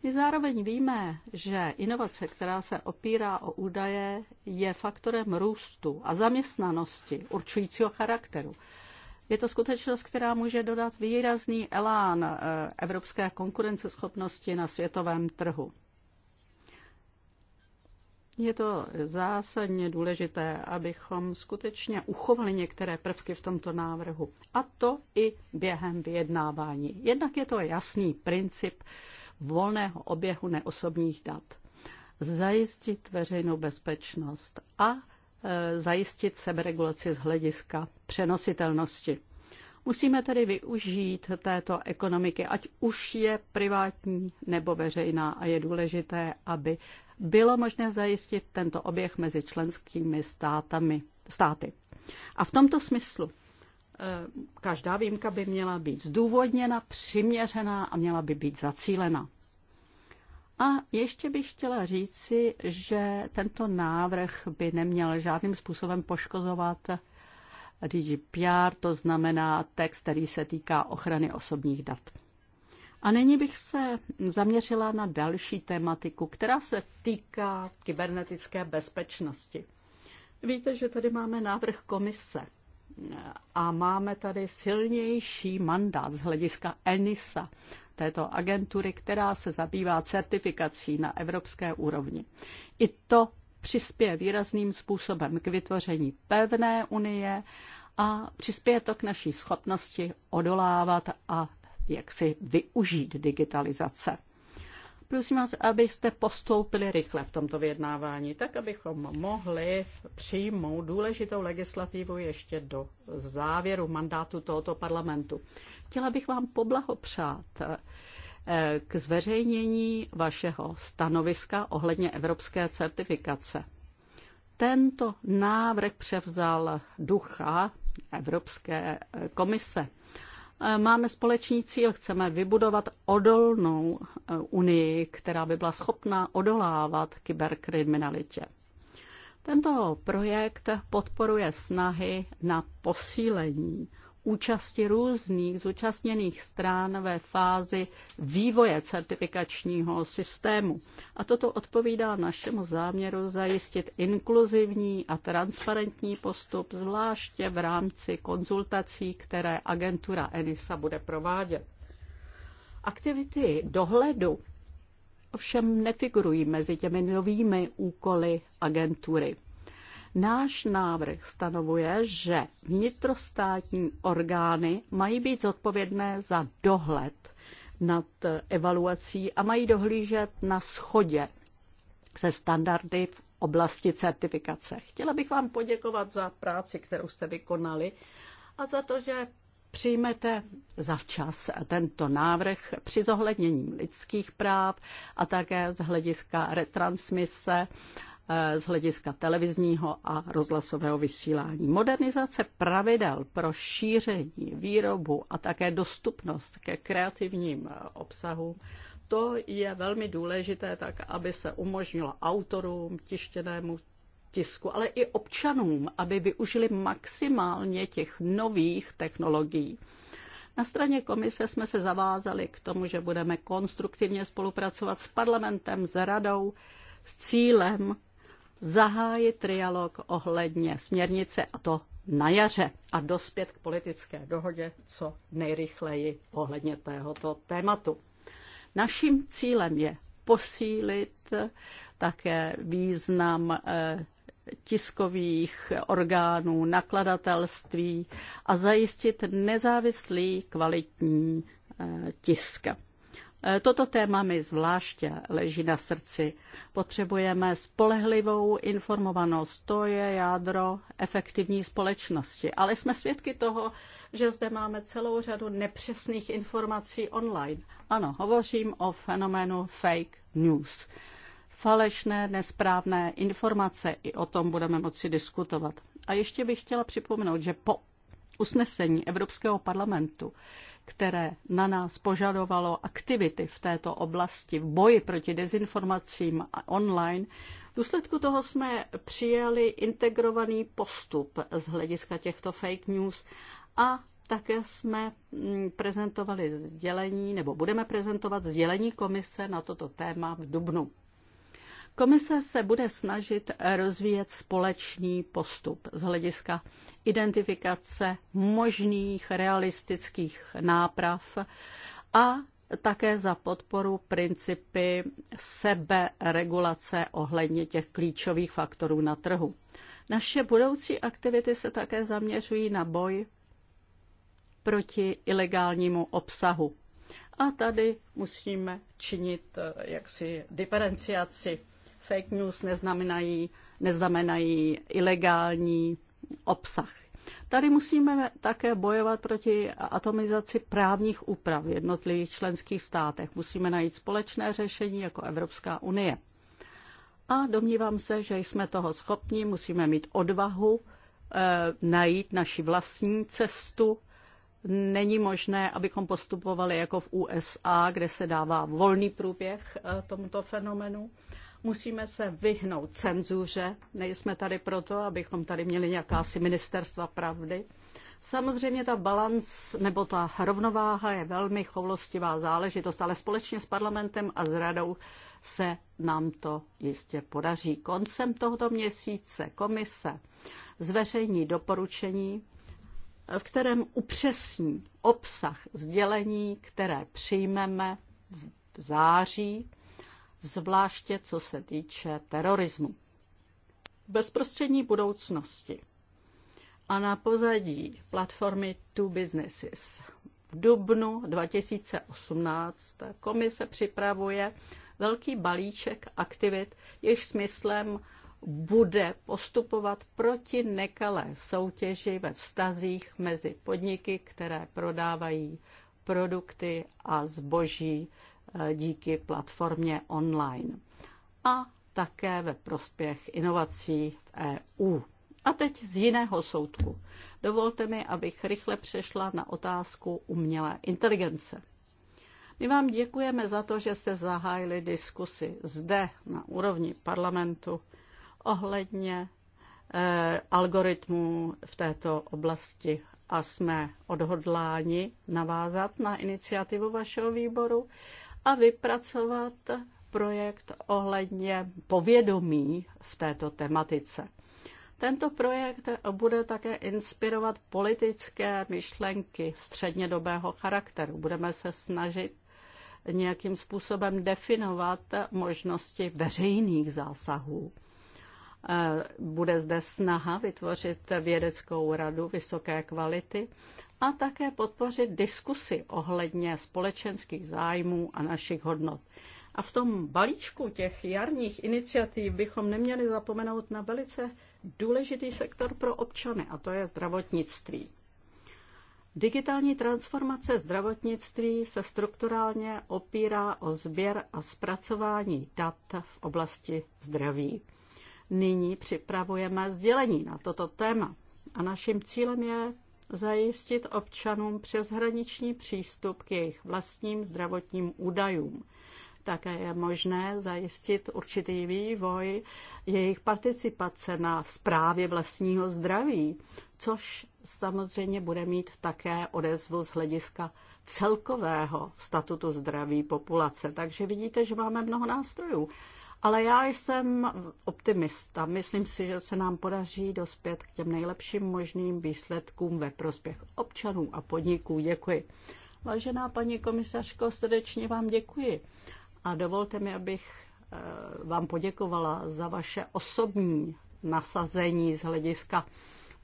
My zároveň víme, že inovace, která se opírá o údaje, je faktorem růstu a zaměstnanosti určujícího charakteru. Je to skutečnost, která může dodat výrazný elán eh, evropské konkurenceschopnosti na světovém trhu. Je to zásadně důležité, abychom skutečně uchovali některé prvky v tomto návrhu. A to i během vyjednávání. Jednak je to jasný princip volného oběhu neosobních dat, zajistit veřejnou bezpečnost a e, zajistit seberegulaci z hlediska přenositelnosti. Musíme tedy využít této ekonomiky, ať už je privátní nebo veřejná a je důležité, aby bylo možné zajistit tento oběh mezi členskými státami, státy. A v tomto smyslu Eh, každá výjimka by měla být zdůvodněna, přiměřená a měla by být zacílena. A ještě bych chtěla říci, že tento návrh by neměl žádným způsobem poškozovat GDPR, to znamená text, který se týká ochrany osobních dat. A nyní bych se zaměřila na další tématiku, která se týká kybernetické bezpečnosti. Víte, že tady máme návrh komise a máme tady silnější mandát z hlediska ENISA, této agentury, která se zabývá certifikací na evropské úrovni. I to přispěje výrazným způsobem k vytvoření pevné unie a přispěje to k naší schopnosti odolávat a jak si využít digitalizace. Prosím vás, abyste postoupili rychle v tomto vyjednávání, tak abychom mohli přijmout důležitou legislativu ještě do závěru mandátu tohoto parlamentu. Chtěla bych vám poblahopřát eh, k zveřejnění vašeho stanoviska ohledně evropské certifikace. Tento návrh převzal ducha Evropské komise. E, máme společný cíl. Chceme vybudovat odolnou e, unii, která by byla schopná odolávat kyberkriminalitě. Tento projekt podporuje snahy na posílení účasti různých zúčastněných stran ve fázi vývoje certifikačního systému. A toto odpovídá našemu záměru zajistit inkluzivní a transparentní postup, zvláště v rámci konzultací, které agentura ENISA bude provádět. Aktivity dohledu ovšem nefigurují mezi těmi novými úkoly agentury. Náš návrh stanovuje, že vnitrostátní orgány mají být zodpovědné za dohled nad evaluací a mají dohlížet na schodě se standardy v oblasti certifikace. Chtěla bych vám poděkovat za práci, kterou jste vykonali a za to, že přijmete zavčas tento návrh při zohlednění lidských práv a také z hlediska retransmise Eh, z hlediska televizního a rozhlasového vysílání. Modernizace pravidel pro šíření, výrobu a také dostupnost ke kreativním eh, obsahům, to je velmi důležité, tak aby se umožnilo autorům, tištěnému tisku, ale i občanům, aby využili maximálně těch nových technologií. Na straně komise jsme se zavázali k tomu, že budeme konstruktivně spolupracovat s parlamentem, s radou, s cílem zahájit trialog ohledně směrnice a to na jaře a dospět k politické dohodě co nejrychleji ohledně tohoto tématu. Naším cílem je posílit také význam eh, tiskových orgánů, nakladatelství a zajistit nezávislý kvalitní eh, tisk. Eh, toto téma mi zvláště leží na srdci. Potřebujeme spolehlivou informovanost, to je jádro efektivní společnosti. Ale jsme svědky toho, že zde máme celou řadu nepřesných informací online. Ano, hovořím o fenoménu fake news. Falešné, nesprávné informace, i o tom budeme moci diskutovat. A ještě bych chtěla připomenout, že po usnesení Evropského parlamentu které na nás požadovalo aktivity v této oblasti, v boji proti dezinformacím online, v důsledku toho jsme přijali integrovaný postup z hlediska těchto fake news a také jsme mm, prezentovali sdělení, nebo budeme prezentovat sdělení komise na toto téma v Dubnu. Komise se bude snažit rozvíjet společný postup z hlediska identifikace možných realistických náprav a také za podporu principy seberegulace ohledně těch klíčových faktorů na trhu. Naše budoucí aktivity se také zaměřují na boj proti ilegálnímu obsahu. A tady musíme činit eh, jaksi diferenciaci fake news neznamenají, neznamenají ilegální obsah. Tady musíme také bojovat proti atomizaci právních úprav v jednotlivých členských státech. Musíme najít společné řešení jako Evropská unie. A domnívám se, že jsme toho schopni, musíme mít odvahu e, najít naši vlastní cestu. Není možné, abychom postupovali jako v USA, kde se dává volný průběh e, tomuto fenomenu. E, Musíme se vyhnout cenzuře, nejsme tady proto, abychom tady měli nějaká si ministerstva pravdy. Samozřejmě ta balans nebo ta rovnováha je velmi choulostivá záležitost, ale společně s parlamentem a s radou se nám to jistě podaří. Koncem tohoto měsíce komise zveřejní doporučení, v kterém upřesní obsah sdělení, které přijmeme v září zvláště co se týče terorismu. V bezprostřední budoucnosti a na pozadí platformy Two Businesses v dubnu 2018 komise připravuje velký balíček aktivit, jež smyslem bude postupovat proti nekalé soutěži ve vztazích mezi podniky, které prodávají produkty a zboží Eh, díky platformě online a také ve prospěch inovací v EU. A teď z jiného soudku. Dovolte mi, abych rychle přešla na otázku umělé inteligence. My vám děkujeme za to, že jste zahájili diskusy zde na úrovni parlamentu ohledně eh, algoritmů v této oblasti a jsme odhodláni navázat na iniciativu vašeho výboru a vypracovat projekt ohledně povědomí v této tematice. Tento projekt bude také inspirovat politické myšlenky střednědobého charakteru. Budeme se snažit nějakým způsobem definovat možnosti veřejných zásahů. Eh, bude zde snaha vytvořit vědeckou radu vysoké kvality a také podpořit diskusy ohledně společenských zájmů a našich hodnot. A v tom balíčku těch jarních iniciativ bychom neměli zapomenout na velice důležitý sektor pro občany, a to je zdravotnictví. Digitální transformace zdravotnictví se strukturálně opírá o sběr a zpracování dat v oblasti zdraví. Nyní připravujeme sdělení na toto téma a naším cílem je zajistit občanům přeshraniční přístup k jejich vlastním zdravotním údajům. Také je možné zajistit určitý vývoj jejich participace na správě vlastního zdraví, což samozřejmě bude mít také odezvu z hlediska celkového statutu zdraví populace. Takže vidíte, že máme mnoho nástrojů. Ale já jsem optimista. Myslím si, že se nám podaří dospět k těm nejlepším možným výsledkům ve prospěch občanů a podniků. Děkuji. Vážená paní komisařko, srdečně vám děkuji. A dovolte mi, abych eh, vám poděkovala za vaše osobní nasazení z hlediska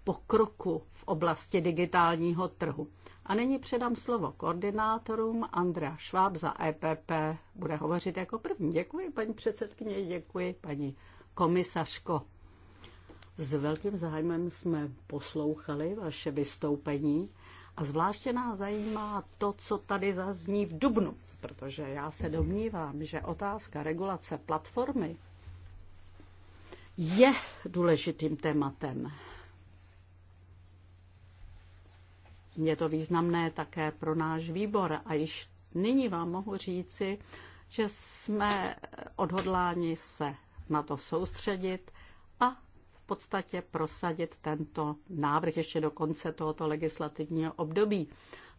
pokroku v oblasti digitálního trhu. A nyní předám slovo koordinátorům. Andrea Šváb za EPP bude hovořit jako první. Děkuji, paní předsedkyně, děkuji, paní komisařko. S velkým zájmem jsme poslouchali vaše vystoupení a zvláště nás zajímá to, co tady zazní v Dubnu, protože já se domnívám, že otázka regulace platformy je důležitým tématem. Je to významné také pro náš výbor a již nyní vám mohu říci, že jsme odhodláni se na to soustředit a v podstatě prosadit tento návrh ještě do konce tohoto legislativního období.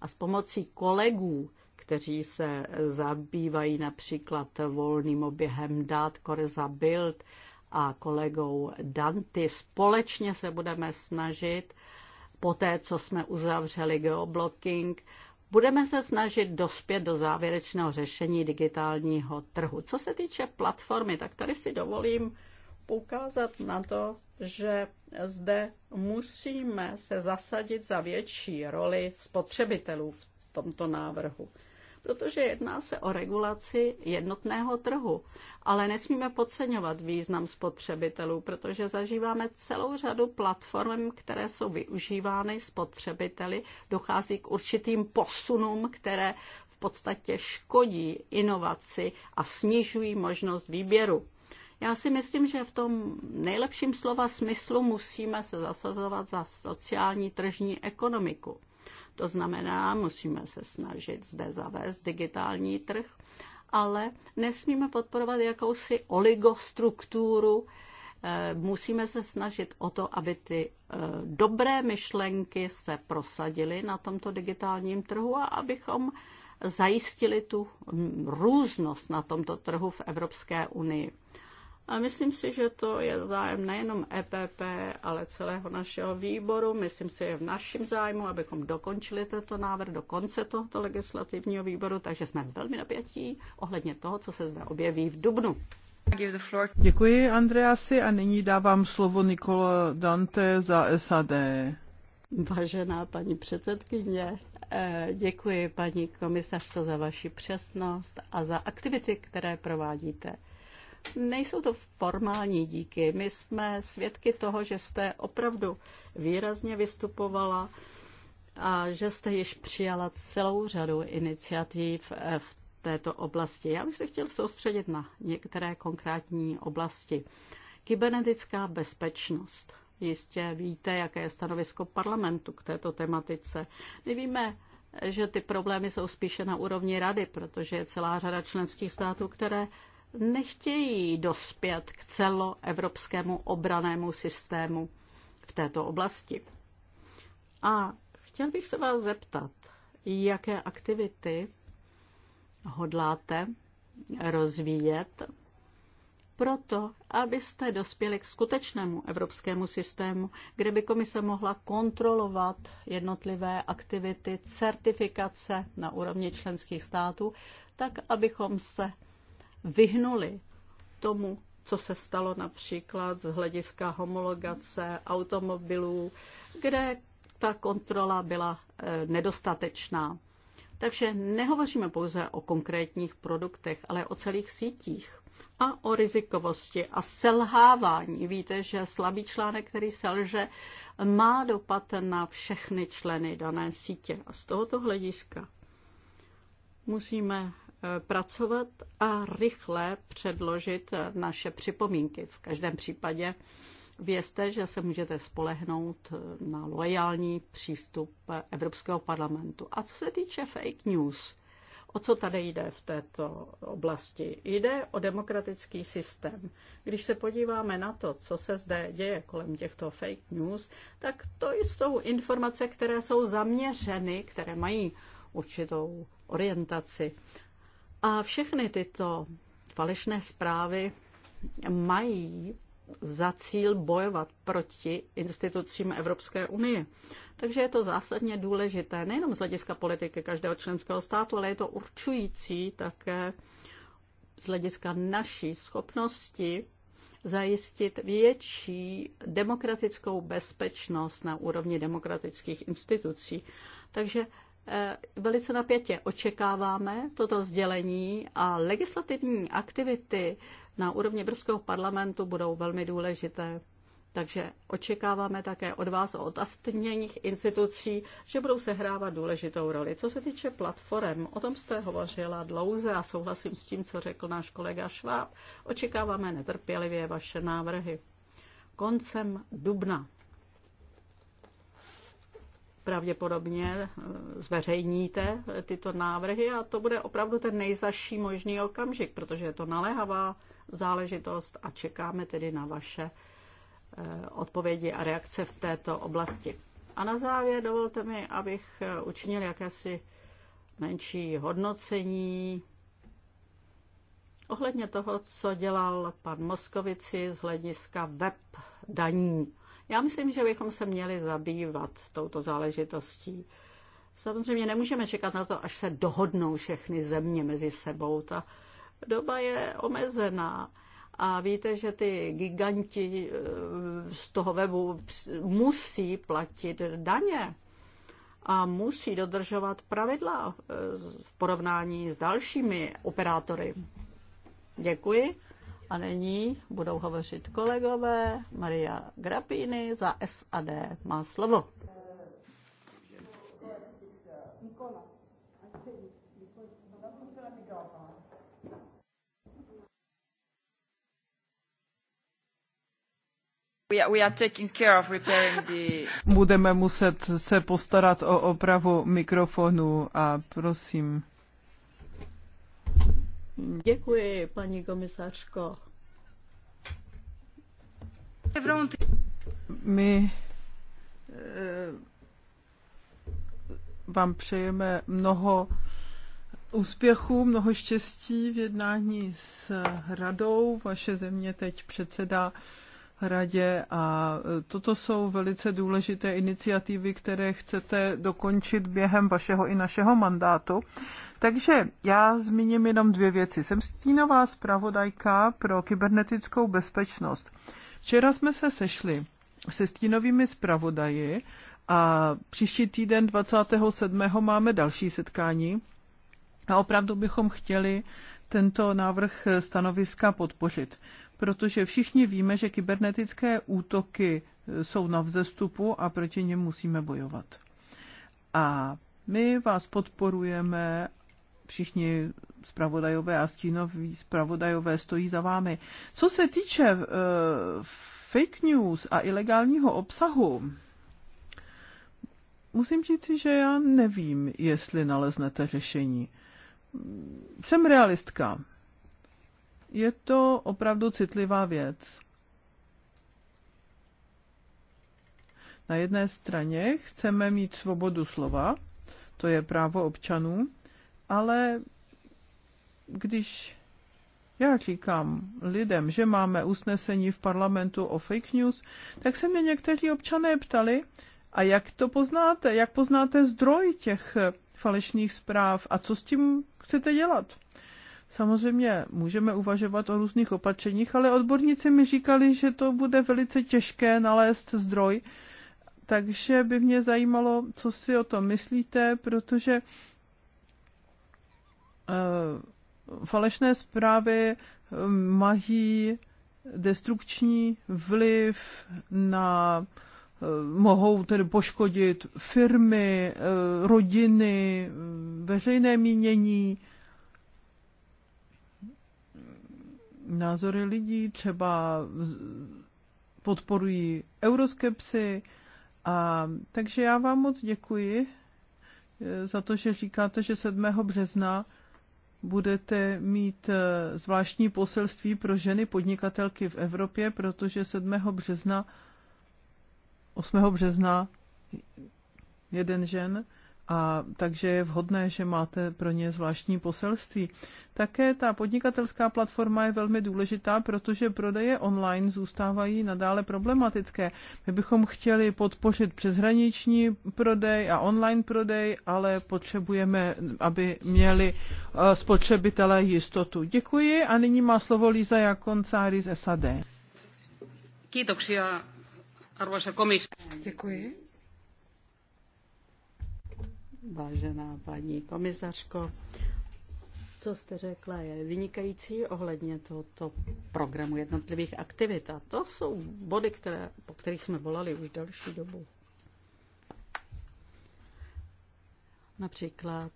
A s pomocí kolegů, kteří se zabývají například volným oběhem dát, Koreza Bild a kolegou Danty, společně se budeme snažit poté, co jsme uzavřeli geoblocking, budeme se snažit dospět do závěrečného řešení digitálního trhu. Co se týče platformy, tak tady si dovolím poukázat na to, že zde musíme se zasadit za větší roli spotřebitelů v tomto návrhu protože jedná se o regulaci jednotného trhu. Ale nesmíme podceňovat význam spotřebitelů, protože zažíváme celou řadu platform, které jsou využívány spotřebiteli. Dochází k určitým posunům, které v podstatě škodí inovaci a snižují možnost výběru. Já si myslím, že v tom nejlepším slova smyslu musíme se zasazovat za sociální tržní ekonomiku. To znamená, musíme se snažit zde zavést digitální trh, ale nesmíme podporovat jakousi oligostrukturu. Eh, musíme se snažit o to, aby ty eh, dobré myšlenky se prosadily na tomto digitálním trhu a abychom zajistili tu hm, různost na tomto trhu v Evropské unii. A myslím si, že to je zájem nejenom EPP, ale celého našeho výboru. Myslím si, že je v našem zájmu, abychom dokončili tento návrh do konce tohoto legislativního výboru, takže jsme velmi napětí ohledně toho, co se zde objeví v Dubnu. Děkuji, Andreasi, a nyní dávám slovo Nikola Dante za SAD. Vážená paní předsedkyně, eh, děkuji paní komisařko za vaši přesnost a za aktivity, které provádíte. Nejsou to formální díky. My jsme svědky toho, že jste opravdu výrazně vystupovala a že jste již přijala celou řadu iniciativ eh, v této oblasti. Já bych se chtěl soustředit na některé konkrétní oblasti. Kybernetická bezpečnost. Jistě víte, jaké je stanovisko parlamentu k této tematice. My víme, že ty problémy jsou spíše na úrovni rady, protože je celá řada členských států, které nechtějí dospět k celoevropskému obranému systému v této oblasti. A chtěl bych se vás zeptat, jaké aktivity hodláte rozvíjet proto, abyste dospěli k skutečnému evropskému systému, kde by komise mohla kontrolovat jednotlivé aktivity certifikace na úrovni členských států, tak abychom se vyhnuli tomu, co se stalo například z hlediska homologace automobilů, kde ta kontrola byla eh, nedostatečná. Takže nehovoříme pouze o konkrétních produktech, ale o celých sítích a o rizikovosti a selhávání. Víte, že slabý článek, který selže, má dopad na všechny členy dané sítě. A z tohoto hlediska musíme pracovat a rychle předložit naše připomínky. V každém případě vězte, že se můžete spolehnout na loajální přístup Evropského parlamentu. A co se týče fake news, o co tady jde v této oblasti? Jde o demokratický systém. Když se podíváme na to, co se zde děje kolem těchto fake news, tak to jsou informace, které jsou zaměřeny, které mají určitou orientaci. A všechny tyto falešné zprávy mají za cíl bojovat proti institucím Evropské unie. Takže je to zásadně důležité nejenom z hlediska politiky každého členského státu, ale je to určující také z hlediska naší schopnosti zajistit větší demokratickou bezpečnost na úrovni demokratických institucí. Takže Eh, velice napětě očekáváme toto sdělení a legislativní aktivity na úrovni Evropského parlamentu budou velmi důležité. Takže očekáváme také od vás, od ostatních institucí, že budou sehrávat důležitou roli. Co se týče platform, o tom jste hovořila dlouze a souhlasím s tím, co řekl náš kolega Šváb. Očekáváme netrpělivě vaše návrhy. Koncem dubna pravděpodobně eh, zveřejníte tyto návrhy a to bude opravdu ten nejzaší možný okamžik, protože je to naléhavá záležitost a čekáme tedy na vaše eh, odpovědi a reakce v této oblasti. A na závěr dovolte mi, abych eh, učinil jakési menší hodnocení ohledně toho, co dělal pan Moskovici z hlediska web daní. Já myslím, že bychom se měli zabývat touto záležitostí. Samozřejmě nemůžeme čekat na to, až se dohodnou všechny země mezi sebou. Ta doba je omezená. A víte, že ty giganti eh, z toho webu musí platit daně a musí dodržovat pravidla eh, v porovnání s dalšími operátory. Děkuji. A nyní budou hovořit kolegové. Maria Grapíny za SAD má slovo. Budeme muset se postarat o opravu mikrofonu a prosím. Děkuji, paní komisařko. My eh, vám přejeme mnoho úspěchů, mnoho štěstí v jednání s radou. Vaše země teď předsedá radě a e, toto jsou velice důležité iniciativy, které chcete dokončit během vašeho i našeho mandátu. Takže já zmíním jenom dvě věci. Jsem stínová zpravodajka pro kybernetickou bezpečnost. Včera jsme se sešli se stínovými zpravodaji a příští týden 27. máme další setkání a opravdu bychom chtěli tento návrh stanoviska podpořit protože všichni víme, že kybernetické útoky e, jsou na vzestupu a proti něm musíme bojovat. A my vás podporujeme, všichni zpravodajové a stínoví zpravodajové stojí za vámi. Co se týče uh, fake news a ilegálního obsahu, musím říct, že já nevím, jestli naleznete řešení. Jsem realistka. Je to opravdu citlivá věc. Na jedné straně chceme mít svobodu slova, to je právo občanů, ale když já říkám lidem, že máme usnesení v parlamentu o fake news, tak se mě někteří občané ptali, a jak to poznáte? Jak poznáte zdroj těch falešných zpráv a co s tím chcete dělat? Samozřejmě můžeme uvažovat o různých opatřeních, ale odborníci mi říkali, že to bude velice těžké nalézt zdroj, takže by mě zajímalo, co si o tom myslíte, protože eh, falešné zprávy eh, mají destrukční vliv na eh, mohou tedy poškodit firmy, rodiny, veřejné mínění. názory lidí, třeba podporují euroskepsy. A, takže já vám moc děkuji eh, za to, že říkáte, že 7. března budete mít eh, zvláštní poselství pro ženy podnikatelky v Evropě, protože 7. března, 8. března jeden žen a takže je vhodné, že máte pro ně zvláštní poselství. Také ta podnikatelská platforma je velmi důležitá, protože prodeje online zůstávají nadále problematické. My bychom chtěli podpořit přeshraniční prodej a online prodej, ale potřebujeme, aby měli eh, spotřebitelé jistotu. Děkuji a nyní má slovo Líza Jakoncáry z SAD. Kiitoksia, arvoisa komis. Děkuji. Vážená paní komisařko, co jste řekla, je vynikající ohledně tohoto programu jednotlivých aktivit. A to jsou body, které, po kterých jsme volali už další dobu. Například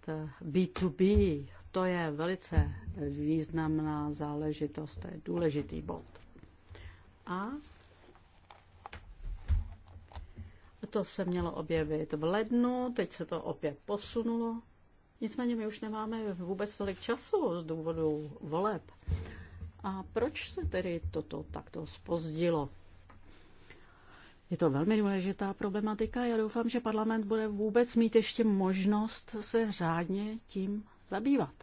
B2B, to je velice významná záležitost, to je důležitý bod. A To se mělo objevit v lednu, teď se to opět posunulo. Nicméně my už nemáme vůbec tolik času z důvodu voleb. A proč se tedy toto takto spozdilo? Je to velmi důležitá problematika. Já doufám, že parlament bude vůbec mít ještě možnost se řádně tím zabývat.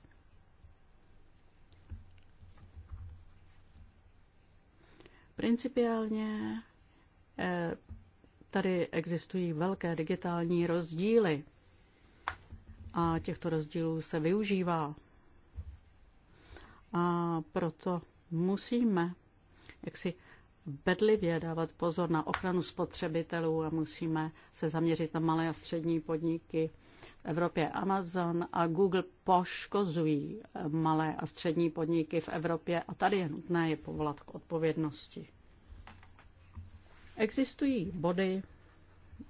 Principiálně eh, Tady existují velké digitální rozdíly a těchto rozdílů se využívá. A proto musíme jaksi bedlivě dávat pozor na ochranu spotřebitelů a musíme se zaměřit na malé a střední podniky. V Evropě Amazon a Google poškozují malé a střední podniky v Evropě a tady je nutné je povolat k odpovědnosti. Existují body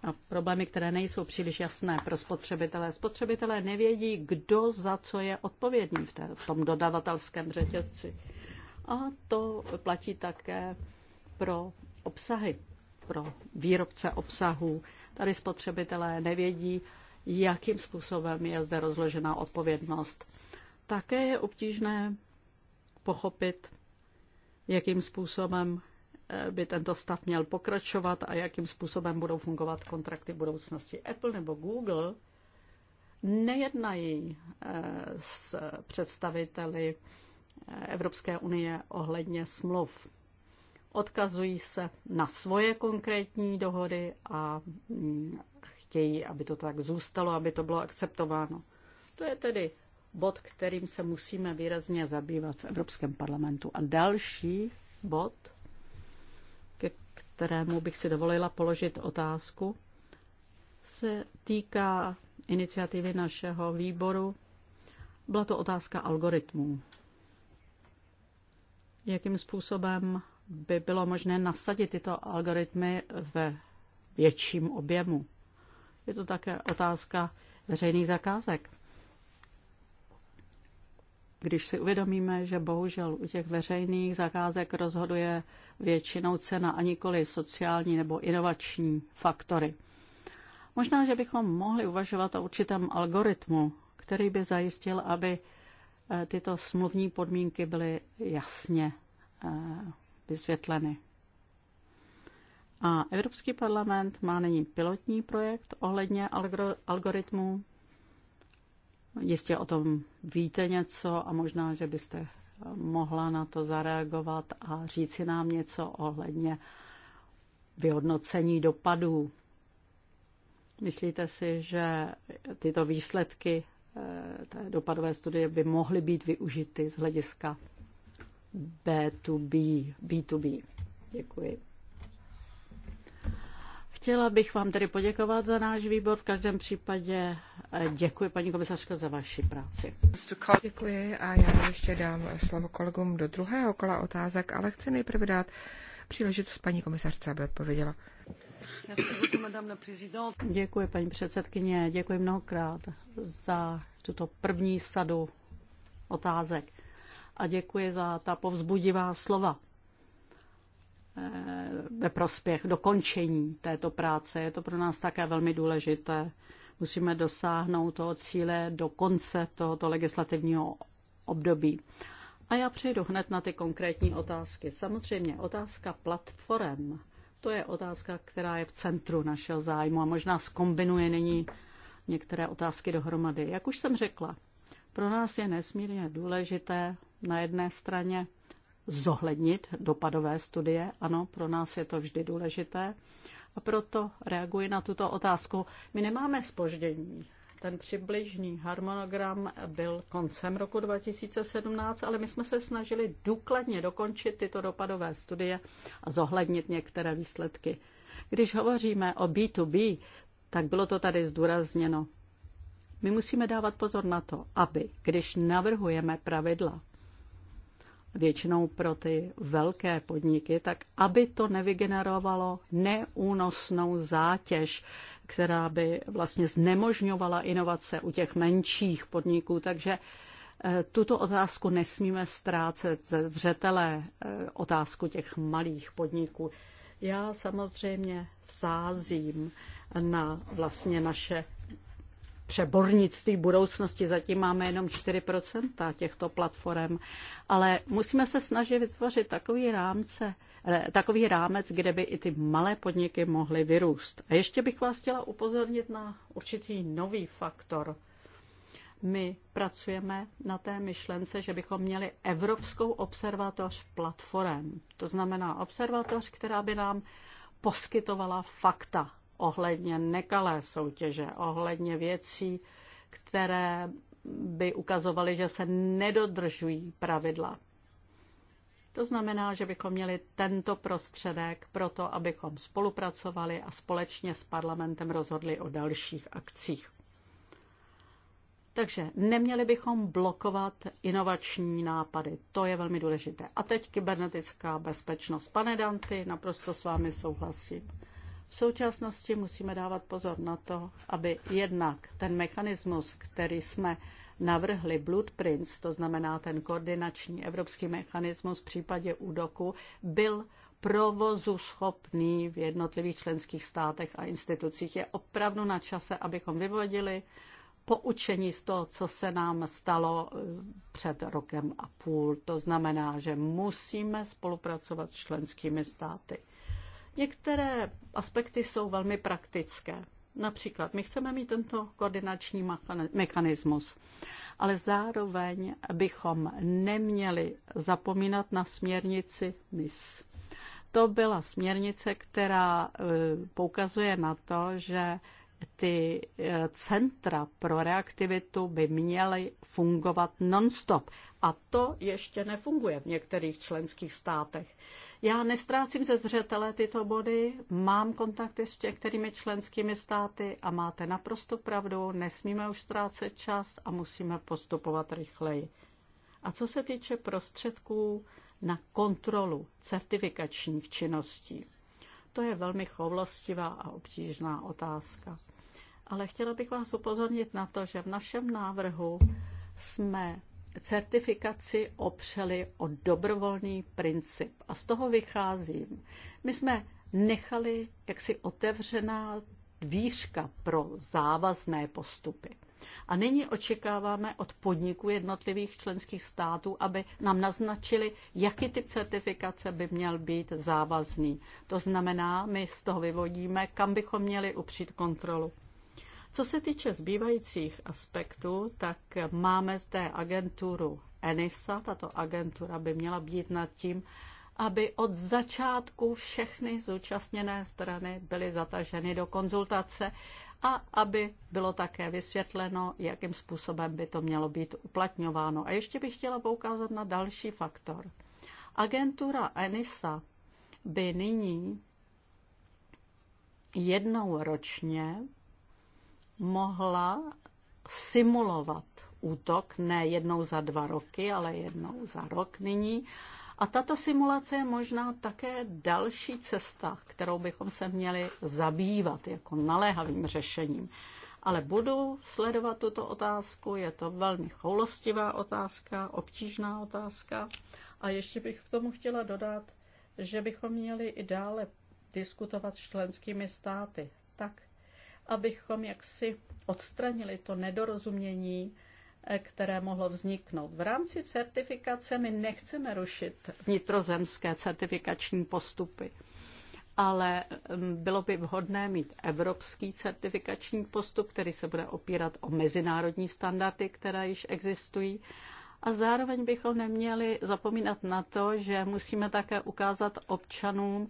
a problémy, které nejsou příliš jasné pro spotřebitele. Spotřebitelé nevědí, kdo za co je odpovědný v, té, v tom dodavatelském řetězci. A to platí také pro obsahy, pro výrobce obsahů. Tady spotřebitelé nevědí, jakým způsobem je zde rozložená odpovědnost. Také je obtížné pochopit, jakým způsobem by tento stav měl pokračovat a jakým způsobem budou fungovat kontrakty v budoucnosti. Apple nebo Google nejednají eh, s představiteli eh, Evropské unie ohledně smluv. Odkazují se na svoje konkrétní dohody a mm, chtějí, aby to tak zůstalo, aby to bylo akceptováno. To je tedy bod, kterým se musíme výrazně zabývat v Evropském parlamentu. A další bod kterému bych si dovolila položit otázku, se týká iniciativy našeho výboru. Byla to otázka algoritmů. Jakým způsobem by bylo možné nasadit tyto algoritmy ve větším objemu? Je to také otázka veřejných zakázek když si uvědomíme, že bohužel u těch veřejných zakázek rozhoduje většinou cena a nikoli sociální nebo inovační faktory. Možná, že bychom mohli uvažovat o určitém algoritmu, který by zajistil, aby eh, tyto smluvní podmínky byly jasně eh, vysvětleny. A Evropský parlament má nyní pilotní projekt ohledně algoritmu. Jistě o tom víte něco a možná, že byste mohla na to zareagovat a říct si nám něco ohledně vyhodnocení dopadů. Myslíte si, že tyto výsledky eh, té dopadové studie by mohly být využity z hlediska B2B? B2B. Děkuji. Chtěla bych vám tedy poděkovat za náš výbor. V každém případě eh, děkuji, paní komisařko, za vaši práci. Děkuji a já ještě dám slovo kolegům do druhého kola otázek, ale chci nejprve dát příležitost paní komisařce, aby odpověděla. Děkuji, paní předsedkyně, děkuji mnohokrát za tuto první sadu otázek a děkuji za ta povzbudivá slova ve prospěch dokončení této práce. Je to pro nás také velmi důležité. Musíme dosáhnout toho cíle do konce tohoto legislativního období. A já přejdu hned na ty konkrétní otázky. Samozřejmě otázka platform, to je otázka, která je v centru našeho zájmu a možná skombinuje nyní některé otázky dohromady. Jak už jsem řekla, pro nás je nesmírně důležité na jedné straně zohlednit dopadové studie. Ano, pro nás je to vždy důležité. A proto reaguji na tuto otázku. My nemáme spoždění. Ten přibližný harmonogram byl koncem roku 2017, ale my jsme se snažili důkladně dokončit tyto dopadové studie a zohlednit některé výsledky. Když hovoříme o B2B, tak bylo to tady zdůrazněno. My musíme dávat pozor na to, aby, když navrhujeme pravidla, většinou pro ty velké podniky, tak aby to nevygenerovalo neúnosnou zátěž, která by vlastně znemožňovala inovace u těch menších podniků. Takže eh, tuto otázku nesmíme ztrácet ze zřetelé eh, otázku těch malých podniků. Já samozřejmě vsázím na vlastně naše přebornictví budoucnosti. Zatím máme jenom 4% těchto platform, ale musíme se snažit vytvořit takový rámce, eh, takový rámec, kde by i ty malé podniky mohly vyrůst. A ještě bych vás chtěla upozornit na určitý nový faktor. My pracujeme na té myšlence, že bychom měli Evropskou observatoř platform. To znamená observatoř, která by nám poskytovala fakta ohledně nekalé soutěže, ohledně věcí, které by ukazovaly, že se nedodržují pravidla. To znamená, že bychom měli tento prostředek pro to, abychom spolupracovali a společně s parlamentem rozhodli o dalších akcích. Takže neměli bychom blokovat inovační nápady. To je velmi důležité. A teď kybernetická bezpečnost. Pane Danty, naprosto s vámi souhlasím. V současnosti musíme dávat pozor na to, aby jednak ten mechanismus, který jsme navrhli Blueprints, to znamená ten koordinační evropský mechanismus v případě údoku, byl provozu schopný v jednotlivých členských státech a institucích. Je opravdu na čase, abychom vyvodili poučení z toho, co se nám stalo eh, před rokem a půl. To znamená, že musíme spolupracovat s členskými státy. Některé aspekty jsou velmi praktické. Například my chceme mít tento koordinační mechanismus, ale zároveň bychom neměli zapomínat na směrnici MIS. To byla směrnice, která e, poukazuje na to, že ty e, centra pro reaktivitu by měly fungovat non-stop. A to ještě nefunguje v některých členských státech. Já nestrácím ze zřetele tyto body, mám kontakty s některými členskými státy a máte naprosto pravdu, nesmíme už ztrácet čas a musíme postupovat rychleji. A co se týče prostředků na kontrolu certifikačních činností, to je velmi choulostivá a obtížná otázka. Ale chtěla bych vás upozornit na to, že v našem návrhu jsme certifikaci opřeli o dobrovolný princip. A z toho vycházím. My jsme nechali jaksi otevřená dvířka pro závazné postupy. A nyní očekáváme od podniků jednotlivých členských států, aby nám naznačili, jaký typ certifikace by měl být závazný. To znamená, my z toho vyvodíme, kam bychom měli upřít kontrolu. Co se týče zbývajících aspektů, tak máme zde agenturu ENISA. Tato agentura by měla být nad tím, aby od začátku všechny zúčastněné strany byly zataženy do konzultace a aby bylo také vysvětleno, jakým způsobem by to mělo být uplatňováno. A ještě bych chtěla poukázat na další faktor. Agentura ENISA by nyní jednou ročně mohla simulovat útok ne jednou za dva roky, ale jednou za rok nyní. A tato simulace je možná také další cesta, kterou bychom se měli zabývat jako naléhavým řešením. Ale budu sledovat tuto otázku, je to velmi choulostivá otázka, obtížná otázka. A ještě bych k tomu chtěla dodat, že bychom měli i dále diskutovat s členskými státy, tak abychom jaksi odstranili to nedorozumění, eh, které mohlo vzniknout. V rámci certifikace my nechceme rušit vnitrozemské certifikační postupy, ale mm, bylo by vhodné mít evropský certifikační postup, který se bude opírat o mezinárodní standardy, které již existují. A zároveň bychom neměli zapomínat na to, že musíme také ukázat občanům,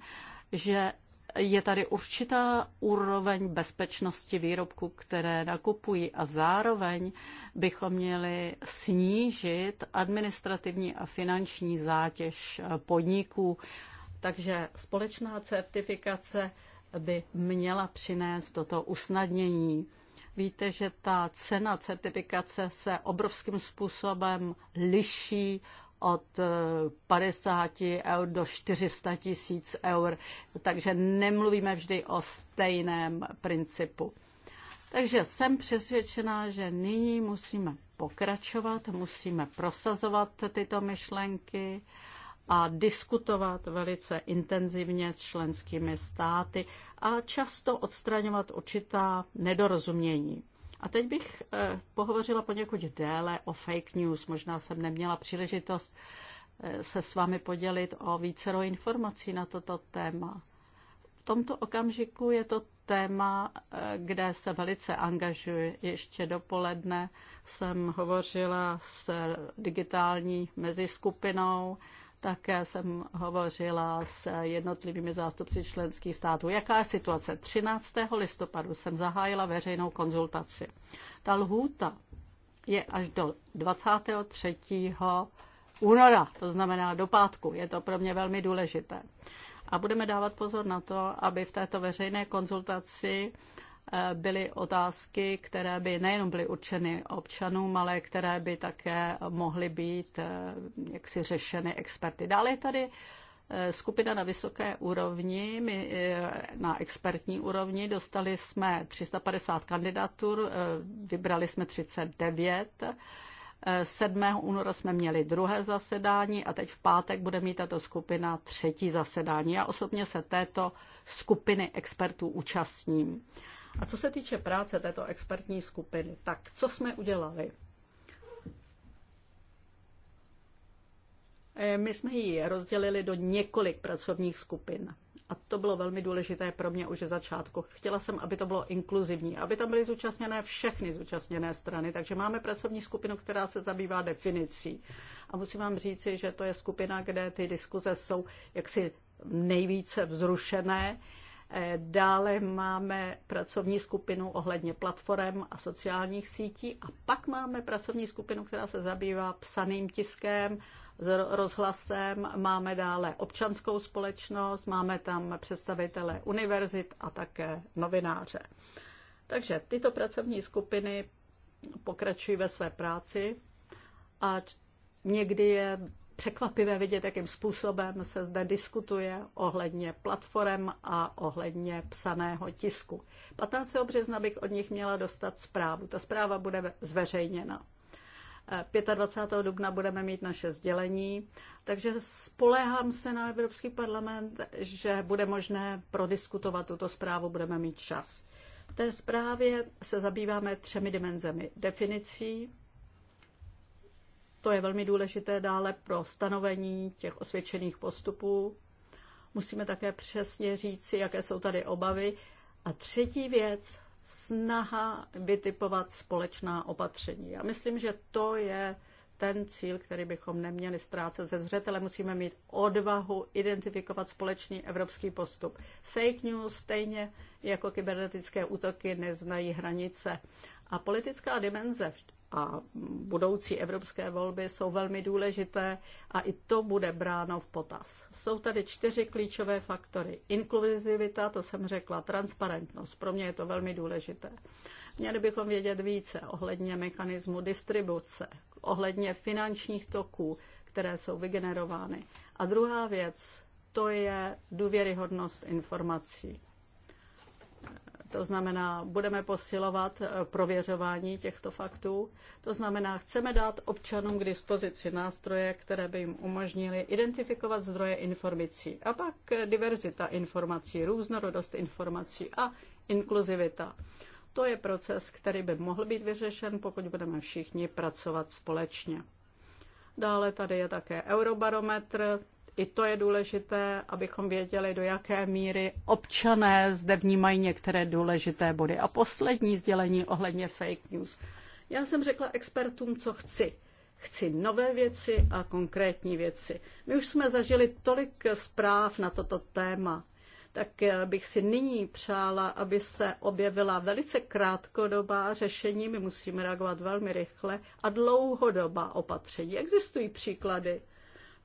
že je tady určitá úroveň bezpečnosti výrobku, které nakupují a zároveň bychom měli snížit administrativní a finanční zátěž podniků. Takže společná certifikace by měla přinést toto usnadnění. Víte, že ta cena certifikace se obrovským způsobem liší od 50 eh, eur do 400 tisíc eur, takže nemluvíme vždy o stejném principu. Takže jsem přesvědčená, že nyní musíme pokračovat, musíme prosazovat tyto myšlenky a diskutovat velice intenzivně s členskými státy a často odstraňovat určitá nedorozumění. A teď bych eh, pohovořila poněkud déle o fake news. Možná jsem neměla příležitost eh, se s vámi podělit o vícero informací na toto téma. V tomto okamžiku je to téma, eh, kde se velice angažuji. Ještě dopoledne jsem hovořila s digitální meziskupinou také jsem hovořila s jednotlivými zástupci členských států. Jaká je situace? 13. listopadu jsem zahájila veřejnou konzultaci. Ta lhůta je až do 23. února, to znamená do pátku. Je to pro mě velmi důležité. A budeme dávat pozor na to, aby v této veřejné konzultaci byly otázky, které by nejenom byly určeny občanům, ale které by také mohly být eh, jaksi řešeny experty. Dále je tady eh, skupina na vysoké úrovni, my eh, na expertní úrovni dostali jsme 350 kandidatur, vybrali jsme 39. 7. února jsme měli druhé zasedání a teď v pátek bude mít tato skupina třetí zasedání. Já osobně se této skupiny expertů účastním. A co se týče práce této expertní skupiny, tak co jsme udělali? E, my jsme ji rozdělili do několik pracovních skupin. A to bylo velmi důležité pro mě už ze začátku. Chtěla jsem, aby to bylo inkluzivní, aby tam byly zúčastněné všechny zúčastněné strany. Takže máme pracovní skupinu, která se zabývá definicí. A musím vám říci, že to je skupina, kde ty diskuze jsou jaksi nejvíce vzrušené. Eh, dále máme pracovní skupinu ohledně platform a sociálních sítí a pak máme pracovní skupinu, která se zabývá psaným tiskem, rozhlasem, máme dále občanskou společnost, máme tam představitele univerzit a také novináře. Takže tyto pracovní skupiny pokračují ve své práci a někdy je překvapivé vidět, jakým způsobem se zde diskutuje ohledně platform a ohledně psaného tisku. 15. března bych od nich měla dostat zprávu. Ta zpráva bude zveřejněna. 25. Eh, dubna budeme mít naše sdělení, takže spoléhám se na Evropský parlament, že bude možné prodiskutovat tuto zprávu, budeme mít čas. V té zprávě se zabýváme třemi dimenzemi definicí, to je velmi důležité dále pro stanovení těch osvědčených postupů. Musíme také přesně říci, jaké jsou tady obavy. A třetí věc, snaha vytipovat společná opatření. Já myslím, že to je ten cíl, který bychom neměli ztrácet ze zřetele. Musíme mít odvahu identifikovat společný evropský postup. Fake news stejně jako kybernetické útoky neznají hranice. A politická dimenze a budoucí evropské volby jsou velmi důležité a i to bude bráno v potaz. Jsou tady čtyři klíčové faktory. Inkluzivita, to jsem řekla, transparentnost, pro mě je to velmi důležité. Měli bychom vědět více ohledně mechanismu distribuce, ohledně finančních toků, které jsou vygenerovány. A druhá věc, to je důvěryhodnost informací. To znamená, budeme posilovat prověřování těchto faktů. To znamená, chceme dát občanům k dispozici nástroje, které by jim umožnily identifikovat zdroje informací. A pak diverzita informací, různorodost informací a inkluzivita. To je proces, který by mohl být vyřešen, pokud budeme všichni pracovat společně. Dále tady je také eurobarometr. I to je důležité, abychom věděli, do jaké míry občané zde vnímají některé důležité body. A poslední sdělení ohledně fake news. Já jsem řekla expertům, co chci. Chci nové věci a konkrétní věci. My už jsme zažili tolik zpráv na toto téma tak bych si nyní přála, aby se objevila velice krátkodobá řešení. My musíme reagovat velmi rychle a dlouhodobá opatření. Existují příklady,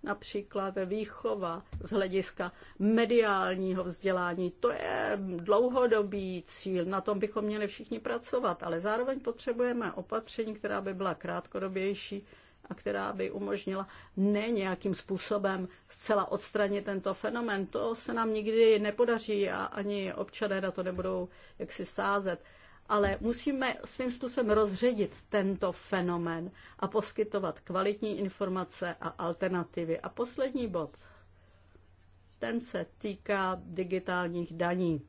například výchova z hlediska mediálního vzdělání. To je dlouhodobý cíl, na tom bychom měli všichni pracovat, ale zároveň potřebujeme opatření, která by byla krátkodobější a která by umožnila ne nějakým způsobem zcela odstranit tento fenomen. To se nám nikdy nepodaří a ani občané na to nebudou jaksi sázet. Ale musíme svým způsobem rozředit tento fenomen a poskytovat kvalitní informace a alternativy. A poslední bod, ten se týká digitálních daní.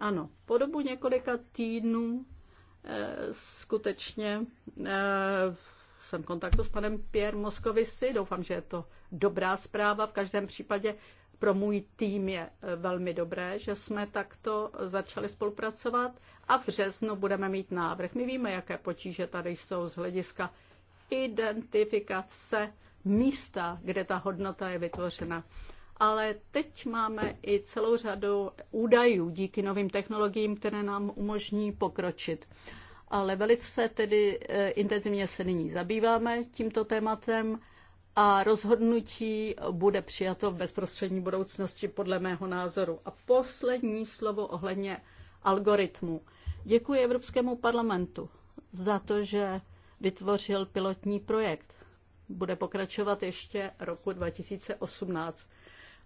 Ano, po dobu několika týdnů e, skutečně e, jsem v kontaktu s panem Pierre Moskovisy. doufám, že je to dobrá zpráva. V každém případě pro můj tým je eh, velmi dobré, že jsme takto začali spolupracovat a v březnu budeme mít návrh. My víme, jaké potíže tady jsou z hlediska identifikace místa, kde ta hodnota je vytvořena. Ale teď máme i celou řadu údajů díky novým technologiím, které nám umožní pokročit ale velice tedy eh, intenzivně se nyní zabýváme tímto tématem a rozhodnutí bude přijato v bezprostřední budoucnosti podle mého názoru. A poslední slovo ohledně algoritmu. Děkuji Evropskému parlamentu za to, že vytvořil pilotní projekt. Bude pokračovat ještě roku 2018.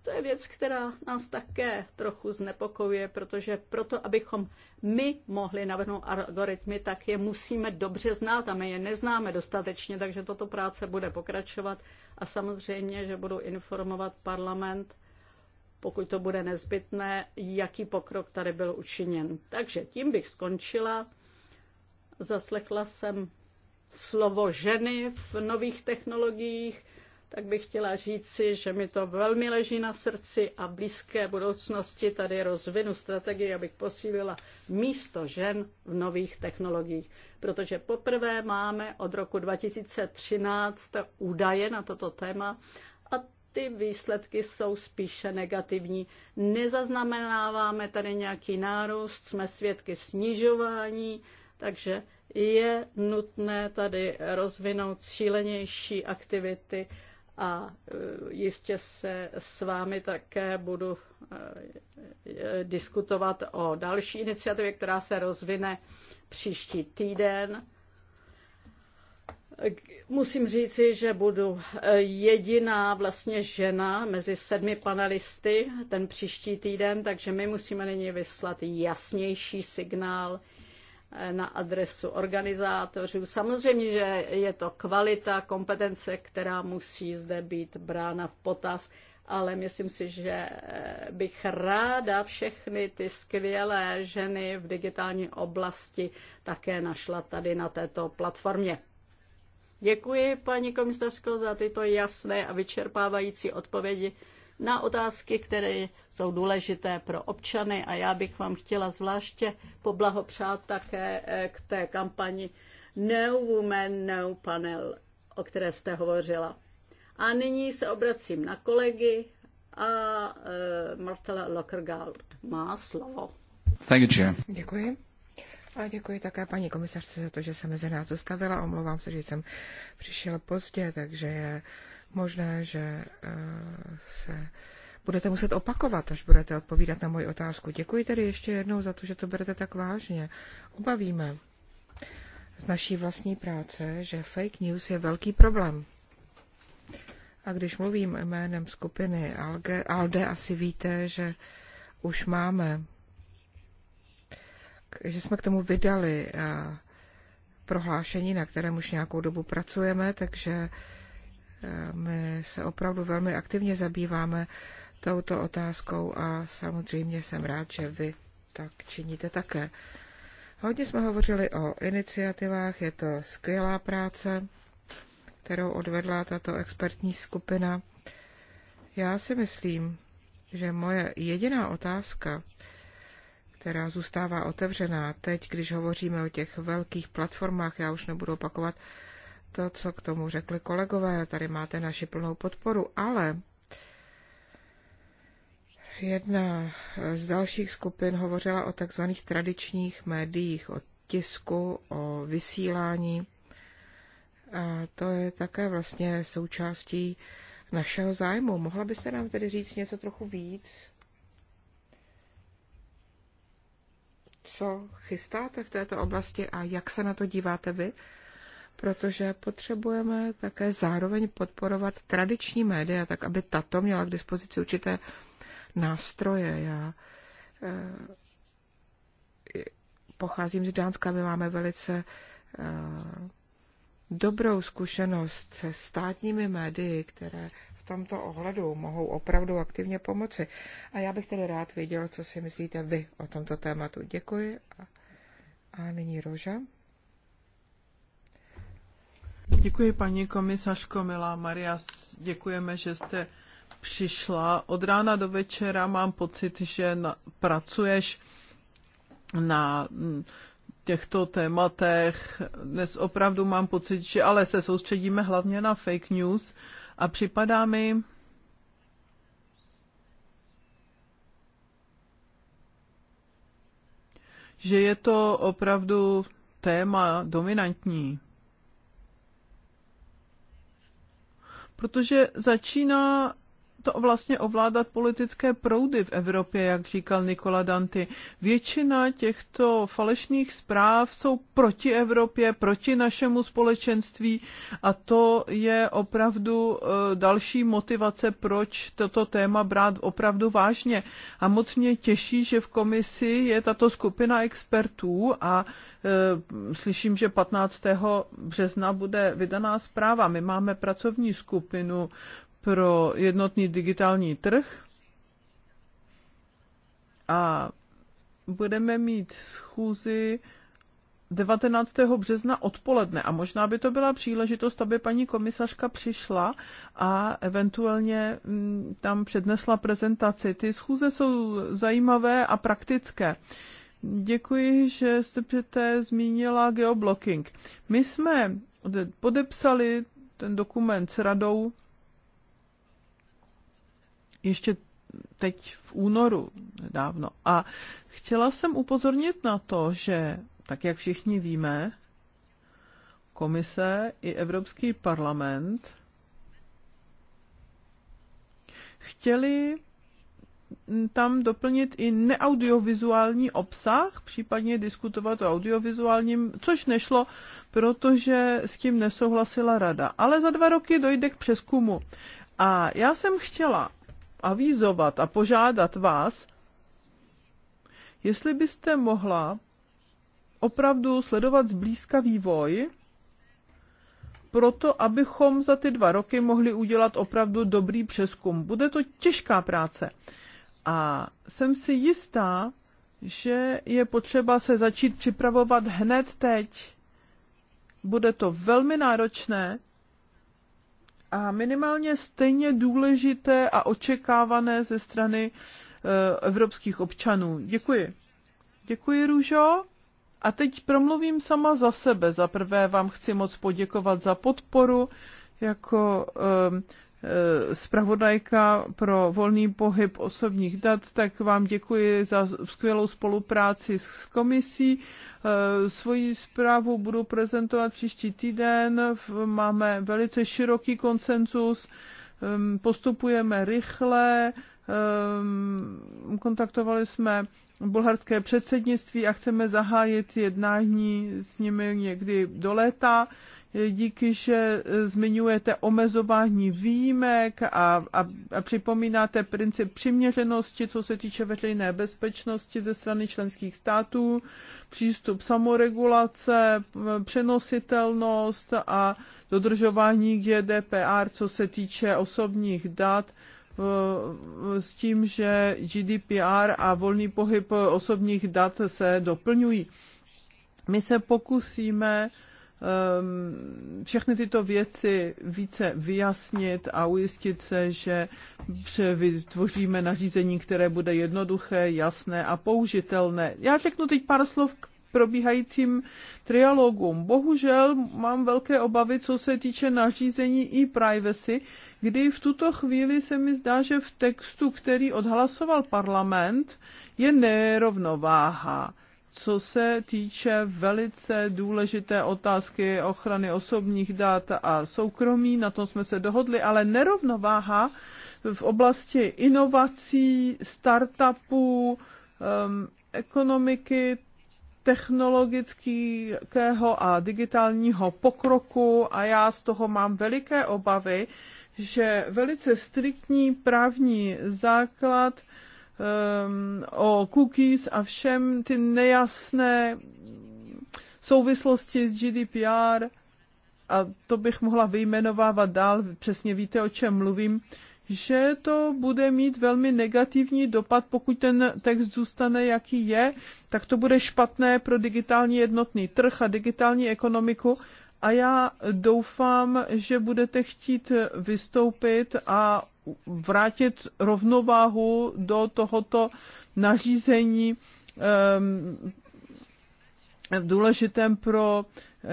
To je věc, která nás také trochu znepokojuje, protože proto, abychom my mohli navrhnout algoritmy, tak je musíme dobře znát a my je neznáme dostatečně, takže toto práce bude pokračovat a samozřejmě, že budu informovat parlament, pokud to bude nezbytné, jaký pokrok tady byl učiněn. Takže tím bych skončila. Zaslechla jsem slovo ženy v nových technologiích tak bych chtěla říci, že mi to velmi leží na srdci a v blízké budoucnosti tady rozvinu strategii, abych posílila místo žen v nových technologiích. Protože poprvé máme od roku 2013 údaje na toto téma a ty výsledky jsou spíše negativní. Nezaznamenáváme tady nějaký nárůst, jsme svědky snižování, takže je nutné tady rozvinout cílenější aktivity a e, jistě se s vámi také budu e, e, diskutovat o další iniciativě, která se rozvine příští týden. Musím říci, že budu jediná vlastně žena mezi sedmi panelisty ten příští týden, takže my musíme nyní vyslat jasnější signál, na adresu organizátorů. Samozřejmě, že je to kvalita, kompetence, která musí zde být brána v potaz, ale myslím si, že eh, bych ráda všechny ty skvělé ženy v digitální oblasti také našla tady na této platformě. Děkuji, paní komisařko, za tyto jasné a vyčerpávající odpovědi na otázky, které jsou důležité pro občany a já bych vám chtěla zvláště poblahopřát také eh, k té kampani No Woman, No Panel, o které jste hovořila. A nyní se obracím na kolegy a e, eh, Martela Lockergaard má slovo. Thank you, Děkuji. A děkuji také paní komisařce za to, že se mezi nás dostavila. Omlouvám se, že jsem přišel pozdě, takže je Možné, že eh, se budete muset opakovat, až budete odpovídat na moji otázku. Děkuji tedy ještě jednou za to, že to berete tak vážně. Obavíme z naší vlastní práce, že fake news je velký problém. A když mluvím jménem skupiny Alge, ALDE asi víte, že už máme, že jsme k tomu vydali eh, prohlášení, na kterém už nějakou dobu pracujeme, takže my se opravdu velmi aktivně zabýváme touto otázkou a samozřejmě jsem rád, že vy tak činíte také. Hodně jsme hovořili o iniciativách, je to skvělá práce, kterou odvedla tato expertní skupina. Já si myslím, že moje jediná otázka, která zůstává otevřená teď, když hovoříme o těch velkých platformách, já už nebudu opakovat to, co k tomu řekli kolegové. Tady máte naši plnou podporu, ale jedna z dalších skupin hovořila o takzvaných tradičních médiích, o tisku, o vysílání. A to je také vlastně součástí našeho zájmu. Mohla byste nám tedy říct něco trochu víc? Co chystáte v této oblasti a jak se na to díváte vy? protože potřebujeme také zároveň podporovat tradiční média, tak aby tato měla k dispozici určité nástroje. Já eh, pocházím z Dánska, my máme velice eh, dobrou zkušenost se státními médii, které v tomto ohledu mohou opravdu aktivně pomoci. A já bych tedy rád věděl, co si myslíte vy o tomto tématu. Děkuji. A nyní Roža. Děkuji, paní komisařko Milá Maria. Děkujeme, že jste přišla. Od rána do večera mám pocit, že na, pracuješ na mm, těchto tématech. Dnes opravdu mám pocit, že ale se soustředíme hlavně na fake news a připadá mi, že je to opravdu téma dominantní. protože začíná to vlastně ovládat politické proudy v Evropě, jak říkal Nikola Danti. Většina těchto falešných zpráv jsou proti Evropě, proti našemu společenství a to je opravdu eh, další motivace, proč toto téma brát opravdu vážně. A moc mě těší, že v komisi je tato skupina expertů a eh, slyším, že 15. března bude vydaná zpráva. My máme pracovní skupinu pro jednotný digitální trh a budeme mít schůzi 19. března odpoledne a možná by to byla příležitost, aby paní komisařka přišla a eventuálně mm, tam přednesla prezentaci. Ty schůze jsou zajímavé a praktické. Děkuji, že jste přete zmínila geoblocking. My jsme podepsali ten dokument s radou ještě teď v únoru nedávno. A chtěla jsem upozornit na to, že tak jak všichni víme, komise i Evropský parlament chtěli tam doplnit i neaudiovizuální obsah, případně diskutovat o audiovizuálním, což nešlo, protože s tím nesouhlasila rada. Ale za dva roky dojde k přeskumu. A já jsem chtěla avízovat a požádat vás, jestli byste mohla opravdu sledovat zblízka vývoj, proto abychom za ty dva roky mohli udělat opravdu dobrý přeskum. Bude to těžká práce. A jsem si jistá, že je potřeba se začít připravovat hned teď. Bude to velmi náročné, a minimálně stejně důležité a očekávané ze strany e, evropských občanů. Děkuji. Děkuji, Růžo. A teď promluvím sama za sebe. Za prvé vám chci moc poděkovat za podporu jako e, Eh, zpravodajka pro volný pohyb osobních dat, tak vám děkuji za skvělou spolupráci s komisí. Eh, svoji zprávu budu prezentovat příští týden. Máme velice široký konsenzus, ehm, postupujeme rychle, ehm, kontaktovali jsme bulharské předsednictví a chceme zahájit jednání s nimi někdy do léta díky, že eh, zmiňujete omezování výjimek a, a, a připomínáte princip přiměřenosti, co se týče veřejné bezpečnosti ze strany členských států, přístup samoregulace, eh, přenositelnost a dodržování GDPR, co se týče osobních dat eh, s tím, že GDPR a volný pohyb osobních dat se doplňují. My se pokusíme uh, Ehm, všechny tyto věci více vyjasnit a ujistit se, že vytvoříme nařízení, které bude jednoduché, jasné a použitelné. Já řeknu teď pár slov k probíhajícím trialogům. Bohužel mám velké obavy, co se týče nařízení e-privacy, kdy v tuto chvíli se mi zdá, že v textu, který odhlasoval parlament, je nerovnováha co se týče velice důležité otázky ochrany osobních dat a soukromí, na tom jsme se dohodli, ale nerovnováha v oblasti inovací, startupů, um, ekonomiky, technologického a digitálního pokroku a já z toho mám veliké obavy, že velice striktní právní základ um, o cookies a všem ty nejasné souvislosti s GDPR a to bych mohla vyjmenovávat dál, přesně víte, o čem mluvím, že to bude mít velmi negativní dopad, pokud ten text zůstane, jaký je, tak to bude špatné pro digitální jednotný trh a digitální ekonomiku. A já doufám, že budete chtít vystoupit a vrátit rovnováhu do tohoto nařízení ehm, důležitém pro eh,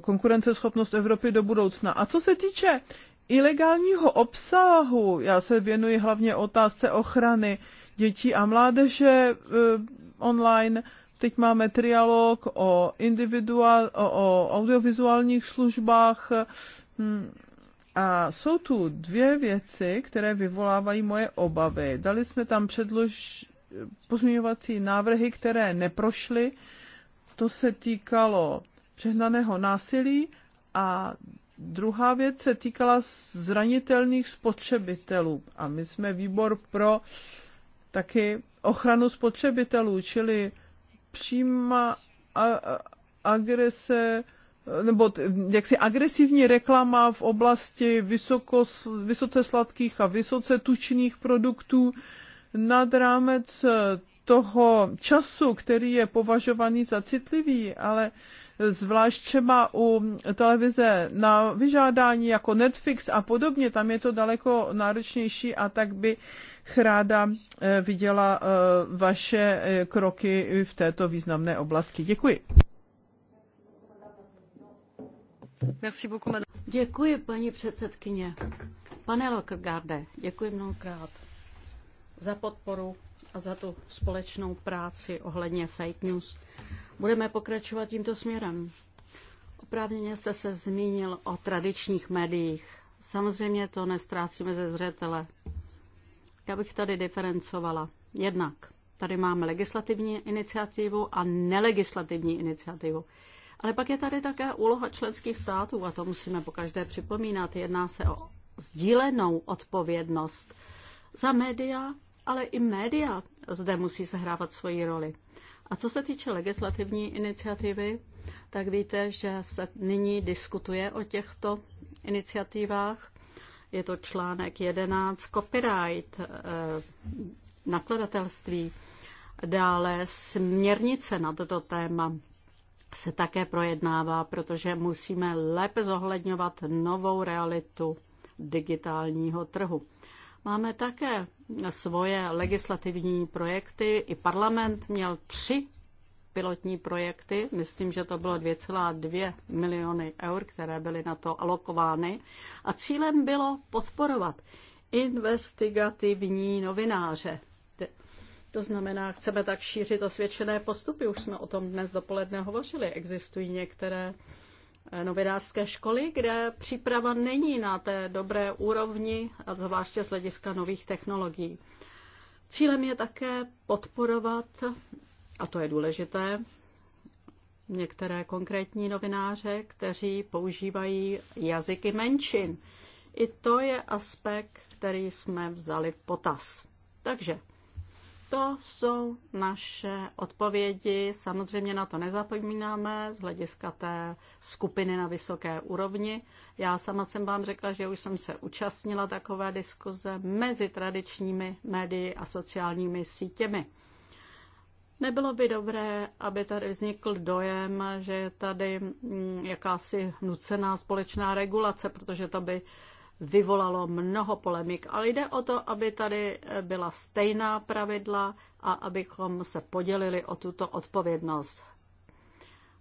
konkurenceschopnost Evropy do budoucna. A co se týče ilegálního obsahu, já se věnuji hlavně otázce ochrany dětí a mládeže eh, online. Teď máme trialog o, individuál, o, o audiovizuálních službách. Hm, a jsou tu dvě věci, které vyvolávají moje obavy. Dali jsme tam předlož pozměňovací návrhy, které neprošly. To se týkalo přehnaného násilí a druhá věc se týkala zranitelných spotřebitelů. A my jsme výbor pro taky ochranu spotřebitelů, čili přímá agrese nebo jaksi agresivní reklama v oblasti vysoko, vysoce sladkých a vysoce tučných produktů nad rámec eh, toho času, který je považovaný za citlivý, ale zvlášť třeba u televize na vyžádání jako Netflix a podobně, tam je to daleko náročnější a tak by ráda eh, viděla eh, vaše kroky v této významné oblasti. Děkuji. Děkuji, paní předsedkyně. Pane Lockergarde, děkuji mnohokrát za podporu a za tu společnou práci ohledně fake news. Budeme pokračovat tímto směrem. Oprávněně jste se zmínil o tradičních médiích. Samozřejmě to nestrácíme ze zřetele. Já bych tady diferencovala. Jednak tady máme legislativní iniciativu a nelegislativní iniciativu. Ale pak je tady také úloha členských států a to musíme po každé připomínat. Jedná se o sdílenou odpovědnost za média, ale i média zde musí sehrávat svoji roli. A co se týče legislativní iniciativy, tak víte, že se nyní diskutuje o těchto iniciativách. Je to článek 11, copyright, eh, nakladatelství, dále směrnice na toto téma se také projednává, protože musíme lépe zohledňovat novou realitu digitálního trhu. Máme také svoje legislativní projekty. I parlament měl tři pilotní projekty. Myslím, že to bylo 2,2 miliony eur, které byly na to alokovány. A cílem bylo podporovat investigativní novináře, to znamená, chceme tak šířit osvědčené postupy. Už jsme o tom dnes dopoledne hovořili. Existují některé eh, novinářské školy, kde příprava není na té dobré úrovni, a zvláště z hlediska nových technologií. Cílem je také podporovat, a to je důležité, některé konkrétní novináře, kteří používají jazyky menšin. I to je aspekt, který jsme vzali v potaz. Takže to jsou naše odpovědi. Samozřejmě na to nezapomínáme z hlediska té skupiny na vysoké úrovni. Já sama jsem vám řekla, že už jsem se účastnila takové diskuze mezi tradičními médii a sociálními sítěmi. Nebylo by dobré, aby tady vznikl dojem, že je tady mm, jakási nucená společná regulace, protože to by vyvolalo mnoho polemik, ale jde o to, aby tady eh, byla stejná pravidla a abychom se podělili o tuto odpovědnost.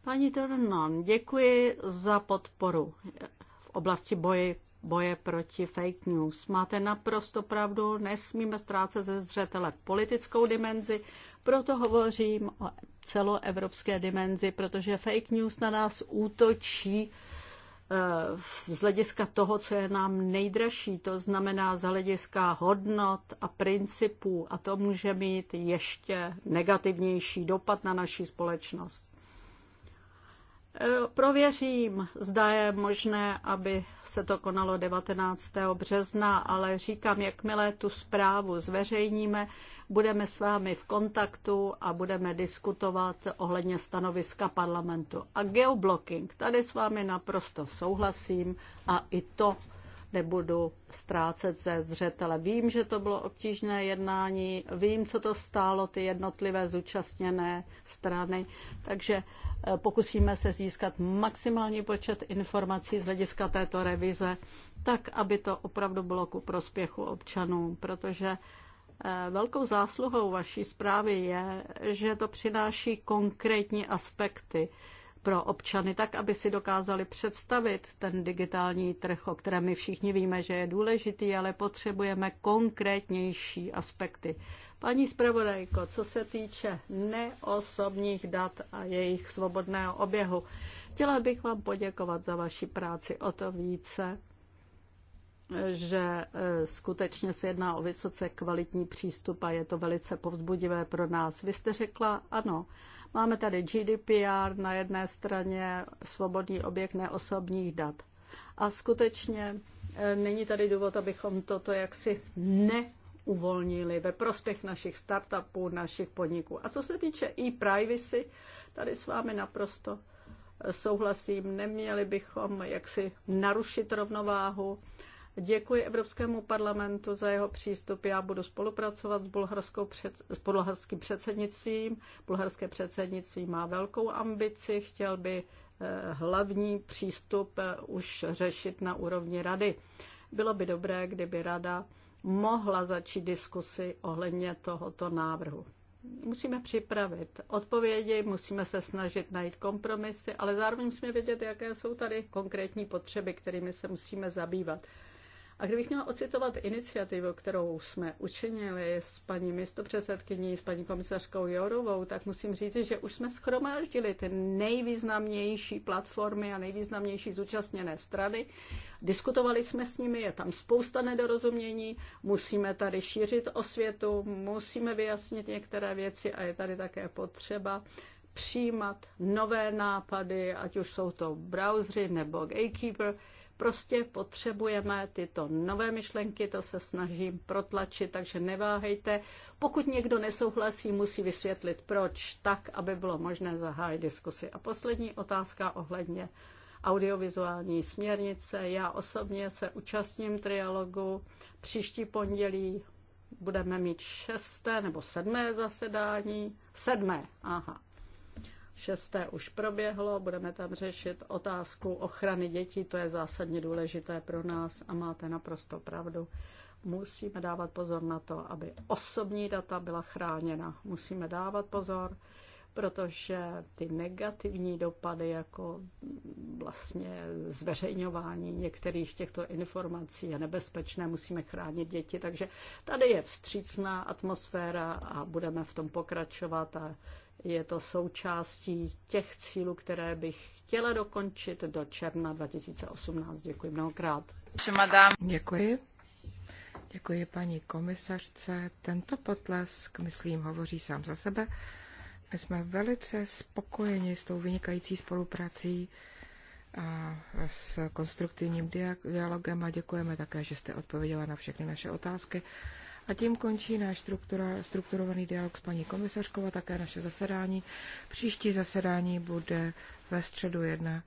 Paní Ternan, děkuji za podporu eh, v oblasti boji, boje proti fake news. Máte naprosto pravdu, nesmíme ztrácet ze zřetele v politickou dimenzi, proto hovořím o celoevropské dimenzi, protože fake news na nás útočí z hlediska toho, co je nám nejdražší, to znamená z hlediska hodnot a principů a to může mít ještě negativnější dopad na naši společnost. E, prověřím, zda je možné, aby se to konalo 19. března, ale říkám, jakmile tu zprávu zveřejníme, Budeme s vámi v kontaktu a budeme diskutovat ohledně stanoviska parlamentu. A geoblocking, tady s vámi naprosto souhlasím a i to nebudu ztrácet ze zřetele. Vím, že to bylo obtížné jednání, vím, co to stálo ty jednotlivé zúčastněné strany, takže eh, pokusíme se získat maximální počet informací z hlediska této revize, tak, aby to opravdu bylo ku prospěchu občanů, protože Velkou zásluhou vaší zprávy je, že to přináší konkrétní aspekty pro občany, tak aby si dokázali představit ten digitální trh, o kterém my všichni víme, že je důležitý, ale potřebujeme konkrétnější aspekty. Paní zpravodajko, co se týče neosobních dat a jejich svobodného oběhu, chtěla bych vám poděkovat za vaši práci o to více že e, skutečně se jedná o vysoce kvalitní přístup a je to velice povzbudivé pro nás. Vy jste řekla, ano, máme tady GDPR na jedné straně, svobodný objekt neosobních dat. A skutečně e, není tady důvod, abychom toto jaksi ne uvolnili ve prospěch našich startupů, našich podniků. A co se týče e-privacy, tady s vámi naprosto e, souhlasím, neměli bychom jaksi narušit rovnováhu Děkuji Evropskému parlamentu za jeho přístup. Já budu spolupracovat s, bulharskou před, s bulharským předsednictvím. Bulharské předsednictví má velkou ambici, chtěl by eh, hlavní přístup eh, už řešit na úrovni rady. Bylo by dobré, kdyby rada mohla začít diskusy ohledně tohoto návrhu. Musíme připravit odpovědi, musíme se snažit najít kompromisy, ale zároveň musíme vědět, jaké jsou tady konkrétní potřeby, kterými se musíme zabývat. A kdybych měla ocitovat iniciativu, kterou jsme učinili s paní místopředsedkyní, s paní komisařkou Jorovou, tak musím říct, že už jsme schromáždili ty nejvýznamnější platformy a nejvýznamnější zúčastněné strany. Diskutovali jsme s nimi, je tam spousta nedorozumění, musíme tady šířit osvětu, musíme vyjasnit některé věci a je tady také potřeba přijímat nové nápady, ať už jsou to browsery nebo gatekeeper, Prostě potřebujeme tyto nové myšlenky, to se snažím protlačit, takže neváhejte. Pokud někdo nesouhlasí, musí vysvětlit proč, tak, aby bylo možné zahájit diskusi. A poslední otázka ohledně audiovizuální směrnice. Já osobně se účastním trialogu. Příští pondělí budeme mít šesté nebo sedmé zasedání. Sedmé, aha šesté už proběhlo, budeme tam řešit otázku ochrany dětí, to je zásadně důležité pro nás a máte naprosto pravdu. Musíme dávat pozor na to, aby osobní data byla chráněna. Musíme dávat pozor, protože ty negativní dopady, jako vlastně zveřejňování některých těchto informací je nebezpečné, musíme chránit děti, takže tady je vstřícná atmosféra a budeme v tom pokračovat a je to součástí těch cílů, které bych chtěla dokončit do června 2018. Děkuji mnohokrát. Děkuji. Děkuji paní komisařce. Tento potlesk, myslím, hovoří sám za sebe. My jsme velice spokojeni s tou vynikající spoluprací a s konstruktivním dialogem a děkujeme také, že jste odpověděla na všechny naše otázky a tím končí náš struktura, strukturovaný dialog s paní komisařkou a také naše zasedání. Příští zasedání bude ve středu 21.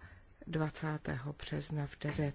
20. března v 9.